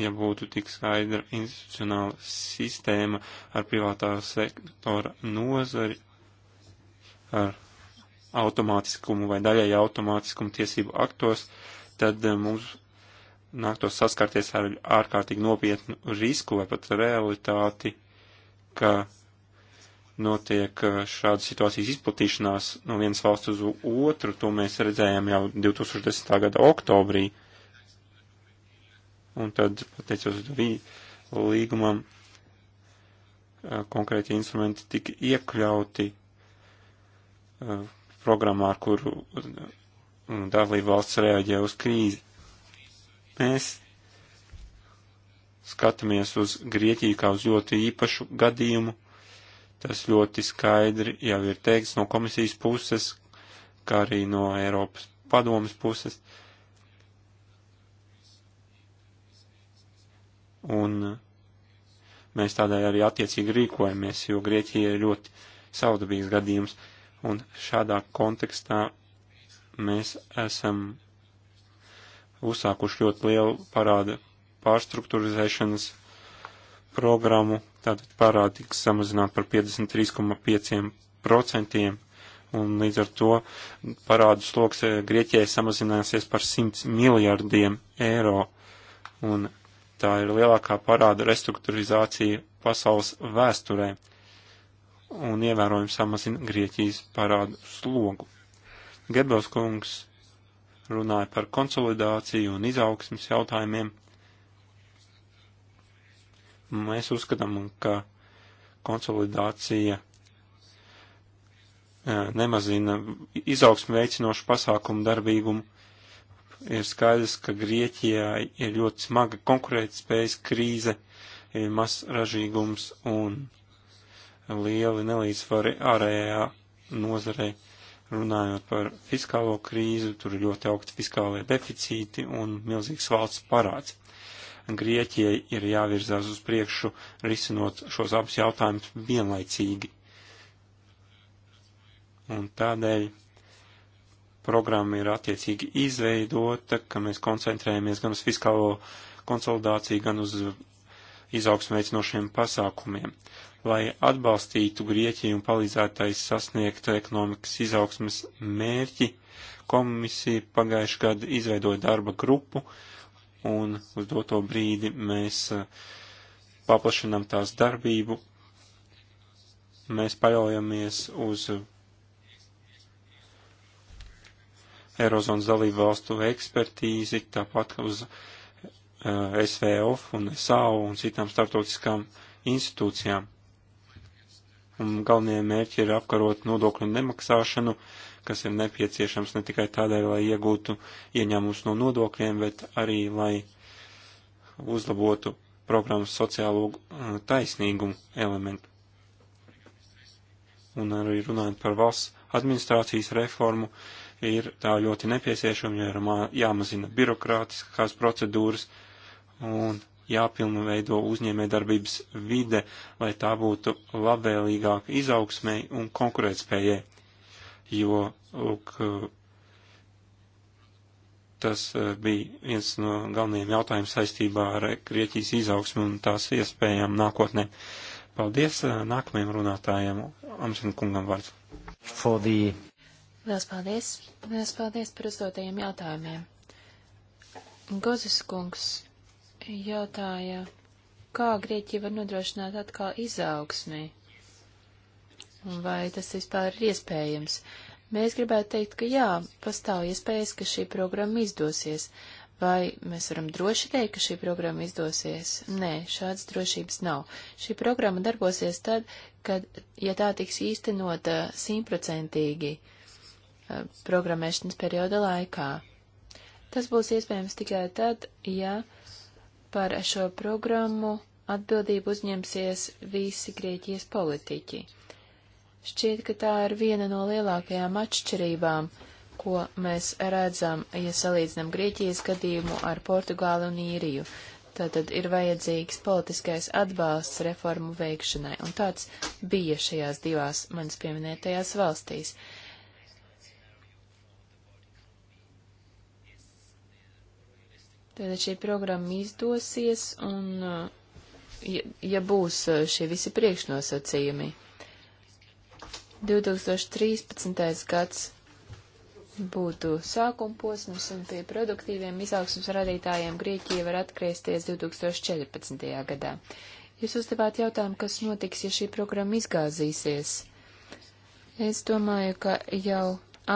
ja būtu tik skaidra institucionāla sistēma ar privātā sektora nozari ar automātiskumu vai daļēji automātiskumu tiesību aktos, tad eh, mums nāktos saskarties ar ārkārtīgi nopietnu risku vai pat realitāti, ka notiek eh, šādas situācijas izplatīšanās no vienas valsts uz otru. To mēs redzējām jau 2010. gada oktobrī. Un tad, pateicot līgumam, eh, konkrēti instrumenti tika iekļauti Eh, programmā, ar kuru eh, dalību valsts reaģē uz krīzi. Mēs skatāmies uz Grieķiju kā uz ļoti īpašu gadījumu. Tas ļoti skaidri jau ir teikts no komisijas puses, kā arī no Eiropas padomas puses. Un eh, mēs tādēļ arī attiecīgi rīkojamies, jo Grieķija ir ļoti saudabīgs gadījums. Uh, Un šādā kontekstā mēs esam uzsākuši ļoti lielu parāda pārstruktūrizēšanas programmu, tātad parādi tiks samazināt par 53,5%, un līdz ar to parādu sloks eh, Grieķijai samazināsies par 100 miljardiem eiro, un tā ir lielākā parāda restruktūrizācija pasaules vēsturē un ievērojami samazina Grieķijas parādu slogu. Gebels kungs runāja par konsolidāciju un izaugsmas jautājumiem. Mēs uzskatām, ka konsolidācija eh, nemazina izaugsmu veicinošu pasākumu darbīgumu. Ir skaidrs, ka Grieķijā ir ļoti smaga konkurētspējas krīze, ir mazs ražīgums un lieli nelīdzsvari ārējā nozarei. Runājot par fiskālo krīzi, tur ir ļoti augsti fiskālie deficīti un milzīgs valsts parāds. Grieķijai ir jāvirzās uz priekšu, risinot šos abus jautājumus vienlaicīgi. Un tādēļ programma ir attiecīgi izveidota, ka mēs koncentrējamies gan uz fiskālo konsolidāciju, gan uz izaugsmēcinošiem pasākumiem lai atbalstītu Grieķiju un palīdzētais sasniegt ekonomikas izaugsmes mērķi, komisija pagājuši gadu izveidoja darba grupu, un uz doto brīdi mēs uh, paplašinām tās darbību. Mēs paļaujamies uz Eirozonas dalību valstu ekspertīzi, tāpat uz uh, SVF un SAU un citām starptautiskām institūcijām un galvenie mērķi ir apkarot nodokļu nemaksāšanu, kas ir nepieciešams ne tikai tādēļ, lai iegūtu ieņēmumus no nodokļiem, bet arī, lai uzlabotu programmas sociālo uh, taisnīgumu elementu. Un arī runājot par valsts administrācijas reformu, ir tā ļoti nepieciešama, ja ir jāmazina birokrātiskās procedūras un jāpilnveido uzņēmē darbības vide, lai tā būtu labvēlīgāka izaugsmēji un konkurētspējai. Jo, lūk, tas eh, bija viens no galvenajiem jautājumiem saistībā ar Grieķijas izaugsmu un tās iespējām nākotnē. Paldies eh, nākamajam runātājiem, Amsen kungam vārds. The... Lielas paldies! Lielas paldies par uzdotajiem jautājumiem! Gozes kungs jautāja, kā Grieķija var nodrošināt atkal izaugsmi? Un vai tas vispār ir iespējams? Mēs gribētu teikt, ka jā, pastāv iespējas, ka šī programma izdosies. Vai mēs varam droši teikt, ka šī programma izdosies? Nē, šādas drošības nav. Šī programma darbosies tad, kad, ja tā tiks īstenota simtprocentīgi eh, programmēšanas perioda laikā. Tas būs iespējams tikai tad, ja par šo programmu atbildību uzņemsies visi Grieķijas politiķi. Šķiet, ka tā ir viena no lielākajām atšķirībām, ko mēs redzam, ja salīdzinām Grieķijas gadījumu ar Portugālu un Īriju. Tātad ir vajadzīgs politiskais atbalsts reformu veikšanai, un tāds bija šajās divās manas pieminētajās valstīs. Tātad šī programma izdosies un, uh, ja, ja būs uh, šie visi priekšnosacījumi. 2013. gads būtu sākuma posms un pie produktīviem izaugsmas radītājiem Grieķija var atgriezties 2014. gadā. Jūs uzdevāt jautājumu, kas notiks, ja šī programma izgāzīsies. Es domāju, ka jau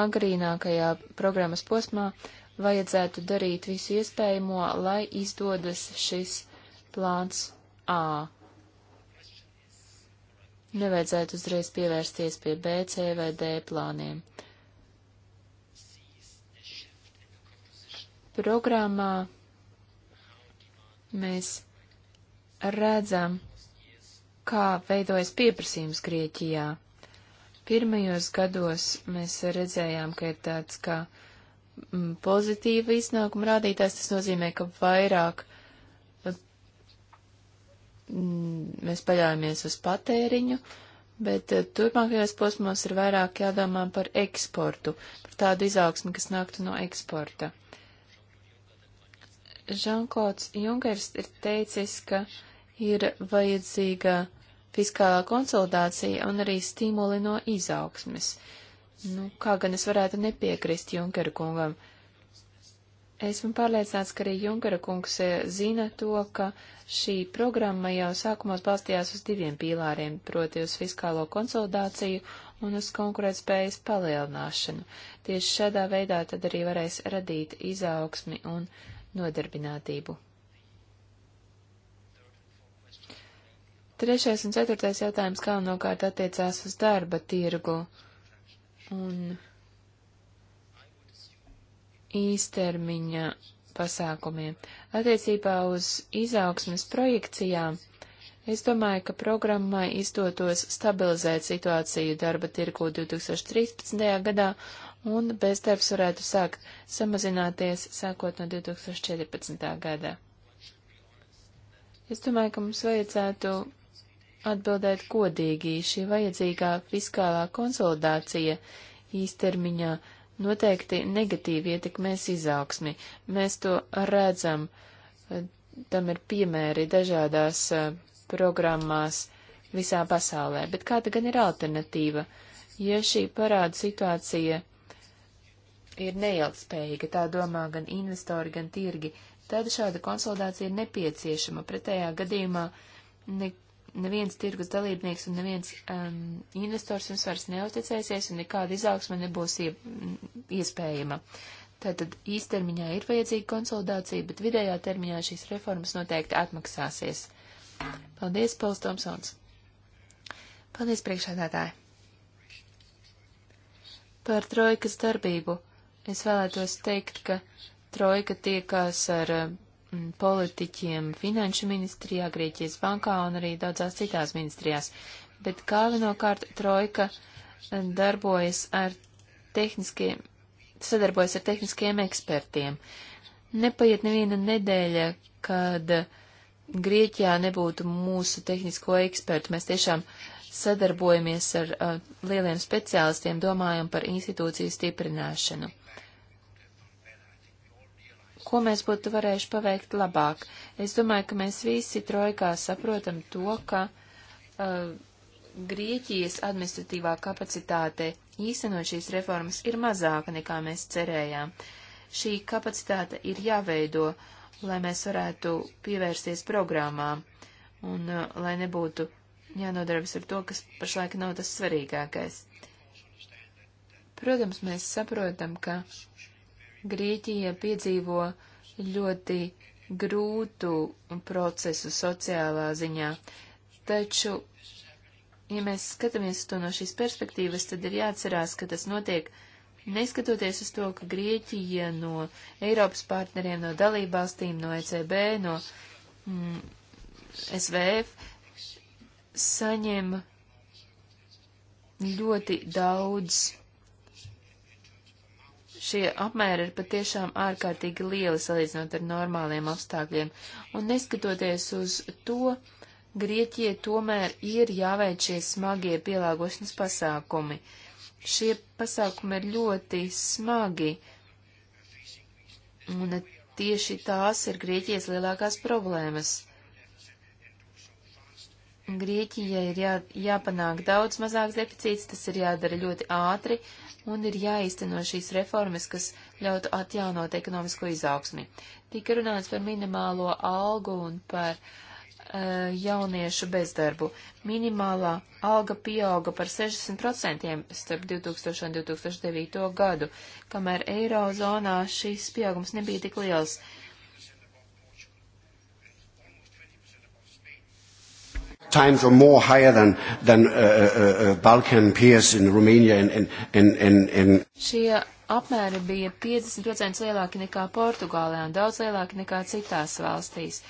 agrīnākajā programmas posmā vajadzētu darīt visu iespējamo, lai izdodas šis plāns A. Nevajadzētu uzreiz pievērsties pie B, C vai D plāniem. Programmā mēs redzam, kā veidojas pieprasījums Grieķijā. Pirmajos gados mēs redzējām, ka ir tāds kā ka Mm, pozitīva iznākuma rādītājs, tas nozīmē, ka vairāk eh, mm, mēs paļaujamies uz patēriņu, bet eh, turpmākajos posmos ir vairāk jādomā par eksportu, par tādu izaugsmu, kas nāktu no eksporta. Žanklots Junkers ir teicis, ka ir vajadzīga fiskālā konsolidācija un arī stimuli no izaugsmes. Uh, Nu, kā gan es varētu nepiekrist Junkera kungam? Esmu pārliecināts, ka arī Junkera kungs eh, zina to, ka šī programma jau sākumos balstījās uz diviem pīlāriem, proti uz fiskālo konsolidāciju un uz konkurētspējas palielināšanu. Tieši šādā veidā tad arī varēs radīt izaugsmi un nodarbinātību. Trešais un ceturtais jautājums galvenokārt attiecās uz darba tirgu. Un īstermiņa pasākumiem. Attiecībā uz izaugsmes projekcijām, es domāju, ka programmai izdotos stabilizēt situāciju darba tirgu 2013. gadā un bezdarbs varētu sākt samazināties sākot no 2014. gadā. Es domāju, ka mums vajadzētu atbildēt godīgi, šī vajadzīgā fiskālā konsolidācija īstermiņā noteikti negatīvi ietekmēs izaugsmi. Mēs to redzam, tam ir piemēri dažādās eh, programmās visā pasaulē, bet kāda gan ir alternatīva, ja šī parāda situācija ir neilgspējīga, tā domā gan investori, gan tirgi, tad šāda konsolidācija ir nepieciešama, pretējā gadījumā nekāda neviens tirgus dalībnieks un neviens um, investors jums vairs neuzticēsies un nekāda izaugsme nebūs ie, iespējama. Tātad īstermiņā ir vajadzīga konsolidācija, bet vidējā termiņā šīs reformas noteikti atmaksāsies. Paldies, Pauls Tomsons. Paldies, priekšādātāji. Par trojkas darbību es vēlētos teikt, ka trojka tiekās ar uh, Mm, politiķiem finanšu ministrijā, Grieķijas bankā un arī daudzās citās ministrijās, bet galvenokārt trojka eh, darbojas ar tehniskiem, sadarbojas ar tehniskiem ekspertiem. Nepaiet neviena nedēļa, kad Grieķijā nebūtu mūsu tehnisko ekspertu. Mēs tiešām sadarbojamies ar uh, lieliem speciālistiem, domājam par institūciju stiprināšanu ko mēs būtu varējuši paveikt labāk. Es domāju, ka mēs visi trojkā saprotam to, ka uh, Grieķijas administratīvā kapacitāte īstenot šīs reformas ir mazāka nekā mēs cerējām. Šī kapacitāte ir jāveido, lai mēs varētu pievērsties programmām un uh, lai nebūtu jānodarbojas ar to, kas pašlaik nav tas svarīgākais. Protams, mēs saprotam, ka Grieķija piedzīvo ļoti grūtu procesu sociālā ziņā, taču, ja mēs skatāmies to no šīs perspektīvas, tad ir jāatcerās, ka tas notiek neskatoties uz to, ka Grieķija no Eiropas partneriem, no dalībvalstīm, no ECB, no mm, SVF saņem ļoti daudz Šie apmēri ir patiešām ārkārtīgi lieli salīdzinot ar normāliem apstākļiem, un neskatoties uz to, Grieķijai tomēr ir jāveic šie smagie pielāgošanas pasākumi. Šie pasākumi ir ļoti smagi, un tieši tās ir Grieķijas lielākās problēmas. Grieķijai ir jā, jāpanāk daudz mazāks deficīts, tas ir jādara ļoti ātri, uh, un ir jāīsteno šīs reformas, kas ļautu atjaunot ekonomisko izaugsmi. Tika runāts par minimālo algu un par uh, jauniešu bezdarbu. Minimālā alga pieauga par 60% starp 2000 un 2009 gadu, kamēr Eirozonā šis pieaugums nebija tik liels. times or more higher than, than uh, uh, uh, Balkan peers in Romania and, and, and, and, and Šie apmēri bija 50% lielāki nekā Portugālē un daudz lielāki nekā citās valstīs.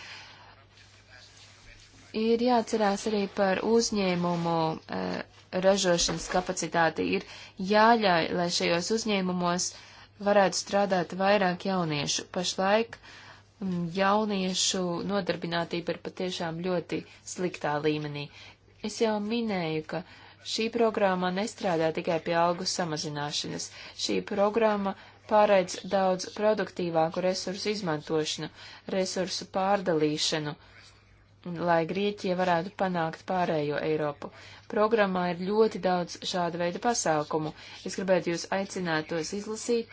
Ir jāatcerās arī par uzņēmumu uh, ražošanas kapacitāti. Ir jāļauj, lai šajos uzņēmumos varētu strādāt vairāk jauniešu. Pašlaik uh, jauniešu nodarbinātība ir patiešām ļoti sliktā līmenī. Es jau minēju, ka šī programma nestrādā tikai pie algu samazināšanas. Šī programma pārēdz daudz produktīvāku resursu izmantošanu, resursu pārdalīšanu, lai Grieķija varētu panākt pārējo Eiropu. Programmā ir ļoti daudz šāda veida pasākumu. Es gribētu jūs aicināt tos izlasīt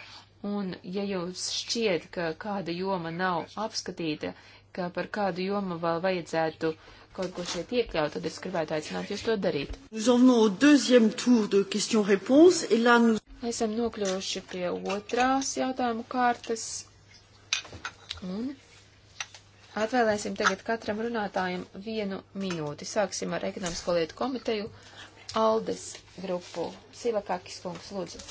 Un, ja jums šķiet, ka kāda joma nav apskatīta, ka par kādu jomu vēl vajadzētu kaut ko šeit iekļaut, tad es gribētu aicināt jūs to darīt. Esam nokļuvuši pie otrās jautājumu kārtas. Un atvēlēsim tagad katram runātājam vienu minūti. Sāksim ar ekonomisko lietu komiteju Aldes grupu. Sīvakakis kungs, lūdzu.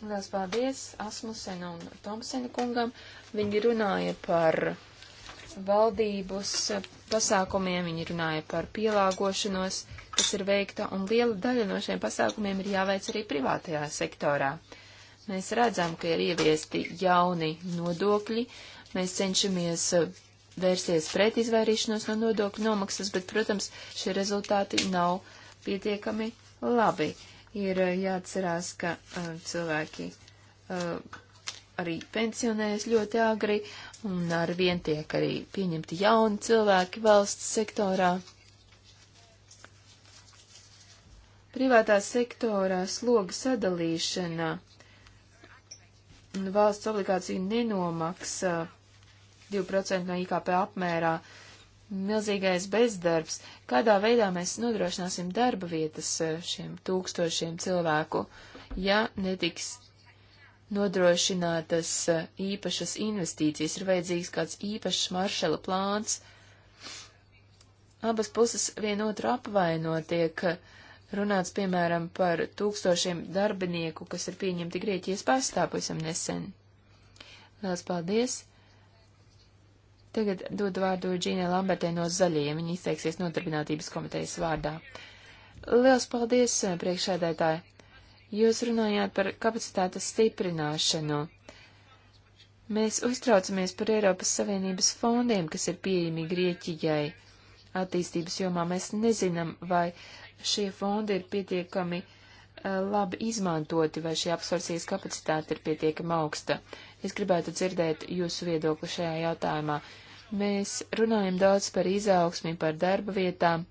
Lielas paldies Asmusen un Tomsena kungam. Viņi runāja par valdības pasākumiem, viņi runāja par pielāgošanos, kas ir veikta, un liela daļa no šiem pasākumiem ir jāveic arī privātajā sektorā. Mēs redzam, ka ir ieviesti jauni nodokļi, mēs cenšamies vērsties pret izvairīšanos no nodokļu nomaksas, bet, protams, šie rezultāti nav pietiekami labi. Uh, Ir eh, jāatcerās, ka uh, cilvēki uh, arī pensionējas ļoti agri, un ar vien tiek arī pieņemti jauni cilvēki valsts sektorā. Privātā sektorā sloga sadalīšana valsts obligāciju nenomaksa 2% no IKP apmērā milzīgais bezdarbs, kādā veidā mēs nodrošināsim darba vietas eh, šiem tūkstošiem cilvēku, ja netiks nodrošinātas eh, īpašas investīcijas, ir vajadzīgs kāds īpašs maršala plāns. Abas puses vienotru apvaino tiek eh, runāts, piemēram, par tūkstošiem darbinieku, kas ir pieņemti Grieķijas pastā pavisam nesen. Lielas paldies! Tagad dodu vārdu Džīnai Lambertē no Zaļajiem. Viņa izteiksies nodarbinātības komitejas vārdā. Liels paldies, eh, priekšēdētāji! Jūs runājāt par kapacitātes stiprināšanu. Mēs uztraucamies par Eiropas Savienības fondiem, kas ir pieejami Grieķijai. Attīstības jomā mēs nezinām, vai šie fondi ir pietiekami uh, labi izmantoti, vai šī absorpcijas kapacitāte ir pietiekami augsta. Uh, Es gribētu dzirdēt jūsu viedokli šajā jautājumā. Mēs runājam daudz par izaugsmi, par darba vietām.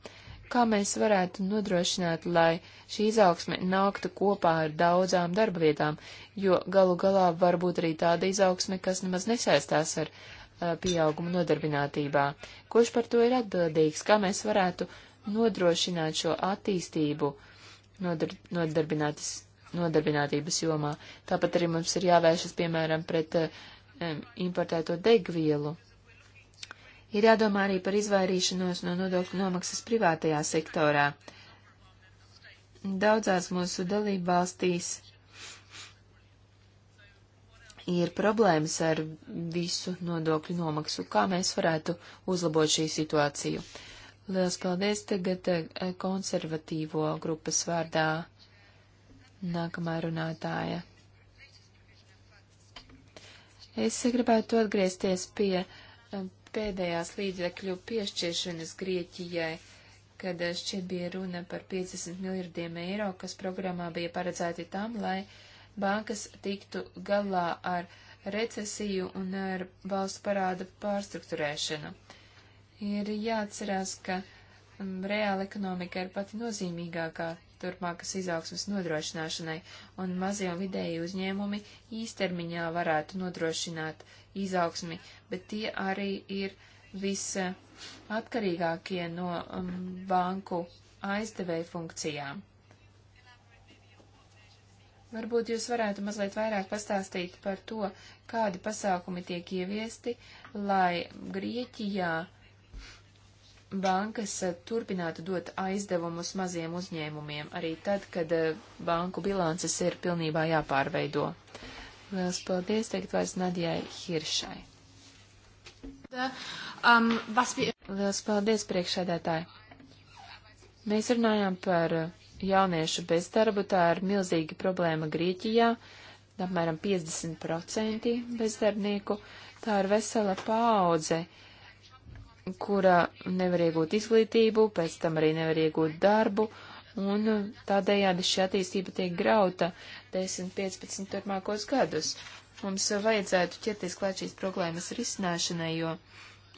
Kā mēs varētu nodrošināt, lai šī izaugsme nāktu kopā ar daudzām darba vietām, jo galu galā var būt arī tāda izaugsme, kas nemaz nesaistās ar uh, pieaugumu nodarbinātībā. Kurš par to ir atbildīgs? Kā mēs varētu nodrošināt šo attīstību nodar nodarbinātas nodarbinātības jomā. Tāpat arī mums ir jāvēršas, piemēram, pret um, importēto degvielu. Ir jādomā arī par izvairīšanos no nodokļu nomaksas privātajā sektorā. Daudzās mūsu dalību valstīs ir problēmas ar visu nodokļu nomaksu. Kā mēs varētu uzlabot šī situāciju? Lielas paldies tagad eh, konservatīvo grupas vārdā nākamā runātāja. Es gribētu atgriezties pie um, pēdējās līdzekļu piešķiršanas Grieķijai, kad uh, šķiet bija runa par 50 miljardiem eiro, kas programmā bija paredzēti tam, lai bankas tiktu galā ar recesiju un ar valsts parāda pārstruktūrēšanu. Ir jāatcerās, ka um, reāla ekonomika ir pati nozīmīgākā turpmākas izaugsmas nodrošināšanai, un mazie un vidēji uzņēmumi īstermiņā varētu nodrošināt izaugsmi, bet tie arī ir visatkarīgākie no um, banku aizdevēju funkcijām. Varbūt jūs varētu mazliet vairāk pastāstīt par to, kādi pasākumi tiek ieviesti, lai Grieķijā uh, bankas eh, turpinātu dot aizdevumus maziem uzņēmumiem, arī tad, kad eh, banku bilances ir pilnībā jāpārveido. Lielas paldies, teikt vairs Nadjai Hiršai. Um, Lielas paldies, priekšsēdētāji. Mēs runājām par eh, jauniešu bezdarbu, tā ir milzīga problēma Grieķijā, apmēram 50% bezdarbnieku, tā ir vesela paudze kura nevar iegūt izglītību, pēc tam arī nevar iegūt darbu, un tādējādi šī attīstība tiek grauta 10-15 turpmākos gadus. Mums vajadzētu ķerties klāt šīs problēmas risināšanai, jo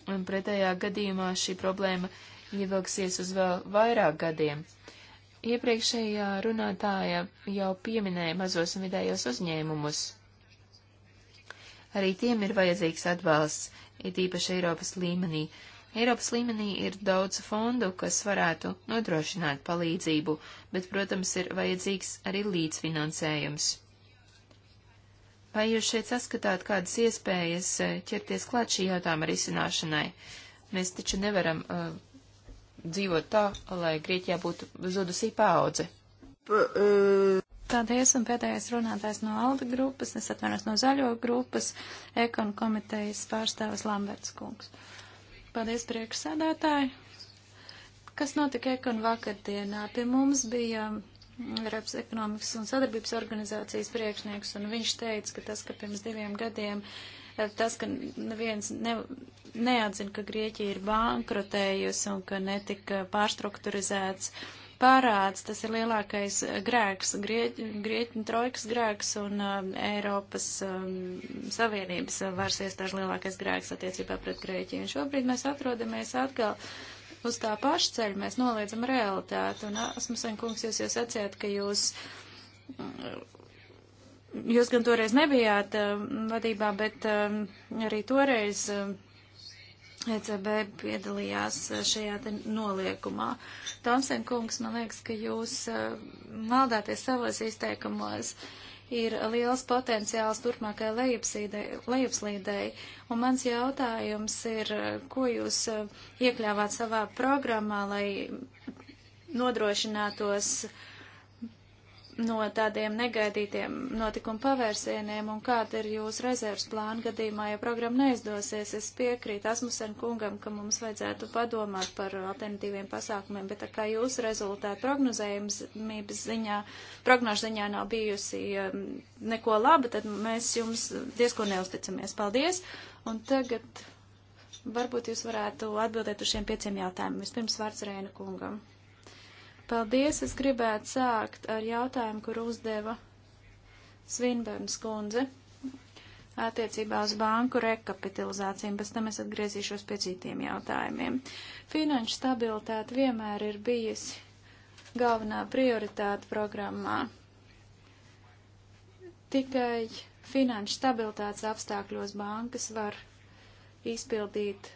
um, pretējā gadījumā šī problēma ievilksies uz vēl vairāk gadiem. Iepriekšējā runātāja jau pieminēja mazos un vidējos uzņēmumus. Arī tiem ir vajadzīgs atbalsts, it īpaši Eiropas līmenī, Eiropas līmenī ir daudz fondu, kas varētu nodrošināt palīdzību, bet, protams, ir vajadzīgs arī līdzfinansējums. Vai jūs šeit saskatāt kādas iespējas eh, ķerties klāt šī jautājuma risināšanai? Mēs taču nevaram uh, dzīvot tā, lai Grieķijā būtu zudusī paudze. Eh, Paldies, un pēdējais runātājs no Alda grupas, es atvainos no Zaļo grupas, Ekon komitejas pārstāvis Lamberts kungs. Uh, Paldies, priekšsēdētāji. Kas notika ekon vakardienā? Pie mums bija mm, Eiropas ekonomikas un sadarbības organizācijas priekšnieks, un viņš teica, ka tas, ka pirms diviem gadiem, eh, tas, ka neviens ne, neatzina, ka Grieķija ir bankrotējusi un ka netika pārstrukturizēts uh, parāds, tas ir lielākais grēks, Grieķu trojkas grēks un um, Eiropas um, Savienības varas iestāžu lielākais grēks attiecībā pret Grieķiju. Un šobrīd mēs atrodamies atkal uz tā paša ceļa, mēs noliedzam realitāti. Un, Asmusen kungs, jūs jau sacījāt, ka jūs. Mm, jūs gan toreiz nebijāt uh, vadībā, bet uh, arī toreiz uh, ECB piedalījās e, šajā te noliekumā. Tomsen kungs, man liekas, ka jūs e, maldāties savos izteikumos. Ir liels potenciāls turpmākai lejupslīdēji, un mans jautājums ir, e, ko jūs iekļāvāt savā programmā, lai nodrošinātos uh, no tādiem negaidītiem notikumu pavērsieniem un kāda ir jūsu rezerves plāna gadījumā, ja programma neizdosies. Es piekrītu Asmusen kungam, ka mums vajadzētu padomāt par alternatīviem pasākumiem, bet tā kā jūsu rezultātu prognozējumības ziņā, prognožu ziņā nav bijusi um, neko laba, tad mēs jums diezko neusticamies. Paldies! Un tagad varbūt jūs varētu atbildēt uz šiem pieciem jautājumiem. Vispirms vārds Rēna kungam. Paldies, es gribētu sākt ar jautājumu, kur uzdeva Svinbērns kundze attiecībā uz banku rekapitalizācijām, pēc tam es atgriezīšos pie citiem jautājumiem. Finanšu stabilitāte vienmēr ir bijusi galvenā prioritāte programmā. Tikai finanšu stabilitātes apstākļos bankas var izpildīt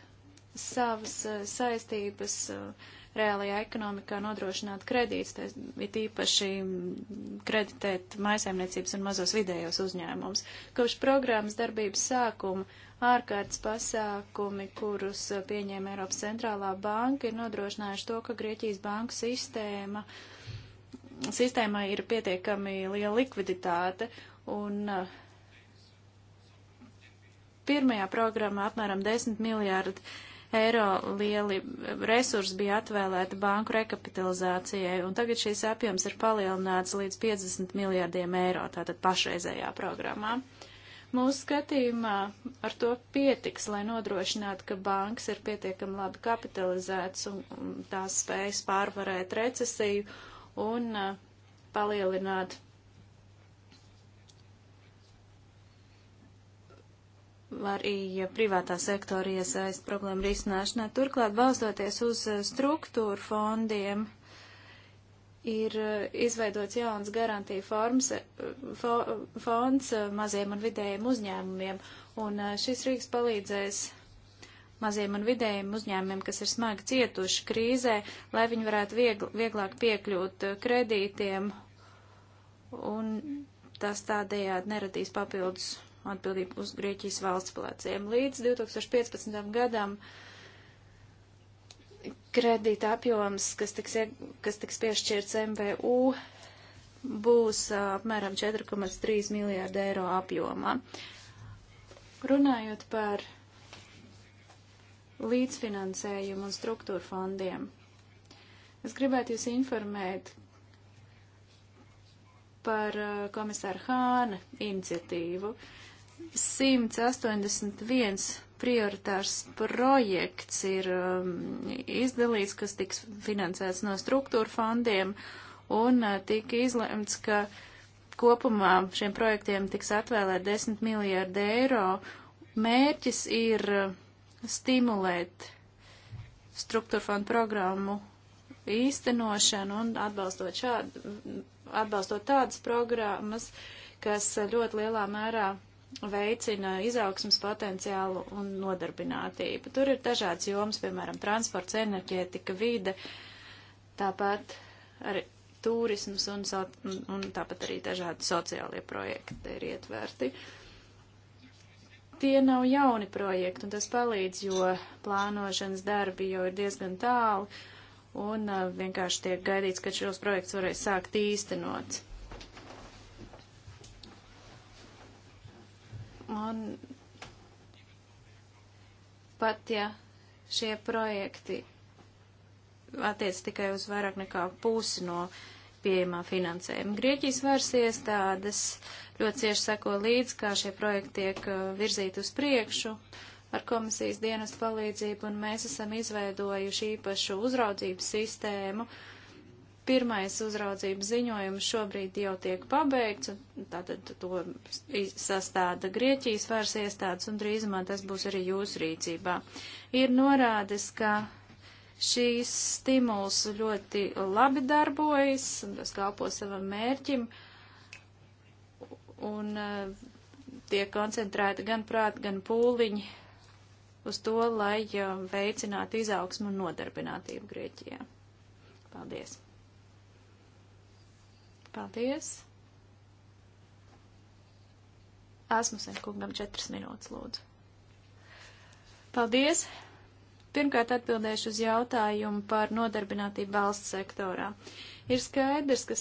savas eh, saistības uh, reālajā ekonomikā nodrošināt kredītus, ir tīpaši kreditēt maisaimniecības un mazos vidējos uzņēmumus. Kopš programmas darbības sākuma ārkārtas pasākumi, kurus uh, pieņēma Eiropas centrālā banka, ir nodrošinājuši to, ka Grieķijas banku sistēma, sistēmai ir pietiekami liela likviditāte un uh, pirmajā programmā apmēram 10 miljārdi eiro lieli resursi bija atvēlēti banku rekapitalizācijai, un tagad šīs apjoms ir palielināts līdz 50 miljārdiem eiro, tātad pašreizējā programmā. Mūsu skatījumā ar to pietiks, lai nodrošinātu, ka bankas ir pietiekami labi kapitalizētas un tās spējas pārvarēt recesiju un uh, palielināt arī privātā sektora iesaist problēmu risināšanā. Turklāt, balstoties uz eh, struktūru fondiem, ir eh, izveidots jauns garantija forms, eh, fo, fonds maziem un vidējiem uzņēmumiem, un šis rīks palīdzēs maziem un vidējiem uzņēmumiem, kas ir smagi cietuši krīzē, lai viņi varētu viegl, vieglāk piekļūt kredītiem, un tas tādējādi neradīs papildus atbildību uz Grieķijas valsts plēciem. Līdz 2015. gadam kredīta apjoms, kas tiks, kas tiks piešķirts MVU, būs apmēram 4,3 miljārda eiro apjomā. Runājot par līdzfinansējumu un struktūru fondiem, es gribētu jūs informēt par komisāru Hāna iniciatīvu. 181 prioritārs projekts ir um, izdalīts, kas tiks finansēts no struktūra fondiem, un uh, tika izlemts, ka kopumā šiem projektiem tiks atvēlēt 10 miljārdi eiro. Mērķis ir uh, stimulēt struktūra fondu programmu īstenošanu un atbalstot, šādu, atbalstot tādas programmas, kas uh, ļoti lielā mērā veicina izaugsmas potenciālu un nodarbinātību. Tur ir dažādas jomas, piemēram, transports, enerģētika, vide, tāpat arī turisms un, so, un, un tāpat arī dažādi sociālie projekti ir ietverti. Tie nav jauni projekti, un tas palīdz, jo plānošanas darbi jau ir diezgan tālu, un uh, vienkārši tiek gaidīts, ka šos projekts varēs sākt īstenot. Un pat ja šie projekti attiec tikai uz vairāk nekā pusi no pieejamā finansējuma. Grieķijas varas iestādes ļoti cieši seko līdz, kā šie projekti tiek uh, virzīti uz priekšu ar komisijas dienas palīdzību, un mēs esam izveidojuši īpašu uzraudzības sistēmu, uh, Pirmais uzraudzības ziņojums šobrīd jau tiek pabeigts, un tātad to sastāda Grieķijas varas iestādes, un drīzumā tas būs arī jūsu rīcībā. Ir norādes, ka šīs stimuls ļoti labi darbojas, un tas kalpo savam mērķim, un e, tiek koncentrēta gan prāta, gan pūliņi uz to, lai e, veicinātu izaugsmu un nodarbinātību Grieķijā. Paldies! Paldies. Asmusen kungam četras minūtes lūdzu. Paldies. Pirmkārt atbildēšu uz jautājumu par nodarbinātību valsts sektorā. Ir skaidrs, ka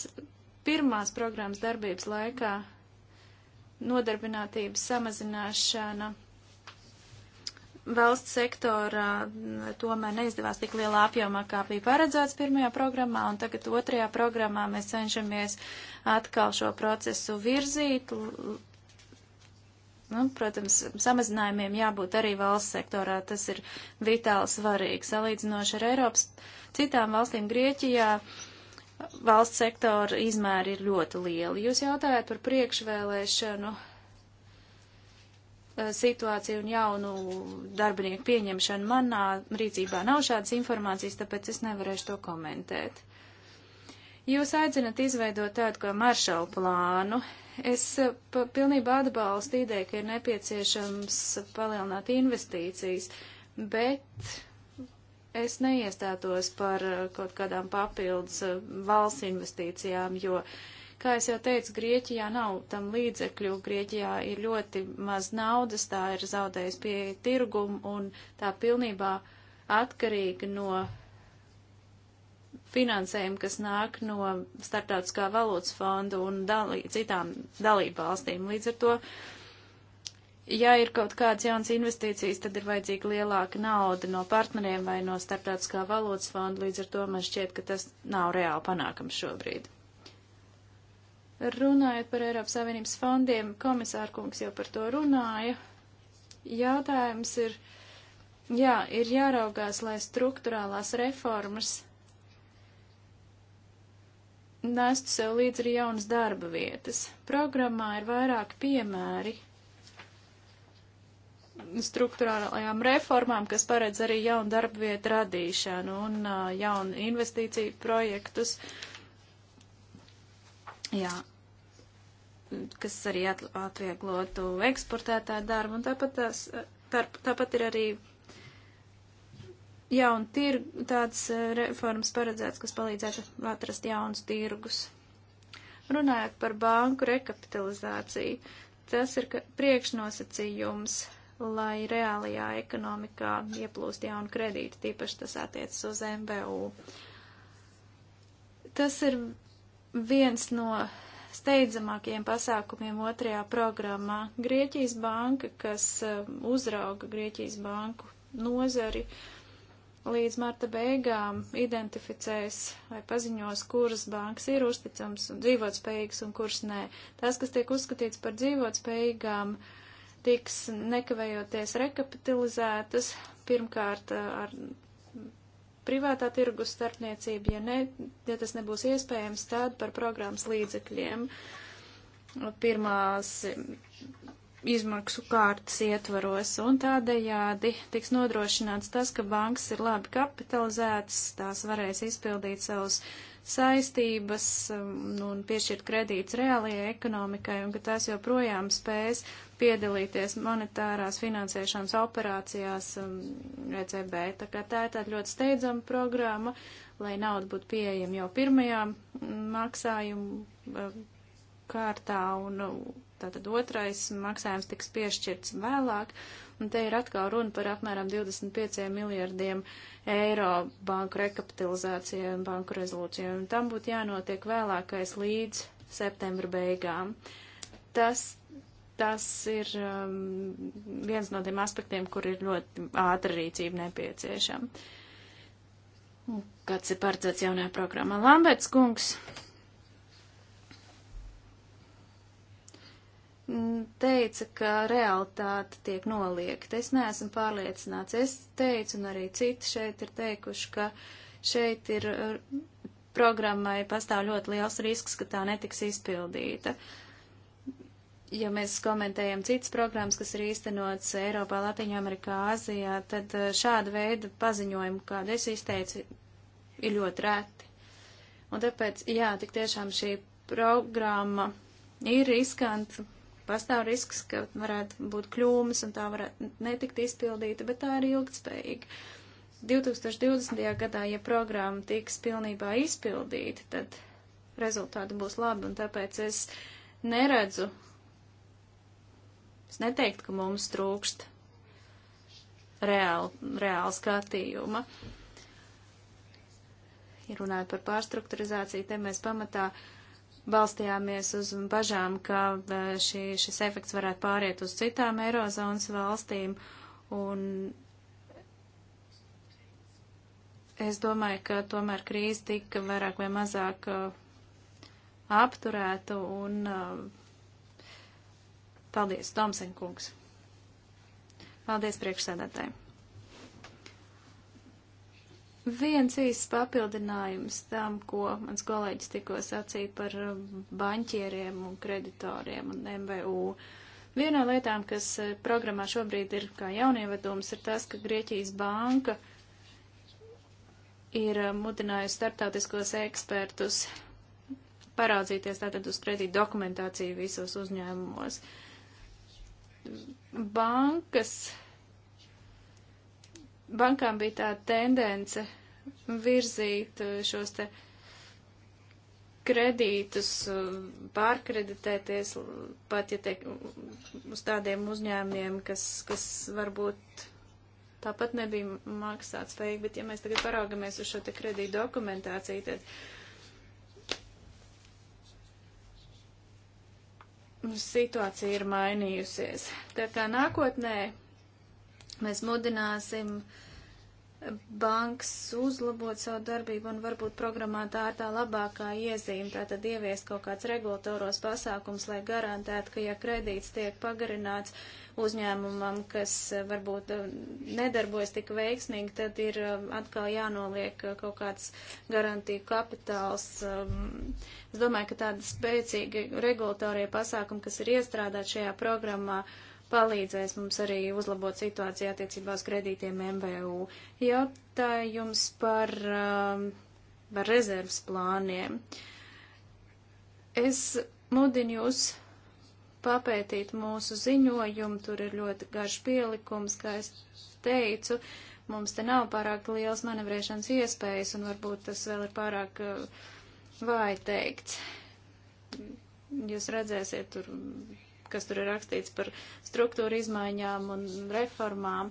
pirmās programmas darbības laikā nodarbinātības samazināšana valsts sektorā eh, tomēr neizdevās tik lielā apjomā, kā bija paredzēts pirmajā programmā, un tagad otrajā programmā mēs cenšamies atkal šo procesu virzīt. Nu, protams, samazinājumiem jābūt arī valsts sektorā, tas ir vitāli svarīgi. Salīdzinoši ar Eiropas citām valstīm Grieķijā, valsts sektora izmēri ir ļoti lieli. Jūs jautājat par priekšvēlēšanu. No Eh, situāciju un jaunu darbinieku pieņemšanu. Manā rīcībā nav šādas informācijas, tāpēc es nevarēšu to komentēt. Jūs aicinat izveidot tādu kā maršalu plānu. Es eh, pilnībā atbalstu ideju, ka ir nepieciešams palielināt investīcijas, bet es neiestātos par eh, kaut kādām papildus valsts investīcijām, jo uh, Kā es jau teicu, Grieķijā nav tam līdzekļu, Grieķijā ir ļoti maz naudas, tā ir zaudējusi pie tirgumu un tā pilnībā atkarīga no finansējumu, kas nāk no starptautiskā valūtas fonda un dalī, citām dalību valstīm. Līdz ar to, ja ir kaut kāds jauns investīcijas, tad ir vajadzīga lielāka nauda no partneriem vai no starptautiskā valūtas fonda. Līdz ar to man šķiet, ka tas nav reāli panākams šobrīd. Runājot par Eiropas Savienības fondiem, komisārkungs jau par to runāja. Jautājums ir, jā, ir jāraugās, lai struktūrālās reformas nestu sev līdz arī jaunas darba vietas. Programmā ir vairāk piemēri struktūrālajām reformām, kas paredz arī jaunu darba vietu radīšanu un uh, jaunu investīciju projektus. Uh, jā, kas arī atvieglotu eksportētāju darbu, un tāpat, tās, tāpat ir arī jauni tirgi, tādas e, reformas paredzētas, kas palīdzētu atrast jaunus tirgus. Runājot par banku rekapitalizāciju, tas ir priekšnosacījums, lai reālajā ekonomikā ieplūst jauni kredīti, tīpaši tas attiecas uz MBU. Tas ir viens no steidzamākajiem pasākumiem otrajā programmā. Grieķijas banka, kas eh, uzrauga Grieķijas banku nozari, līdz marta beigām identificēs vai paziņos, kuras bankas ir uzticams un dzīvotspējīgas un kuras nē. Tās, kas tiek uzskatīts par dzīvotspējīgām, tiks nekavējoties rekapitalizētas pirmkārt eh, ar privātā tirgus starpniecība, ja, ne, ja tas nebūs iespējams, tad par programmas līdzekļiem uh, pirmās mm, izmaksu kārtas ietvaros, un tādējādi tiks nodrošināts tas, ka bankas ir labi kapitalizētas, tās varēs izpildīt savus saistības um, nu, un piešķirt kredītus reālajai ekonomikai un ka tās joprojām spēs piedalīties monetārās finansēšanas operācijās um, ECB. Tā kā tā ir tāda ļoti steidzama programma, lai nauda būtu pieejama jau pirmajā mm, maksājumu um, kārtā un nu, tātad otrais maksājums tiks piešķirts vēlāk. Un te ir atkal runa par apmēram 25 miljardiem eiro banku rekapitalizācijai un banku rezolūcijai. Un tam būtu jānotiek vēlākais līdz septembra beigām. Tas, tas ir um, viens no tiem aspektiem, kur ir ļoti ātra rīcība nepieciešama. Kāds ir paredzēts jaunajā programmā? Lamberts kungs Mm, teica, ka realitāte tiek noliekta. Es neesmu pārliecināts. Es teicu, un arī citi šeit ir teikuši, ka šeit ir programmai pastāv ļoti liels risks, ka tā netiks izpildīta. Ja mēs komentējam citas programmas, kas ir īstenots Eiropā, Latviņamerikā, Āzijā, tad eh, šāda veida paziņojumi, kādu es izteicu, ir ļoti reti. Un tāpēc, jā, tik tiešām šī programma ir riskanta, pastāv risks, ka varētu būt kļūmes un tā varētu netikt izpildīta, bet tā ir ilgtspējīga. 2020. gadā, ja programma tiks pilnībā izpildīta, tad rezultāti būs labi, un tāpēc es neredzu, es neteiktu, ka mums trūkst reāli, reāli skatījuma. Ja runājot par pārstrukturizāciju, te mēs pamatā uh, balstījāmies uz bažām, ka e, šī, šis efekts varētu pāriet uz citām Eirozonas valstīm. Un es domāju, ka tomēr krīze tika vairāk vai mazāk e, apturēta un e, paldies, Tomsenkungs. Paldies priekšsēdētājiem. Viens īsts papildinājums tam, ko mans kolēģis tikko sacīja par um, baņķieriem un kreditoriem un MVU. Viena no lietām, kas eh, programmā šobrīd ir kā jaunievedums, ir tas, ka Grieķijas banka ir um, mudinājusi starptautiskos ekspertus paraudzīties tātad uz kredītu dokumentāciju visos uzņēmumos. Bankas bankām bija tā tendence virzīt eh, šos te kredītus, eh, pārkreditēties, pat ja tiek uz tādiem uzņēmiem, kas, kas varbūt tāpat nebija maksāts vajag, bet ja mēs tagad paraugamies uz šo te kredītu dokumentāciju, tad situācija ir mainījusies. Tā kā nākotnē Mēs mudināsim bankas uzlabot savu darbību un varbūt programmā tā ir tā labākā iezīme, tātad ieviest kaut kāds regulatoros pasākums, lai garantētu, ka ja kredīts tiek pagarināts uzņēmumam, kas eh, varbūt eh, nedarbojas tik veiksmīgi, tad ir eh, atkal jānoliek kaut kāds garantiju kapitāls. Es domāju, ka tādi spēcīgi regulatorie pasākumi, kas ir iestrādāti šajā programmā, uh, palīdzēs mums arī uzlabot situāciju attiecībā uz kredītiem MVU. Jautājums par, um, par rezerves plāniem. Es mudinu jūs papētīt mūsu ziņojumu, tur ir ļoti garš pielikums, kā es teicu, mums te nav pārāk liels manevrēšanas iespējas, un varbūt tas vēl ir pārāk uh, vai teikts. Jūs redzēsiet, tur kas tur ir rakstīts par struktūra izmaiņām un reformām.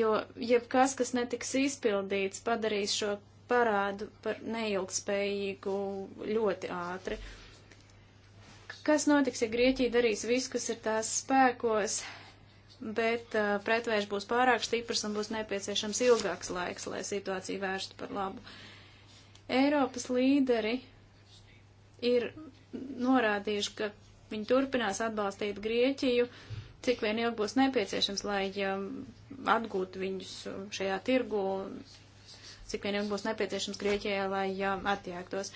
Jo jebkas, kas netiks izpildīts, padarīs šo parādu par neilgspējīgu ļoti ātri. Kas notiks, ja Grieķija darīs visu, kas ir tās spēkos, bet uh, pretvērš būs pārāk stiprs un būs nepieciešams ilgāks laiks, lai situāciju vērstu par labu. Eiropas līderi ir norādījuši, ka viņi turpinās atbalstīt Grieķiju, cik vien ilgi būs nepieciešams, lai um, atgūtu viņus šajā tirgu, cik vien ilgi būs nepieciešams Grieķijai, lai um, attiektos.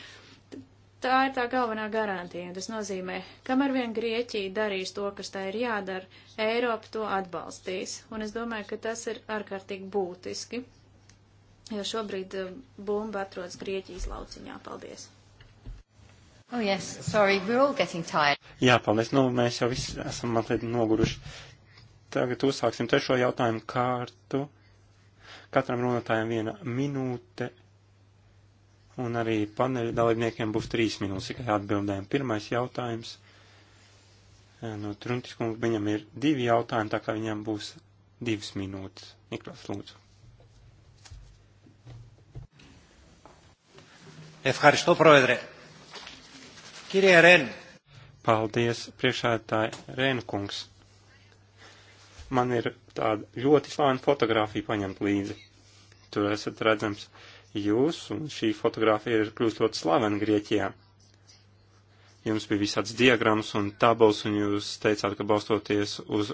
Tā ir tā galvenā garantija. Tas nozīmē, kamēr vien Grieķija darīs to, kas tā ir jādara, Eiropa to atbalstīs. Un es domāju, ka tas ir ārkārtīgi būtiski, jo šobrīd um, bumba atrodas Grieķijas lauciņā. Paldies! Oh, yes. Sorry, we're all getting tired. Jā, paldies. Nu, mēs jau visi esam mazliet noguruši. Tagad uzsāksim trešo jautājumu kārtu. Katram runātājam viena minūte. Un arī paneļa dalībniekiem būs trīs minūtes, tikai atbildēm. Pirmais jautājums. Eh, no Truntis kungs, viņam ir divi jautājumi, tā kā viņam būs divas minūtes. Niklas, lūdzu. Ευχαριστώ, Πρόεδρε. Kirija Ren. Paldies, priekšētāji Renkungs. Man ir tāda ļoti slāna fotografija paņemt līdzi. Tur esat redzams jūs, un šī fotografija ir kļūst ļoti slavena Grieķijā. Jums bija visāds diagrams un tabuls, un jūs teicāt, ka balstoties uz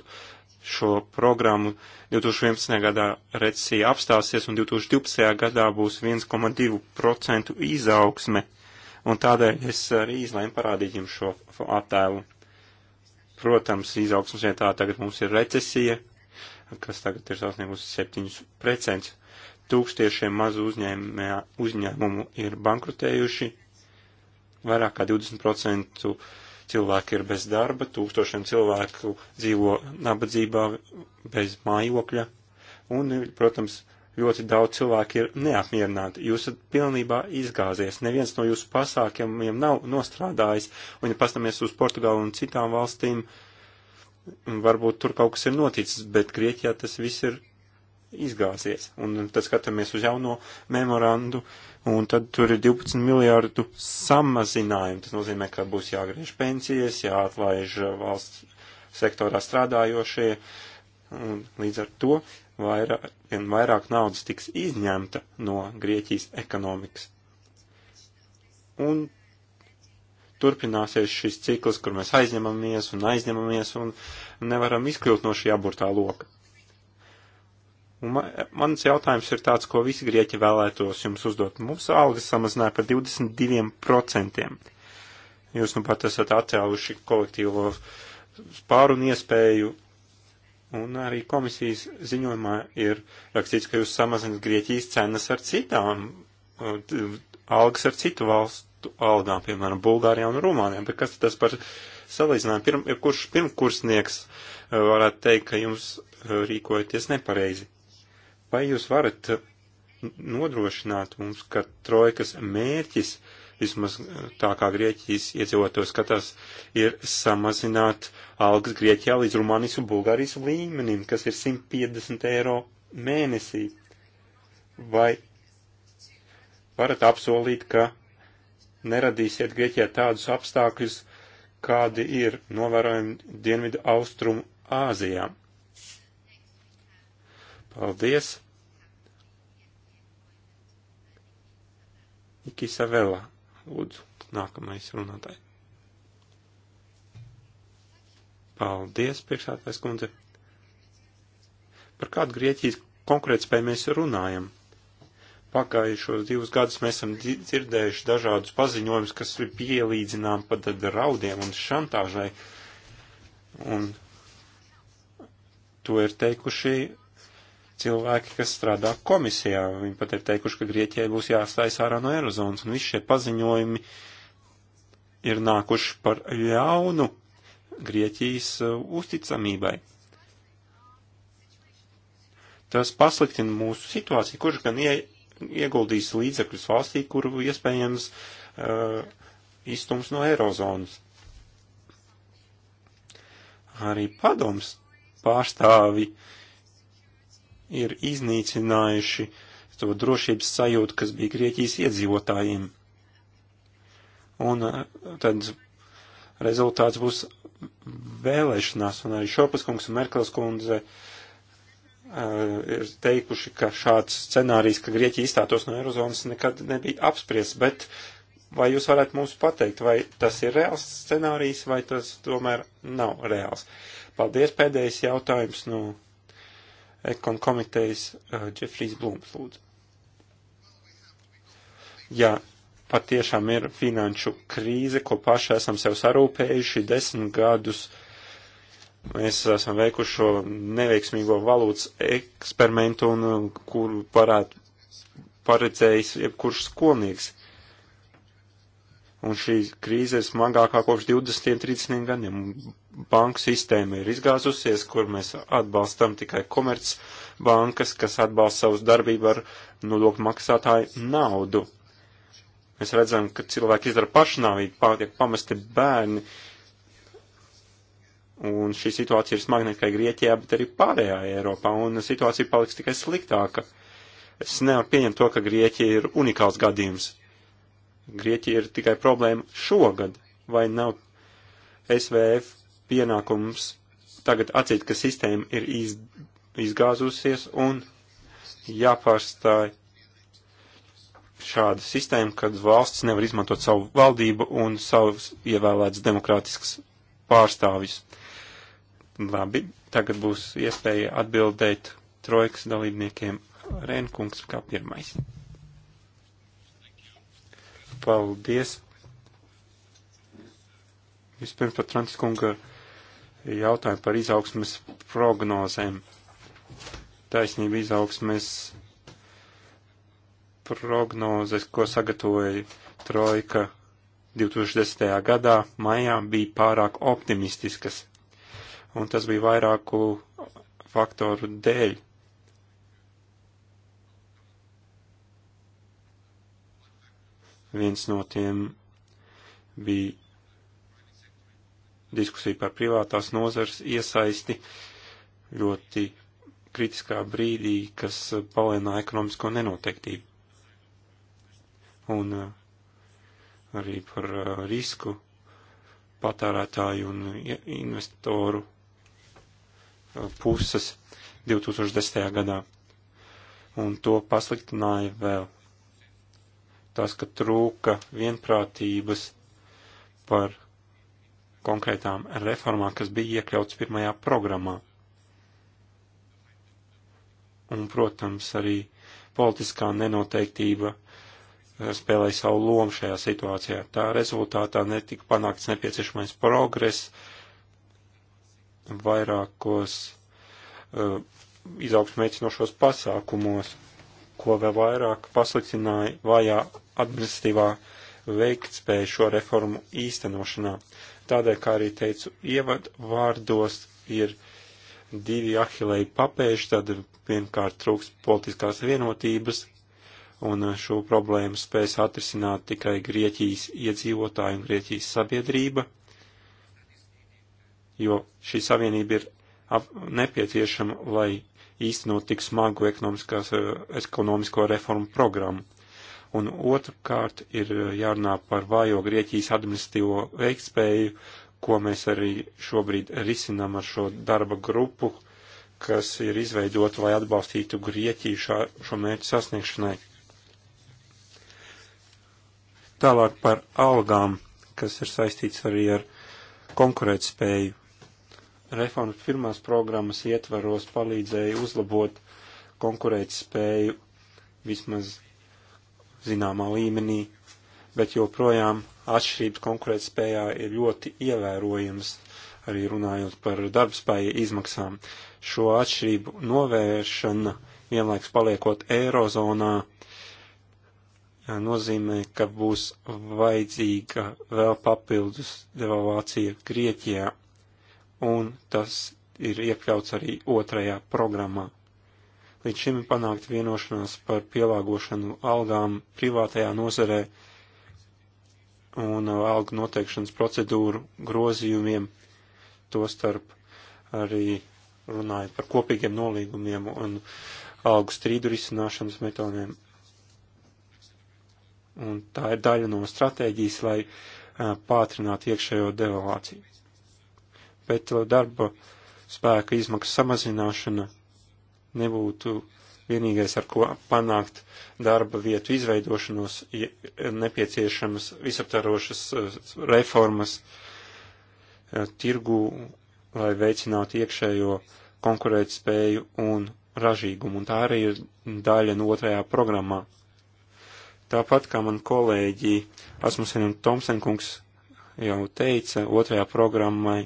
šo programmu 2011. gadā recesija apstāsies un 2012. gadā būs 1,2% izaugsme. Un tādēļ es arī izlēmu parādīt jums šo attēlu. Protams, izaugsmas vietā tagad mums ir recesija, kas tagad ir sasniegusi 7%. Tūkstiešiem mazu uzņēmē, uzņēmumu ir bankrutējuši, vairāk kā 20% cilvēki ir bez darba, tūkstošiem cilvēku dzīvo nabadzībā bez mājokļa, un, protams, ļoti daudz cilvēku ir neapmierināti. Jūs esat pilnībā izgāzies. Neviens no jūsu pasākumiem nav nostrādājis. Un, ja pastamies uz Portugālu un citām valstīm, varbūt tur kaut kas ir noticis, bet Grieķijā tas viss ir izgāzies. Un tad skatāmies uz jauno memorandu, un tad tur ir 12 miljārdu samazinājumi. Tas nozīmē, ka būs jāgriež pensijas, jāatlaiž valsts sektorā strādājošie. Un līdz ar to vairāk, vien vairāk naudas tiks izņemta no Grieķijas ekonomikas. Un turpināsies šis cikls, kur mēs aizņemamies un aizņemamies un nevaram izkļūt no šī aburtā loka. Un man, mans jautājums ir tāds, ko visi grieķi vēlētos jums uzdot. Mūsu algas samazināja par 22%. Jūs nu pat esat atcēluši kolektīvo spāru un iespēju Un arī komisijas ziņojumā ir rakstīts, ka jūs samazinat Grieķijas cenas ar citām, uh, algas ar citu valstu algām, piemēram, Bulgārijā un Rumānijā. Bet kas tas par salīdzinājumu? Pirm, kurš pirmkursnieks uh, varētu teikt, ka jums uh, rīkojaties nepareizi? Vai jūs varat nodrošināt mums, ka trojkas mērķis uh, vismaz tā kā Grieķijas iedzīvotājs skatās, ir samazināt algas Grieķijā līdz Rumānijas un Bulgārijas līmenim, kas ir 150 eiro mēnesī. Vai varat apsolīt, ka neradīsiet Grieķijā tādus apstākļus, kādi ir novērojami Dienvidu Austrumu Āzijā? Paldies! Ikisavela. Lūdzu, nākamais runātāji. Paldies, priekšsētājs kundze. Par kādu Grieķijas konkurētspēju mēs runājam? Pagājušos divus gadus mēs esam dzirdējuši dažādus paziņojumus, kas ir pielīdzinām pat raudiem un šantāžai. Un to ir teikuši cilvēki, kas strādā komisijā. Viņi pat ir teikuši, ka Grieķijai būs jāstājas ārā no Eirozonas, un visi šie paziņojumi ir nākuši par ļaunu Grieķijas uh, uzticamībai. Tas pasliktina mūsu situāciju, kurš gan ie, ieguldīs līdzekļus valstī, kuru iespējams uh, izstums no Eirozonas. Arī padoms pārstāvi uh, ir iznīcinājuši to drošības sajūtu, kas bija Grieķijas iedzīvotājiem. Un eh, tad rezultāts būs vēlēšanās, un arī Šopaskungs un Merkels kundze uh, ir teikuši, ka šāds scenārijs, ka Grieķija izstātos no Eirozonas, nekad nebija apspriests, bet vai jūs varētu mums pateikt, vai tas ir reāls scenārijs, vai tas tomēr nav reāls? Paldies, pēdējais jautājums no nu, ekon komitejas Džefrīs eh, Blūms lūdzu. Jā, patiešām ir finanšu krīze, ko paši esam sev sarūpējuši desmit gadus. Mēs esam veikuši šo neveiksmīgo valūtas eksperimentu, un eh, kuru varētu paredzējis jebkurš skolnieks. Un šī krīze ir smagākā kopš 20, 30 gadiem banku sistēma ir izgāzusies, kur mēs atbalstam tikai komerc bankas, kas atbalsta savus darbību ar nodokļu maksātāju naudu. Mēs redzam, ka cilvēki izdara pašnāvību, pārtiek pamesti bērni, un šī situācija ir smaga ne tikai Grieķijā, bet arī pārējā Eiropā, un situācija paliks tikai sliktāka. Es nevaru pieņemt to, ka Grieķija ir unikāls gadījums. Grieķija ir tikai problēma šogad, vai nav SVF pienākums tagad atzīt, ka sistēma ir iz, izgāzusies un jāpārstāj šāda sistēma, kad valsts nevar izmantot savu valdību un savus ievēlētas demokrātiskas pārstāvjus. Labi, tagad būs iespēja atbildēt trojkas dalībniekiem Rēnkungs kā pirmais. Paldies. Vispirms par Transkunga jautājumu par izaugsmes prognozēm. Taisnība izaugsmes prognozes, ko sagatavoja Trojka 2010. gadā, maijā, bija pārāk optimistiskas. Un tas bija vairāku faktoru dēļ. Viens no tiem bija diskusiju par privātās nozars iesaisti ļoti kritiskā brīdī, kas eh, palēnā ekonomisko nenoteiktību. Un eh, arī par eh, risku patērētāju un investoru puses 2010. gadā. Un to pasliktināja vēl tas, ka trūka vienprātības par konkrētām reformām, kas bija iekļauts pirmajā programmā. Un, protams, arī politiskā nenoteiktība eh, spēlēja savu lomu šajā situācijā. Tā rezultātā netika panākts nepieciešamais progress vairākos uh, izaugsmēcinošos pasākumos, ko vēl vairāk pasliktināja vājā administratīvā veiktspēja šo reformu īstenošanā. Uh, Tādēļ, kā arī teicu, ievad vārdos ir divi ahilēji papēži, tad vienkārt trūks politiskās vienotības, un šo problēmu spēs atrisināt tikai Grieķijas iedzīvotāji un Grieķijas sabiedrība, jo šī savienība ir nepieciešama, lai īstenot tik smagu eh, ekonomisko reformu programmu un otrkārt ir eh, jārunā par vājo Grieķijas administratīvo veiktspēju, ko mēs arī šobrīd risinām ar šo darba grupu, kas ir izveidota, lai atbalstītu Grieķiju šā, šo mērķu sasniegšanai. Tālāk par algām, kas ir saistīts arī ar konkurētspēju. Reformas pirmās programmas ietvaros palīdzēja uzlabot konkurētspēju vismaz zināmā līmenī, bet joprojām atšķirības konkurētspējā ir ļoti ievērojamas, arī runājot par darbspēja izmaksām. Šo atšķirību novēršana, vienlaiks paliekot eirozonā, nozīmē, ka būs vajadzīga vēl papildus devalvācija Grieķijā, un tas ir iekļauts arī otrajā programmā. Līdz šim ir panākt vienošanās par pielāgošanu algām privātajā nozarē un uh, algu noteikšanas procedūru grozījumiem, to starp arī runājot par kopīgiem nolīgumiem un algu strīdu risināšanas metodēm. Un tā ir daļa no stratēģijas, lai uh, pātrinātu iekšējo devalvāciju. Bet uh, darba spēka izmaksu samazināšana nebūtu vienīgais, ar ko panākt darba vietu izveidošanos, nepieciešamas visaptarošas eh, reformas eh, tirgu, lai veicinātu iekšējo konkurētspēju un ražīgumu, un tā arī ir daļa no otrajā programmā. Tāpat kā man kolēģi Asmusen un Tomsenkungs jau teica, otrajā programmai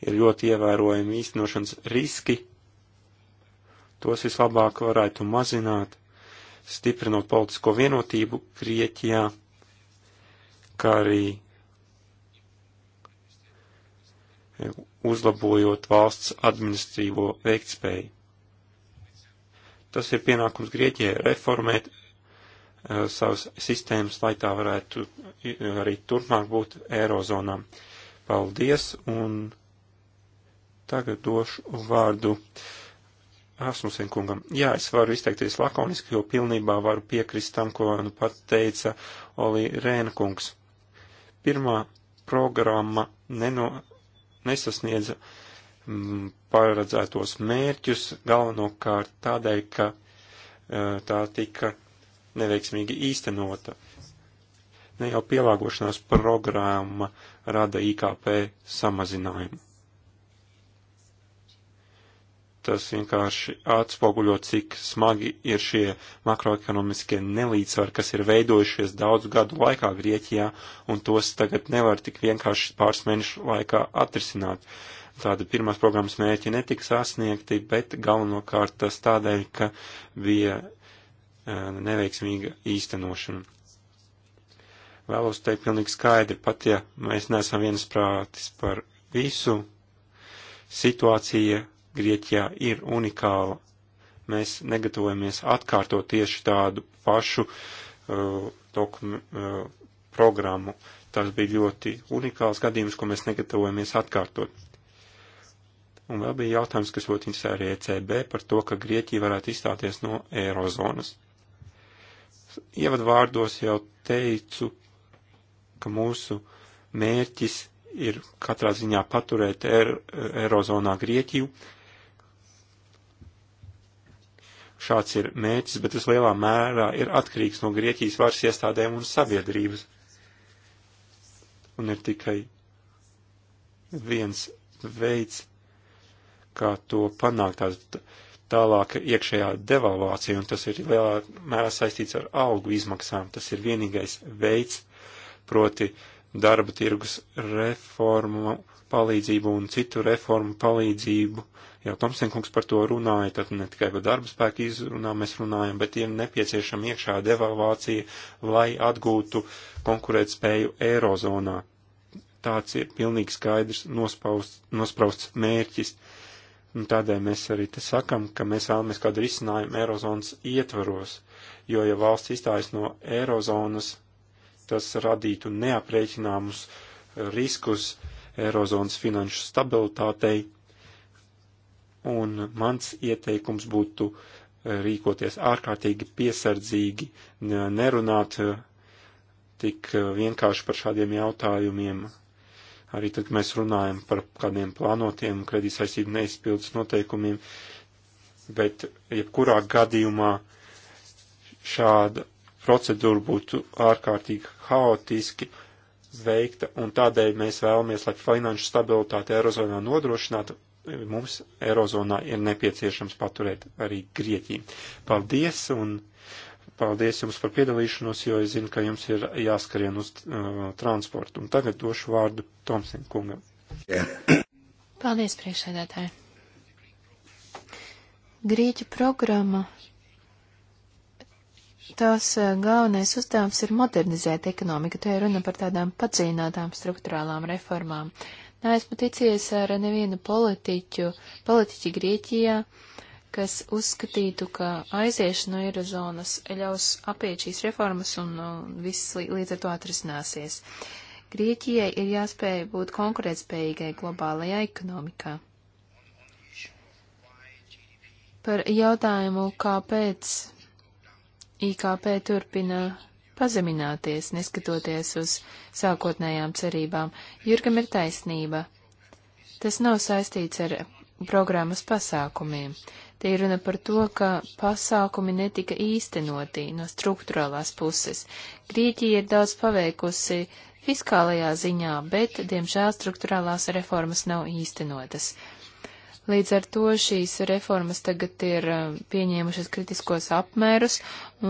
ir ļoti ievērojami īstenošanas riski, Tos vislabāk varētu mazināt, stiprinot politisko vienotību Grieķijā, kā arī uzlabojot valsts administrīvo veiktspēju. Tas ir pienākums Grieķijai reformēt uh, savas sistēmas, lai tā varētu arī turpmāk būt Eirozonām. Paldies, un tagad došu vārdu uh, Asmusen kungam. Jā, es varu izteikties lakoniski, jo pilnībā varu piekrist tam, ko nu pat teica Oli Rēna kungs. Pirmā programma neno, nesasniedza m, mm, paredzētos mērķus galvenokārt tādēļ, ka e, tā tika neveiksmīgi īstenota. Ne jau pielāgošanās programma rada IKP samazinājumu tas vienkārši atspoguļo, cik smagi ir šie makroekonomiskie nelīdzsvari, kas ir veidojušies daudzu gadu laikā Grieķijā, un tos tagad nevar tik vienkārši pāris mēnešu laikā atrisināt. Tāda pirmās programmas mērķi netika sasniegti, bet galvenokārt tas tādēļ, ka bija e, neveiksmīga īstenošana. Vēlos teikt pilnīgi skaidri, pat ja mēs neesam viensprātis par visu, situācija Grieķijā ir unikāla. Mēs negatavojamies atkārtot tieši tādu pašu uh, dokum, uh, programmu. Tas bija ļoti unikāls gadījums, ko mēs negatavojamies atkārtot. Un vēl bija jautājums, kas ļoti interesē arī ECB par to, ka Grieķija varētu izstāties no eirozonas. Ievadvārdos jau teicu, ka mūsu mērķis ir katrā ziņā paturēt er, eirozonā Grieķiju, šāds ir mērķis, bet tas lielā mērā ir atkarīgs no Grieķijas varas iestādēm un sabiedrības. Un ir tikai viens veids, kā to panākt, tā tālāka iekšējā devalvācija, un tas ir lielā mērā saistīts ar algu izmaksām. Tas ir vienīgais veids, proti darba tirgus reformu palīdzību un citu reformu palīdzību uh, jau Tomsenkungs par to runāja, tad ne tikai par darba spēku izrunā mēs runājam, bet ir nepieciešama iekšā devalvācija, lai atgūtu konkurētspēju eirozonā. Tāds ir pilnīgi skaidrs nospaust, nosprausts mērķis. Un tādēļ mēs arī te sakam, ka mēs vēlamies kādu risinājumu eirozonas ietvaros, jo ja valsts izstājas no eirozonas, tas radītu neaprēķināmus riskus eirozonas finanšu stabilitātei un mans ieteikums būtu eh, rīkoties ārkārtīgi piesardzīgi, nerunāt eh, tik eh, vienkārši par šādiem jautājumiem. Arī tad, kad mēs runājam par kādiem plānotiem kredītsaistību neizpildus noteikumiem, bet jebkurā gadījumā šāda procedūra būtu ārkārtīgi haotiski veikta, un tādēļ mēs vēlamies, lai finanšu stabilitāte Eirozonā nodrošinātu, mums Eirozonā ir nepieciešams paturēt arī Grieķiju. Paldies un paldies jums par piedalīšanos, jo es zinu, ka jums ir jāskarien uz uh, transportu. Un tagad došu vārdu Tomsen kungam. Paldies, priekšsēdētāji. Grieķu programma. Tās uh, galvenais uzdevums ir modernizēt ekonomiku. Te ir runa par tādām padziļinātām struktūrālām reformām. Uh, Neesmu ticies ar nevienu politiķu, politiķi Grieķijā, kas uzskatītu, ka aiziešana no Eirozonas ļaus apiet šīs reformas un viss līdz ar to atrisināsies. Grieķijai ir jāspēj būt konkurētspējīgai globālajā ekonomikā. Par jautājumu, kāpēc IKP turpina pazemināties, neskatoties uz sākotnējām cerībām. Jurgam ir taisnība. Tas nav saistīts ar programmas pasākumiem. Te ir runa par to, ka pasākumi netika īstenoti no struktūrālās puses. Grieķija ir daudz paveikusi fiskālajā ziņā, bet, diemžēl, struktūrālās reformas nav īstenotas. Līdz ar to šīs reformas tagad ir eh, pieņēmušas kritiskos apmērus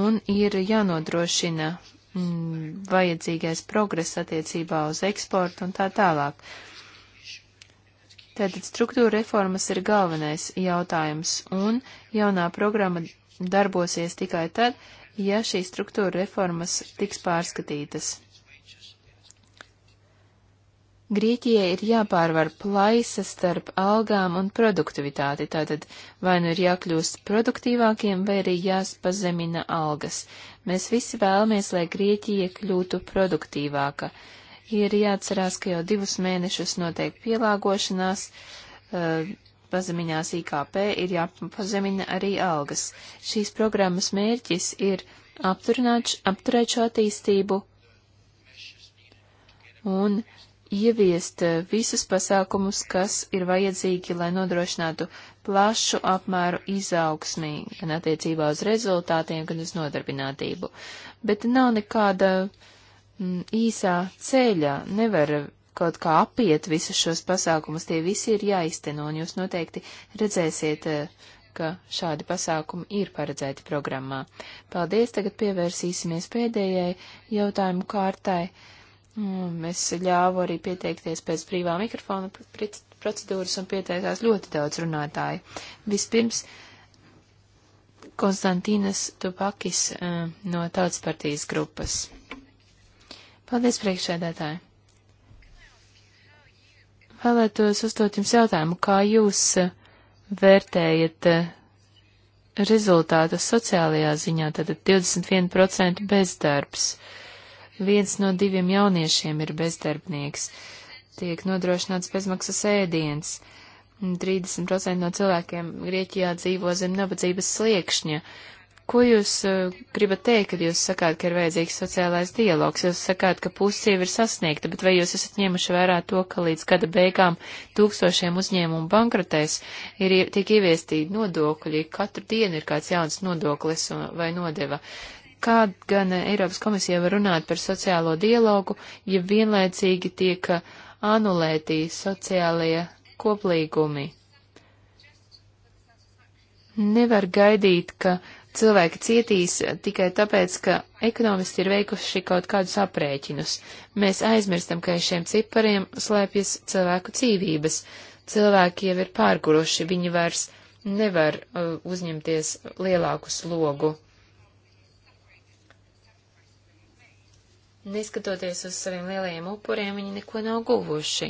un ir jānodrošina mm, vajadzīgais progress attiecībā uz eksportu un tā tālāk. Tātad struktūra reformas ir galvenais jautājums, un jaunā programma darbosies tikai tad, ja šīs struktūra reformas tiks pārskatītas. Grieķijai ir jāpārvar plaisa starp algām un produktivitāti, tātad vai nu ir jākļūst produktīvākiem, vai arī jāspazemina algas. Mēs visi vēlamies, lai Grieķija kļūtu produktīvāka. Ir jāatcerās, ka jau divus mēnešus notiek pielāgošanās, uh, eh, pazeminās IKP, ir jāpazemina arī algas. Šīs programmas mērķis ir apturēt šo attīstību un ieviest eh, visus pasākumus, kas ir vajadzīgi, lai nodrošinātu plašu apmēru izaugsmī, gan attiecībā uz rezultātiem, gan uz nodarbinātību. Bet nav nekāda m, mm, īsā ceļa, nevar kaut kā apiet visus šos pasākumus, tie visi ir jāizteno, un jūs noteikti redzēsiet, eh, ka šādi pasākumi ir paredzēti programmā. Paldies, tagad pievērsīsimies pēdējai jautājumu kārtai. Es ļāvu arī pieteikties pēc brīvā mikrofona procedūras un pieteicās ļoti daudz runātāju. Vispirms Konstantīnas Tupakis eh, no Tautas partijas grupas. Paldies, priekšsēdētāji! Vēlētos uzdot jums jautājumu, kā jūs eh, vērtējat eh, rezultātus sociālajā ziņā, tātad 21% bezdarbs. Uh, viens no diviem jauniešiem ir bezdarbnieks, tiek nodrošināts bezmaksas ēdiens, 30% no cilvēkiem Grieķijā dzīvo zem nabadzības sliekšņa. Ko jūs uh, gribat teikt, kad jūs sakāt, ka ir vajadzīgs sociālais dialogs? Jūs sakāt, ka pusi jau ir sasniegta, bet vai jūs esat ņēmuši vērā to, ka līdz gada beigām tūkstošiem uzņēmumu bankrotēs ir tiek ieviestī nodokļi, katru dienu ir kāds jauns nodoklis vai nodeva? Uh, Kād gan Eiropas komisija var runāt par sociālo dialogu, ja vienlaicīgi tiek anulēti sociālie koplīgumi? Nevar gaidīt, ka cilvēki cietīs tikai tāpēc, ka ekonomisti ir veikuši kaut kādus aprēķinus. Mēs aizmirstam, ka aiz šiem cipariem slēpjas cilvēku dzīvības. Cilvēki jau ir pārguruši, viņi vairs nevar uh, uzņemties lielāku slogu. Neskatoties uz saviem lielajiem upuriem, viņi neko nav guvuši.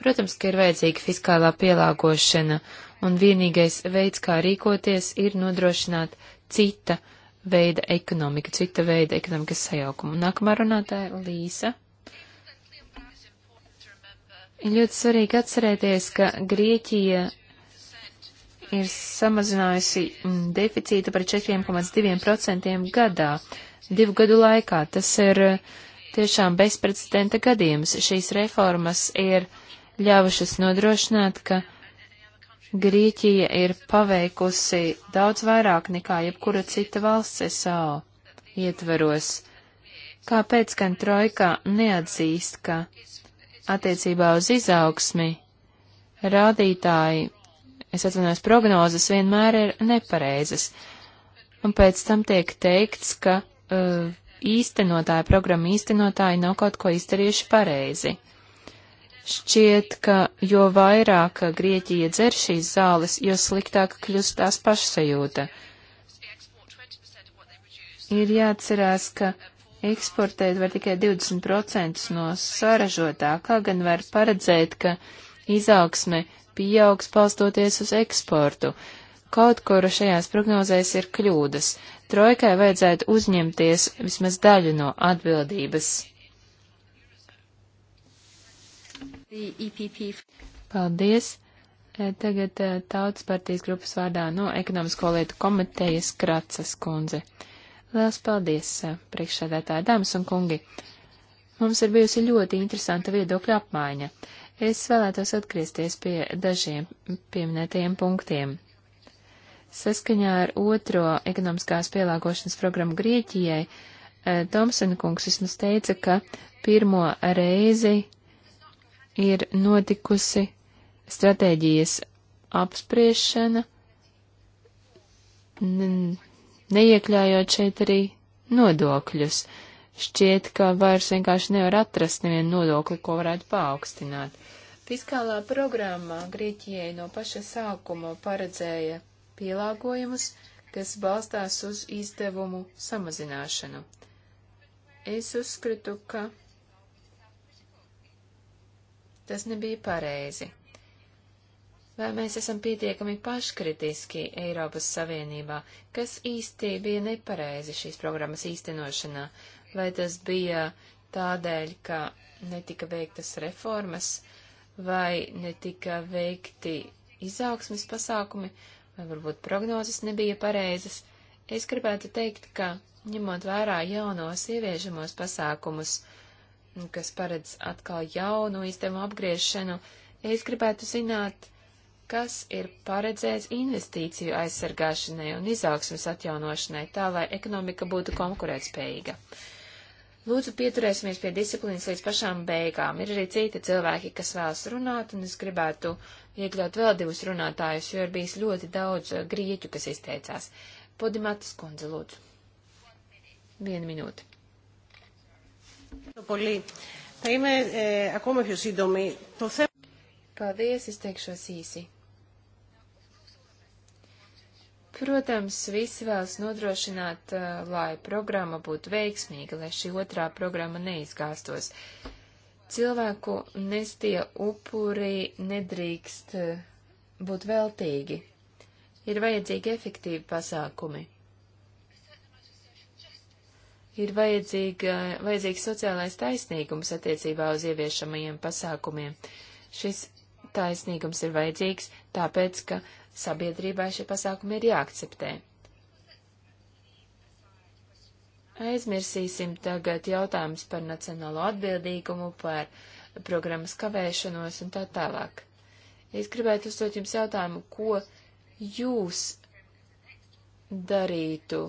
Protams, ka ir vajadzīga fiskālā pielāgošana, un vienīgais veids, kā rīkoties, ir nodrošināt cita veida ekonomiku, cita veida ekonomikas sajaukumu. Nākamā runātāja - Līsa. Ir ļoti svarīgi atcerēties, ka Grieķija ir samazinājusi mm, deficītu par 4,2% gadā divu gadu laikā. Tas ir eh, tiešām bezprecedenta gadījums. Šīs reformas ir ļāvušas nodrošināt, ka Grieķija ir paveikusi daudz vairāk nekā jebkura cita valsts SAO ietveros. Kāpēc gan Trojka neatzīst, ka attiecībā uz izaugsmi rādītāji, es atvainojos, prognozes vienmēr ir nepareizas, un pēc tam tiek teikts, ka Uh, īstenotāji, programmu īstenotāji nav kaut ko izdarījuši pareizi. Šķiet, ka jo vairāk Grieķija dzer šīs zāles, jo sliktāk kļūst tās pašsajūta. Ir jāatcerās, ka eksportēt var tikai 20% no saražotā, kā gan var paredzēt, ka izaugsme pieaugs palstoties uz eksportu. Uh, Kaut kur šajās prognozēs ir kļūdas. Trojkai vajadzētu uzņemties vismaz daļu no atbildības. E paldies! E, tagad e, Tautas partijas grupas vārdā no ekonomisko lietu komitejas Kracas kundze. Lielas paldies, priekšsēdētāji, dāmas un kungi! Mums ir bijusi ļoti interesanta viedokļa apmaiņa. Es vēlētos atgriezties pie dažiem pieminētajiem punktiem. Saskaņā ar otro ekonomiskās pielāgošanas programmu Grieķijai, eh, Tomsona kungs vismaz teica, ka pirmo reizi ir notikusi stratēģijas apspriešana, neiekļājot šeit arī nodokļus. Šķiet, ka vairs vienkārši nevar atrast nevienu nodokli, ko varētu paaugstināt. Fiskālā programma Grieķijai no paša sākuma paredzēja pielāgojumus, kas balstās uz izdevumu samazināšanu. Es uzskatu, ka tas nebija pareizi. Vai mēs esam pietiekami paškritiski Eiropas Savienībā, kas īsti bija nepareizi šīs programmas īstenošanā, vai tas bija tādēļ, ka netika veiktas reformas, vai netika veikti izaugsmes pasākumi, vai varbūt prognozes nebija pareizas. Es gribētu teikt, ka ņemot vērā jaunos ieviešamos pasākumus, kas paredz atkal jaunu izdevumu apgriešanu, es gribētu zināt, kas ir paredzēts investīciju aizsargāšanai un izaugsmas atjaunošanai, tā lai ekonomika būtu konkurētspējīga. Lūdzu, pieturēsimies pie disciplīnas līdz pašām beigām. Ir arī citi cilvēki, kas vēlas runāt, un es gribētu uh, iekļaut vēl divus runātājus, jo ir bijis ļoti daudz eh, grieķu, kas izteicās. Podimatas kundze, lūdzu. Vienu minūti. Paldies, izteikšos īsi. Protams, visi vēlas nodrošināt, eh, lai programma būtu veiksmīga, lai šī otrā programma neizgāstos. Uh, cilvēku nestie upuri nedrīkst eh, būt veltīgi. Ir vajadzīgi efektīvi pasākumi. Ir vajadzīga, vajadzīgs sociālais taisnīgums attiecībā uz ieviešamajiem pasākumiem. Šis taisnīgums ir vajadzīgs tāpēc, ka sabiedrībai šie pasākumi ir jāakceptē. Aizmirsīsim tagad jautājumus par nacionālo atbildīgumu, par programmas kavēšanos un tā tālāk. Es gribētu uzdot jums jautājumu, ko jūs darītu,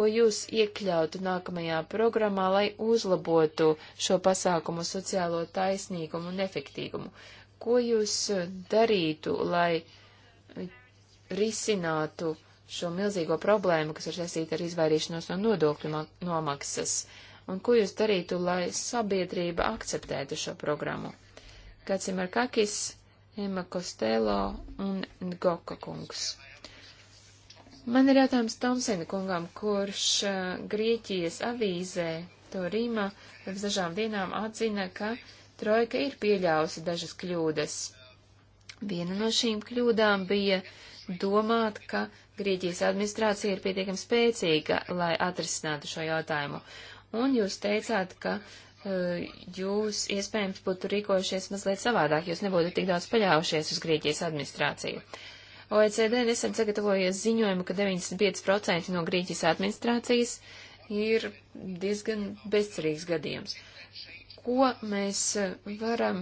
ko jūs iekļautu nākamajā programmā, lai uzlabotu šo pasākumu sociālo taisnīgumu un efektīgumu? Ko jūs darītu, lai risinātu šo milzīgo problēmu, kas ir saistīta ar izvairīšanos no nodokļu nomaksas, un ko jūs darītu, lai sabiedrība akceptētu šo programmu? Kāds ir Markakis, Emma Kostelo un Ngoka kungs? Man ir jautājums Tomsena kungam, kurš uh, Grieķijas avīzē to Rīmā pirms dažām dienām atzina, ka Trojka ir pieļāvusi dažas kļūdas. Viena no šīm kļūdām bija domāt, ka Grieķijas administrācija ir pietiekami spēcīga, lai atrisinātu šo jautājumu. Un jūs teicāt, ka uh, jūs iespējams būtu rīkojušies mazliet savādāk, jūs nebūtu tik daudz paļaujušies uz Grieķijas administrāciju. OECD nesen sagatavojies ziņojumu, ka 95% no Grieķijas administrācijas ir diezgan bezcerīgs gadījums. Uh, ko mēs eh, varam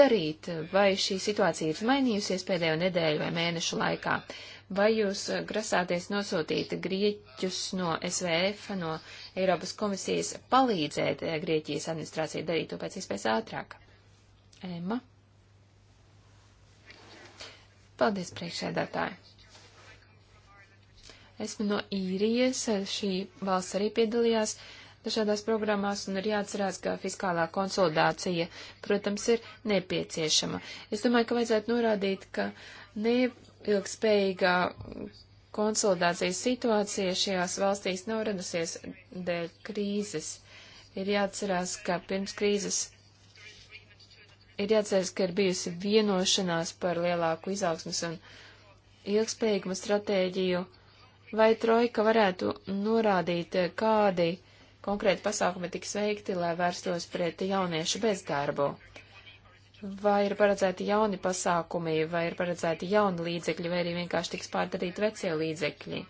darīt, vai šī situācija ir mainījusies pēdējo nedēļu vai mēnešu laikā, vai jūs eh, grasāties nosūtīt grieķus no SVF, no Eiropas komisijas palīdzēt eh, Grieķijas administrācijai darīt to pēc iespējas ātrāk. Emma. Paldies, priekšēdētāji. Esmu no īrijas, šī valsts arī piedalījās. Uh, dažādās programmās, un ir jāatcerās, ka fiskālā konsolidācija, protams, ir nepieciešama. Es domāju, ka vajadzētu norādīt, ka neilgspējīgā konsolidācijas situācija šajās valstīs nav radusies dēļ krīzes. Ir jāatcerās, ka pirms krīzes ir jāatcerās, ka ir bijusi vienošanās par lielāku izaugsmas un ilgspējīgumu stratēģiju. Vai trojka varētu norādīt, kādi uh, konkrēti pasākumi tiks veikti, lai vērstos pret jauniešu bezdarbu? Vai ir paredzēti jauni pasākumi, vai ir paredzēti jauni līdzekļi, vai arī vienkārši tiks pārdarīti vecie līdzekļi?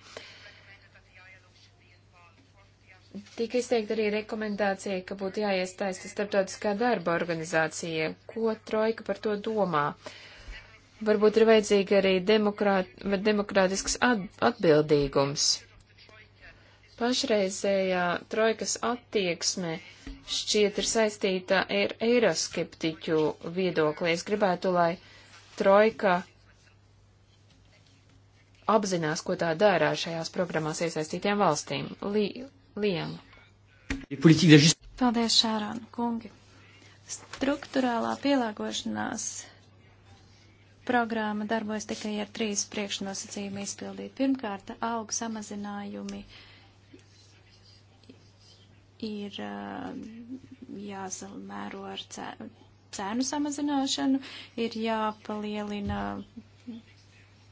Tika izteikta arī rekomendācija, ka būtu jāiestaista starptautiskā darba organizācija. Ko Trojka par to domā? Varbūt ir vajadzīga arī demokrāt, demokrātisks at, atbildīgums. Pašreizējā trojkas attieksme šķiet ir saistīta ar eiroskeptiķu viedokli. Es gribētu, lai trojka apzinās, ko tā dara ar šajās programmās iesaistītiem valstīm. Liela. Paldies, Šārāna kungi. Struktūrālā pielāgošanās programma darbojas tikai ar trīs priekšnosacījumu izpildīt. Pirmkārt, aug samazinājumi uh, ir um, jāsamēro ar cēnu samazināšanu, ir jāpalielina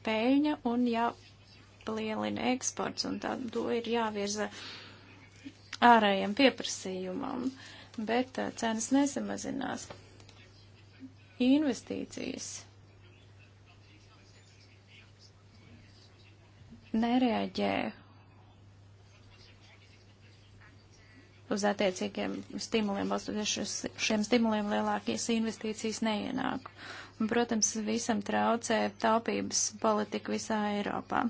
pēļņa un jāpalielina eksports, un tā, to ir jāvirza ārējiem pieprasījumam, bet uh, cenas nesamazinās. Investīcijas nereaģē uz attiecīgiem stimuliem, balstoties uz šiem stimuliem lielākies investīcijas neienāk. Un, protams, visam traucē taupības politika visā Eiropā.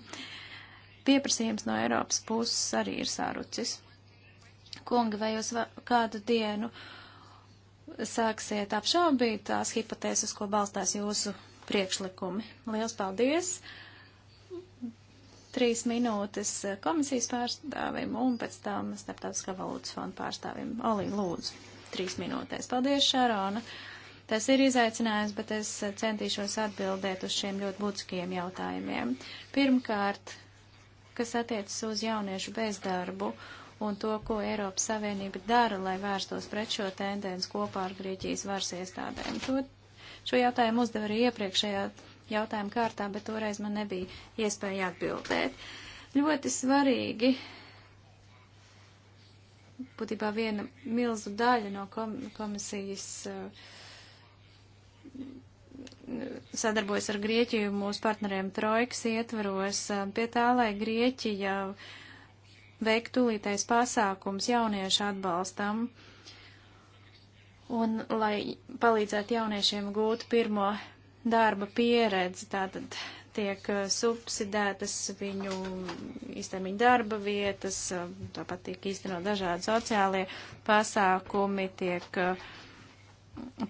Pieprasījums no Eiropas puses arī ir sārucis. Kungi, vai jūs kādu dienu sāksiet apšaubīt tās hipotēzes, ko balstās jūsu priekšlikumi? Liels paldies! trīs minūtes komisijas pārstāvim un pēc tam starptautiskā valūtas fonda pārstāvim. Olī, lūdzu, trīs minūtēs. Paldies, Šarona. Tas ir izaicinājums, bet es centīšos atbildēt uz šiem ļoti būtiskiem jautājumiem. Pirmkārt, kas attiecas uz jauniešu bezdarbu un to, ko Eiropas Savienība dara, lai vērstos pret šo tendenci kopā ar Grieķijas varas iestādēm. To, šo jautājumu uzdev arī iepriekšējā jautājumu kārtā, bet toreiz man nebija iespēja atbildēt. Ļoti svarīgi, būtībā viena milzu daļa no komisijas uh, sadarbojas ar Grieķiju mūsu partneriem Trojkas ietvaros uh, pie tā, lai Grieķija veikt tūlītais pasākums jauniešu atbalstam un lai palīdzētu jauniešiem gūt pirmo darba pieredze, tātad tiek eh, subsidētas viņu īstermiņa darba vietas, eh, tāpat tiek īstenot dažādi sociālie pasākumi, tiek eh,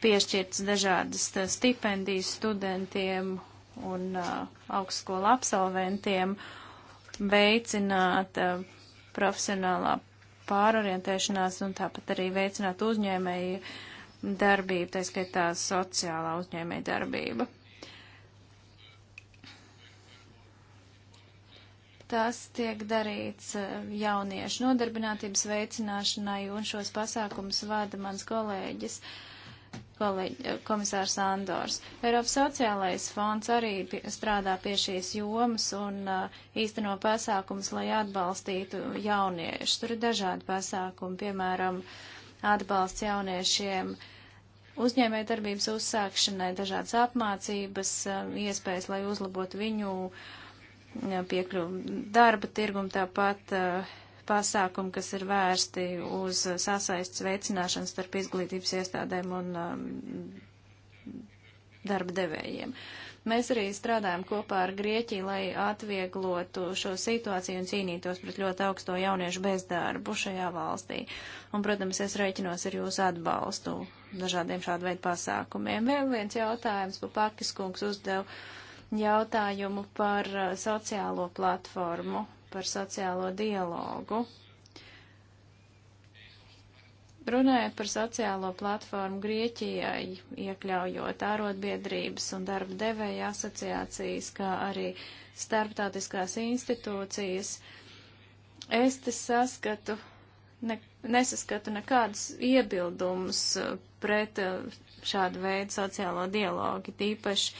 piešķirtas dažādas stipendijas studentiem un augstskolu absolventiem, veicināt profesionālā pārorientēšanās un tāpat arī veicināt uzņēmēju darbība, tā skaitā sociālā uzņēmēja darbība. Tas tiek darīts eh, jauniešu nodarbinātības veicināšanai, un šos pasākumus vada mans kolēģis, kolēģi, eh, komisārs Andors. Eiropas sociālais fonds arī pie, strādā pie šīs jomas un eh, īsteno pasākumus, lai atbalstītu jauniešus. Tur ir dažādi pasākumi, piemēram, uh, atbalsts jauniešiem uzņēmē darbības uzsākšanai, dažādas apmācības, um, iespējas, lai uzlabotu viņu piekļuvu darba tirgumu, tāpat uh, pasākumi, kas ir vērsti uz sasaistas veicināšanu starp izglītības iestādēm un um, darba devējiem. Uh, Mēs arī strādājam kopā ar Grieķiju, lai atvieglotu šo situāciju un cīnītos pret ļoti augsto jauniešu bezdarbu šajā valstī. Un, protams, es reiķinos ar jūsu atbalstu dažādiem šādu veidu pasākumiem. Vēl viens jautājums, ko Pakis kungs uzdev jautājumu par eh, sociālo platformu, par sociālo dialogu. Runājot par sociālo platformu Grieķijai, iekļaujot ārotbiedrības un darba devēja asociācijas, kā arī starptautiskās institūcijas, es te saskatu, ne, nesaskatu nekādus iebildumus uh, pret uh, šādu veidu sociālo dialogu, tīpaši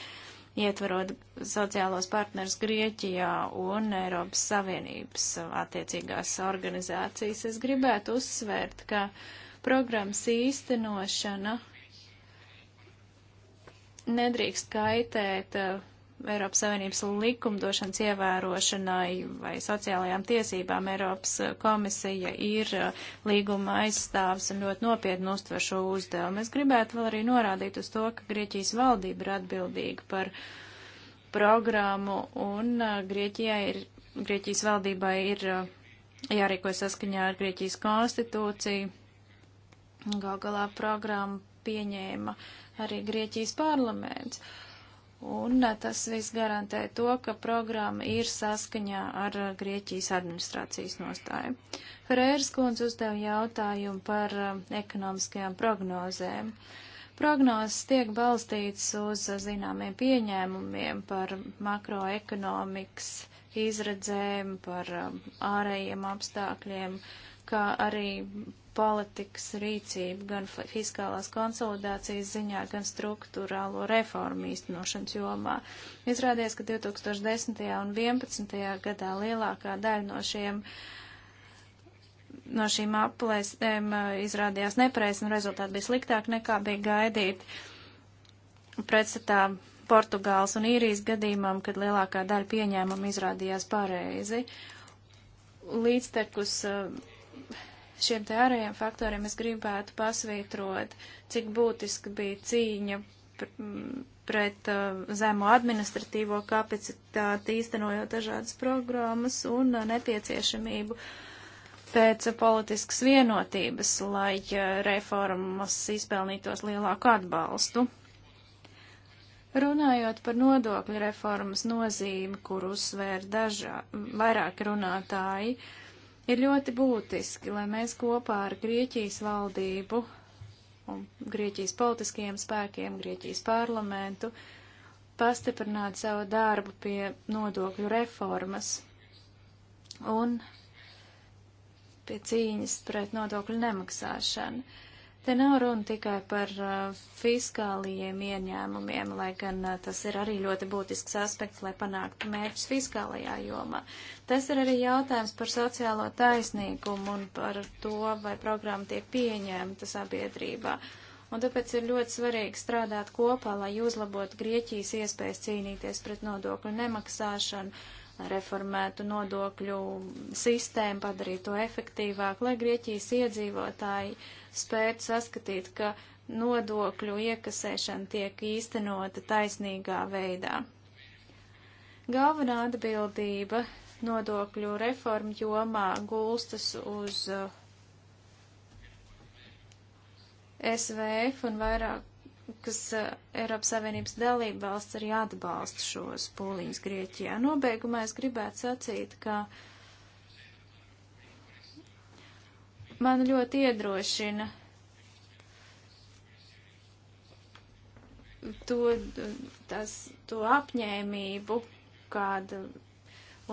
ietverot sociālos partners Grieķijā un Eiropas Savienības uh, attiecīgās organizācijas. Es gribētu uzsvērt, ka uh, programmas īstenošana nedrīkst kaitēt uh, Eiropas Savienības likumdošanas ievērošanai vai sociālajām tiesībām. Eiropas uh, komisija ir uh, līguma aizstāvs un ļoti nopietni uztver šo uzdevumu. Es gribētu vēl arī norādīt uz to, ka Grieķijas valdība ir atbildīga par programmu un uh, Grieķijai ir, Grieķijas valdībai ir uh, jārīkojas saskaņā ar Grieķijas konstitūciju Gal galā programmu pieņēma arī Grieķijas parlaments. Un eh, tas viss garantē to, ka programma ir saskaņā ar eh, Grieķijas administrācijas nostāju. Ferēras kundze uzdeva jautājumu par eh, ekonomiskajām prognozēm. Prognozes tiek balstītas uz zināmiem pieņēmumiem par makroekonomikas izredzēm, par ārējiem apstākļiem, kā arī politikas rīcību gan fiskālās konsolidācijas ziņā, gan struktūrālo reformu īstenošanas jomā. Izrādies, ka 2010. un 2011. gadā lielākā daļa no šiem no šīm aplēsēm eh, izrādījās nepareizi un rezultāti bija sliktāki nekā bija gaidīt. Pretstatā Portugāles un īrijas gadījumam, kad lielākā daļa pieņēmumu izrādījās pareizi. Līdztekus uh, šiem te ārējiem faktoriem es gribētu pasvītrot, cik būtiski bija cīņa pr pret uh, zemo administratīvo kapacitāti, īstenojot dažādas programmas un uh, nepieciešamību pēc uh, politiskas vienotības, lai uh, reformas izpelnītos lielāku atbalstu. Runājot par nodokļu reformas nozīmi, kur uzsvēra dažā, vairāki runātāji, uh, Ir ļoti būtiski, lai mēs kopā ar Grieķijas valdību un Grieķijas politiskajiem spēkiem, Grieķijas parlamentu pastiprinātu savu darbu pie nodokļu reformas un pie cīņas pret nodokļu nemaksāšanu. Te nav runa tikai par uh, fiskālajiem ieņēmumiem, lai gan uh, tas ir arī ļoti būtisks aspekts, lai panāktu mērķus fiskālajā jomā. Tas ir arī jautājums par sociālo taisnīgumu un par to, vai programma tiek pieņemta sabiedrībā. Un tāpēc ir ļoti svarīgi strādāt kopā, lai uzlabotu Grieķijas iespējas cīnīties pret nodokļu nemaksāšanu, reformētu nodokļu sistēmu, padarītu to efektīvāk, lai Grieķijas iedzīvotāji uh, spētu saskatīt, ka nodokļu iekasēšana tiek īstenota taisnīgā veidā. Galvenā atbildība nodokļu reformu jomā gulstas uz uh, SVF un vairāk, kas uh, Eiropas Savienības dalība valsts arī atbalsta šos pūliņus Grieķijā. Nobeigumā es gribētu sacīt, ka uh, man ļoti iedrošina to, tas, to apņēmību, kāda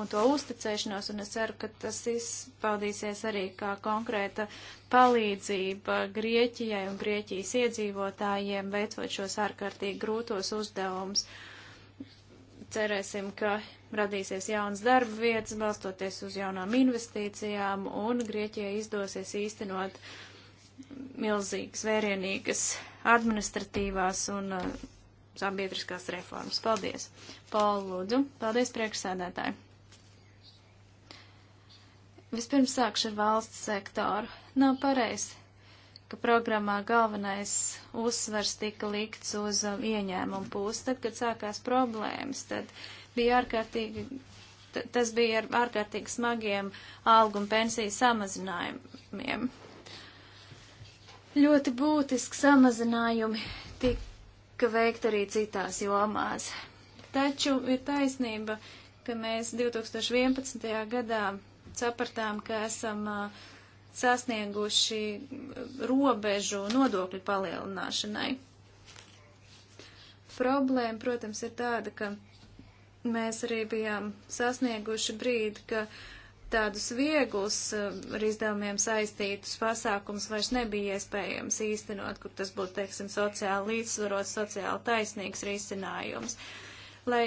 un to uzticēšanos, un es ceru, ka tas izpaudīsies arī kā konkrēta palīdzība Grieķijai un Grieķijas iedzīvotājiem veicot šos ārkārtīgi grūtos uzdevumus. Uh, cerēsim, ka radīsies jaunas darba vietas, balstoties uz jaunām investīcijām, un Grieķijai izdosies īstenot milzīgas, vērienīgas administratīvās un uh, sabiedriskās reformas. Paldies! Paul, lūdzu! Paldies, priekšsēdētāji! Vispirms sākšu ar valsts sektoru. Nav pareizi ka programmā galvenais uzsvers tika likts uz um, ieņēmumu pusi. Tad, kad sākās problēmas, tad bija ārkārtīgi, tas bija ar ārkārtīgi smagiem algu un pensiju samazinājumiem. Ļoti būtiski samazinājumi tika veikti arī citās jomās. Taču ir taisnība, ka mēs 2011. gadā sapratām, ka esam uh, sasnieguši robežu nodokļu palielināšanai. Problēma, protams, ir tāda, ka mēs arī bijām sasnieguši brīdi, ka tādus vieglus eh, ar izdevumiem saistītus pasākums vairs nebija iespējams īstenot, kur tas būtu, teiksim, sociāli līdzsvarots, sociāli taisnīgs risinājums. Lai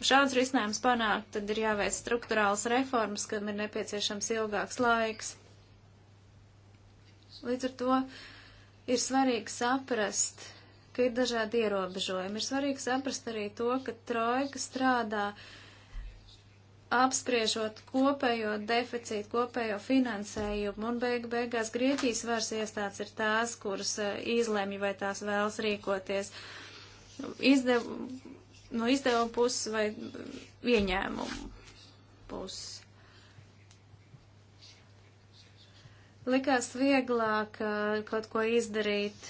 šāds risinājums panākt, tad ir jāveic struktūrāls reformas, kam ir nepieciešams ilgāks laiks. Līdz ar to ir svarīgi saprast, ka ir dažādi ierobežojumi. Ir svarīgi saprast arī to, ka trojka strādā apspriežot kopējo deficītu, kopējo finansējumu, un beigu beigās Grieķijas varas iestādes ir tās, kuras eh, izlemj, vai tās vēlas rīkoties izdev, no izdevuma puses vai mm, ieņēmumu puses. likās vieglāk uh, kaut ko izdarīt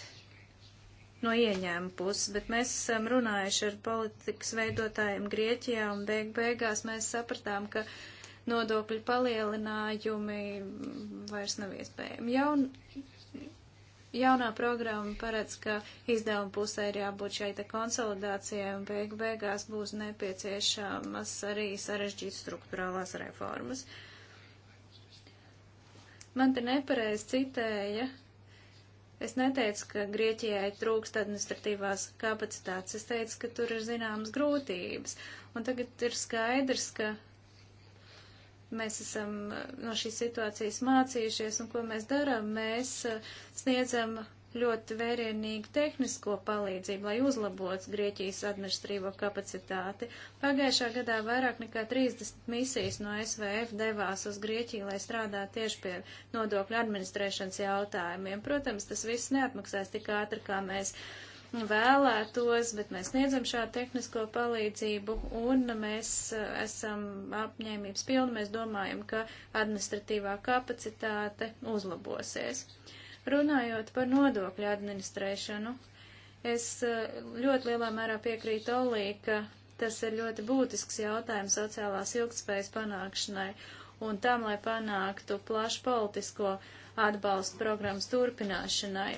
no ieņēmuma puses, bet mēs esam runājuši ar politikas veidotājiem Grieķijā un beig beigās mēs sapratām, ka nodokļu palielinājumi vairs nav iespējami. Jaun, jaunā programma paredz, ka izdevuma pusē ir jābūt šai te konsolidācijai un beig beigās būs nepieciešamas arī sarežģīt struktūrālās reformas. Uh, Man te nepareiz citēja. Es neteicu, ka Grieķijai trūkst administratīvās kapacitātes. Es teicu, ka tur ir zināmas grūtības. Un tagad ir skaidrs, ka mēs esam eh, no šīs situācijas mācījušies un ko mēs darām. Mēs eh, sniedzam ļoti vērienīgu tehnisko palīdzību, lai uzlabotu Grieķijas administrīvo kapacitāti. Pagājušā gadā vairāk nekā 30 misijas no SVF devās uz Grieķiju, lai strādātu tieši pie nodokļu administrēšanas jautājumiem. Protams, tas viss neatmaksās tik ātri, kā mēs vēlētos, bet mēs sniedzam šādu tehnisko palīdzību un mēs uh, esam apņēmības pilni, mēs domājam, ka administratīvā kapacitāte uzlabosies. Uh, Runājot par nodokļu administrēšanu, es eh, ļoti lielā mērā piekrītu Olī, ka tas ir ļoti būtisks jautājums sociālās ilgspējas panākšanai un tam, lai panāktu plašu politisko atbalstu programmas turpināšanai.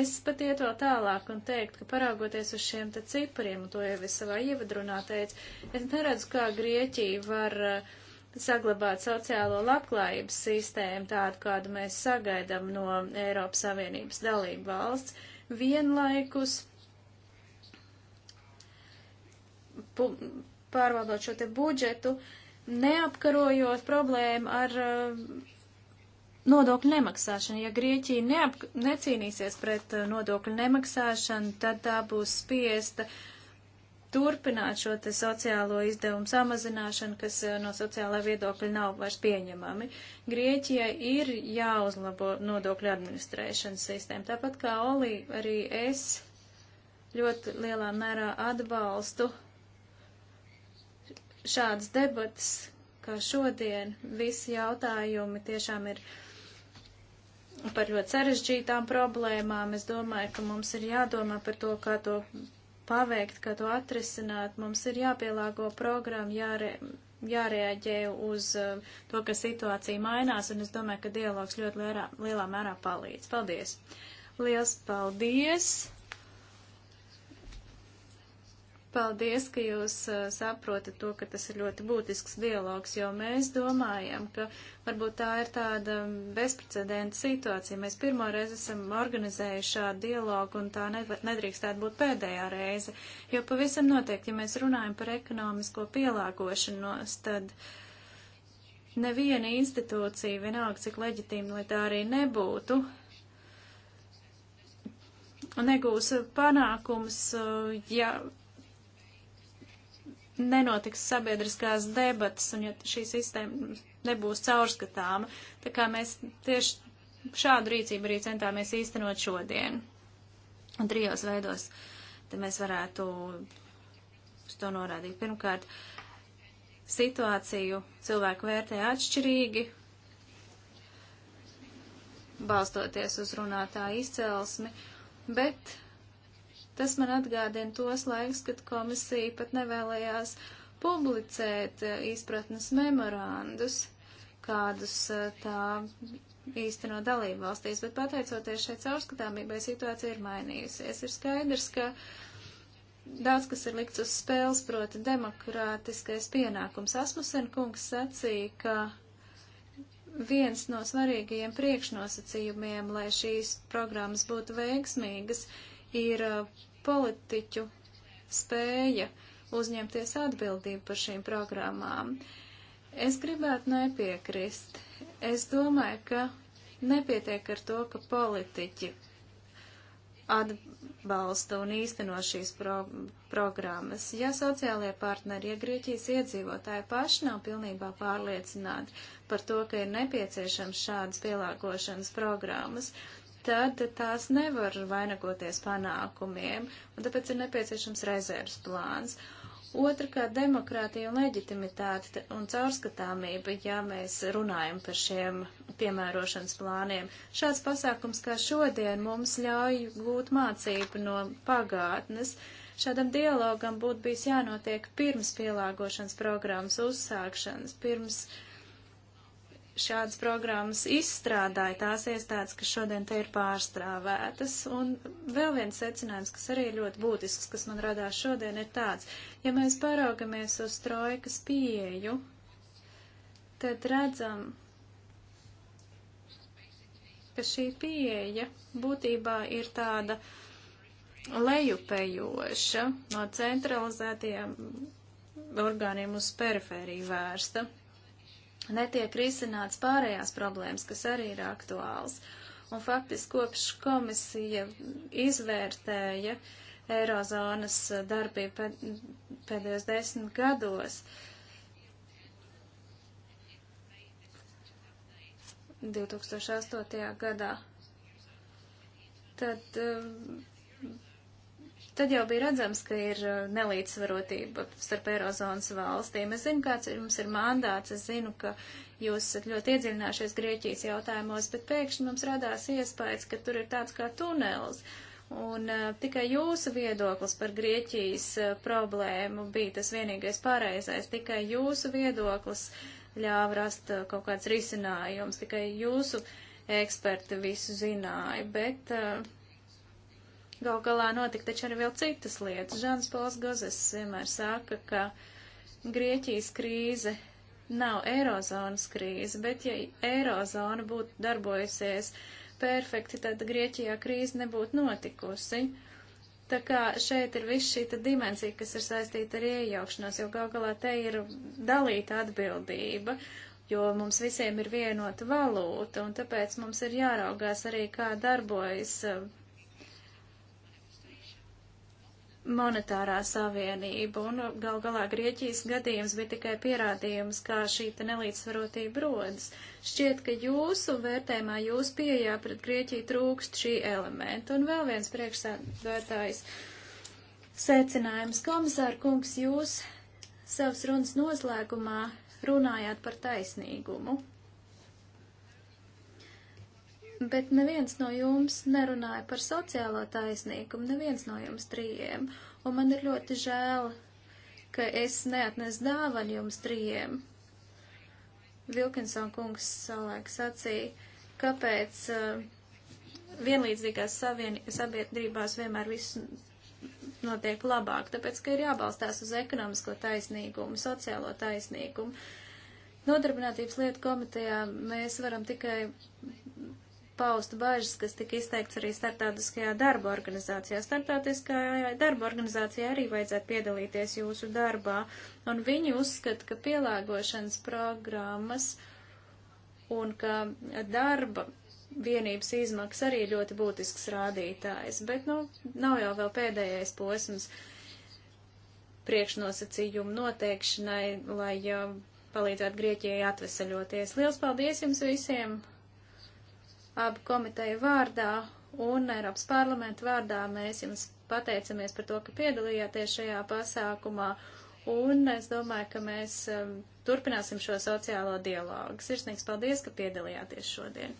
Es pat iet vēl tālāk un teikt, ka paraugoties uz šiem te cipariem, un to jau es savā ievadrunā teicu, es neredzu, kā Grieķija var uh, saglabāt sociālo labklājības sistēmu tādu, kādu mēs sagaidām no Eiropas Savienības dalību valsts, vienlaikus pārvaldot šo te budžetu, neapkarojot problēmu ar uh, nodokļu nemaksāšanu. Ja Grieķija neap, necīnīsies pret uh, nodokļu nemaksāšanu, tad tā būs spiesta uh, turpināt šo te sociālo izdevumu samazināšanu, kas eh, no sociālā viedokļa nav vairs pieņemami. Grieķijai ir jāuzlabo nodokļu administrēšanas sistēma. Tāpat kā Olī, arī es ļoti lielā mērā atbalstu šādas debatas, kā šodien. Visi jautājumi tiešām ir par ļoti sarežģītām problēmām. Es domāju, ka mums ir jādomā par to, kā to paveikt, kā to atrisināt, mums ir jāpielāgo programmu, jāre, jārēģē uz um, to, ka situācija mainās, un es domāju, ka dialogs ļoti lielā, lielā mērā palīdz. Paldies! Liels paldies! Paldies, ka jūs saprotat to, ka tas ir ļoti būtisks dialogs, jo mēs domājam, ka varbūt tā ir tāda bezprecedenta situācija. Mēs pirmo reizi esam organizējuši šādu dialogu, un tā nedrīkstētu būt pēdējā reize. Jo pavisam noteikti, ja mēs runājam par ekonomisko pielāgošanos, tad neviena institūcija, vienalga cik leģitīma, lai tā arī nebūtu, negūs panākums, ja nenotiks sabiedriskās debatas un ja šī sistēma nebūs caurskatāma. Tā kā mēs tieši šādu rīcību arī centāmies īstenot šodien. Un trijos veidos te mēs varētu uz to norādīt. Pirmkārt, situāciju cilvēku vērtē atšķirīgi, balstoties uz runātāju izcelsmi, bet Tas man atgādina tos laikus, kad komisija pat nevēlējās publicēt eh, izpratnes memorandus, kādus eh, tā īsteno dalību valstīs, bet pateicoties šai caurskatāmībai situācija ir mainījusies. Ir skaidrs, ka daudz kas ir likts uz spēles, proti demokrātiskais pienākums. Asmusen kungs sacīja, ka viens no svarīgajiem priekšnosacījumiem, lai šīs programmas būtu veiksmīgas, ir politiķu spēja uzņemties atbildību par šīm programmām. Es gribētu nepiekrist. Es domāju, ka nepietiek ar to, ka politiķi atbalsta un īsteno šīs pro programmas. Ja sociālajie partneri, ja Grieķijas iedzīvotāji paši nav pilnībā pārliecināti par to, ka ir nepieciešams šādas pielāgošanas programmas, uh, tad tās nevar vainagoties panākumiem, un tāpēc ir nepieciešams rezerves plāns. Otrakārt, demokrātija un leģitimitāte un caurskatāmība, ja mēs runājam par šiem piemērošanas plāniem. Šāds pasākums kā šodien mums ļauj gūt mācību no pagātnes. Šādam dialogam būtu bijis jānotiek pirms pielāgošanas programmas uzsākšanas, pirms uh, šādas programmas izstrādāja tās iestādes, kas šodien te ir pārstrāvētas. Un vēl viens secinājums, kas arī ir ļoti būtisks, kas man radās šodien, ir tāds, ja mēs paraugamies uz trojkas pieeju, tad redzam, ka šī pieeja būtībā ir tāda lejupējoša no centralizētajiem orgāniem uz perifēriju vērsta netiek risināts pārējās problēmas, kas arī ir aktuāls. Un faktiski kopš komisija izvērtēja Eirozonas darbību pēdējos desmit gados. 2008. gadā. Tad um, tad jau bija redzams, ka ir uh, nelīdzsvarotība starp Eirozonas valstīm. Es zinu, kāds ir, mums ir mandāts, es zinu, ka jūs esat ļoti iedziļinājušies Grieķijas jautājumos, bet pēkšņi mums radās iespējas, ka tur ir tāds kā tunels. Un uh, tikai jūsu viedoklis par Grieķijas uh, problēmu bija tas vienīgais pareizais, tikai jūsu viedoklis ļāva rast uh, kaut kāds risinājums, tikai jūsu eksperti visu zināja, bet uh, Gal galā notika taču arī vēl citas lietas. Žans Pols Gozes vienmēr saka, ka Grieķijas krīze nav eirozonas krīze, bet ja eirozona būtu darbojusies perfekti, tad Grieķijā krīze nebūtu notikusi. Tā kā šeit ir viss šī dimensija, kas ir saistīta ar iejaukšanos, jo gal galā te ir dalīta atbildība, jo mums visiem ir vienota valūta, un tāpēc mums ir jāraugās arī, kā darbojas monetārā savienība, un gal galā Grieķijas gadījums bija tikai pierādījums, kā šī nelīdzsvarotība rodas. Šķiet, ka jūsu vērtējumā, jūsu pieejā pret Grieķiju trūkst šī elementa. Un vēl viens priekšsēdētājs secinājums. Komisāra kungs, jūs savas runas noslēgumā runājāt par taisnīgumu bet neviens no jums nerunāja par sociālo taisnīgumu, neviens no jums trījiem, un man ir ļoti žēl, ka es neatnesu dāvanu jums trījiem. Vilkinson kungs savulaik sacīja, kāpēc uh, vienlīdzīgās savien, sabiedrībās vienmēr viss notiek labāk, tāpēc, ka ir jābalstās uz ekonomisko taisnīgumu, sociālo taisnīgumu. Nodarbinātības lietu komitejā mēs varam tikai paust bažas, kas tika izteikts arī starptautiskajā darba organizācijā. Starptautiskajā darba organizācijā arī vajadzētu piedalīties jūsu darbā, un viņi uzskata, ka pielāgošanas programmas un ka darba vienības izmaksas arī ļoti būtisks rādītājs, bet, nu, nav jau vēl pēdējais posms priekšnosacījumu noteikšanai, lai palīdzētu Grieķijai atvesaļoties. Liels paldies jums visiem! abu komiteju vārdā un Eiropas parlamentu vārdā mēs jums pateicamies par to, ka piedalījāties šajā pasākumā. Un es domāju, ka mēs um, turpināsim šo sociālo dialogu. Sirsnīgs paldies, ka piedalījāties šodien!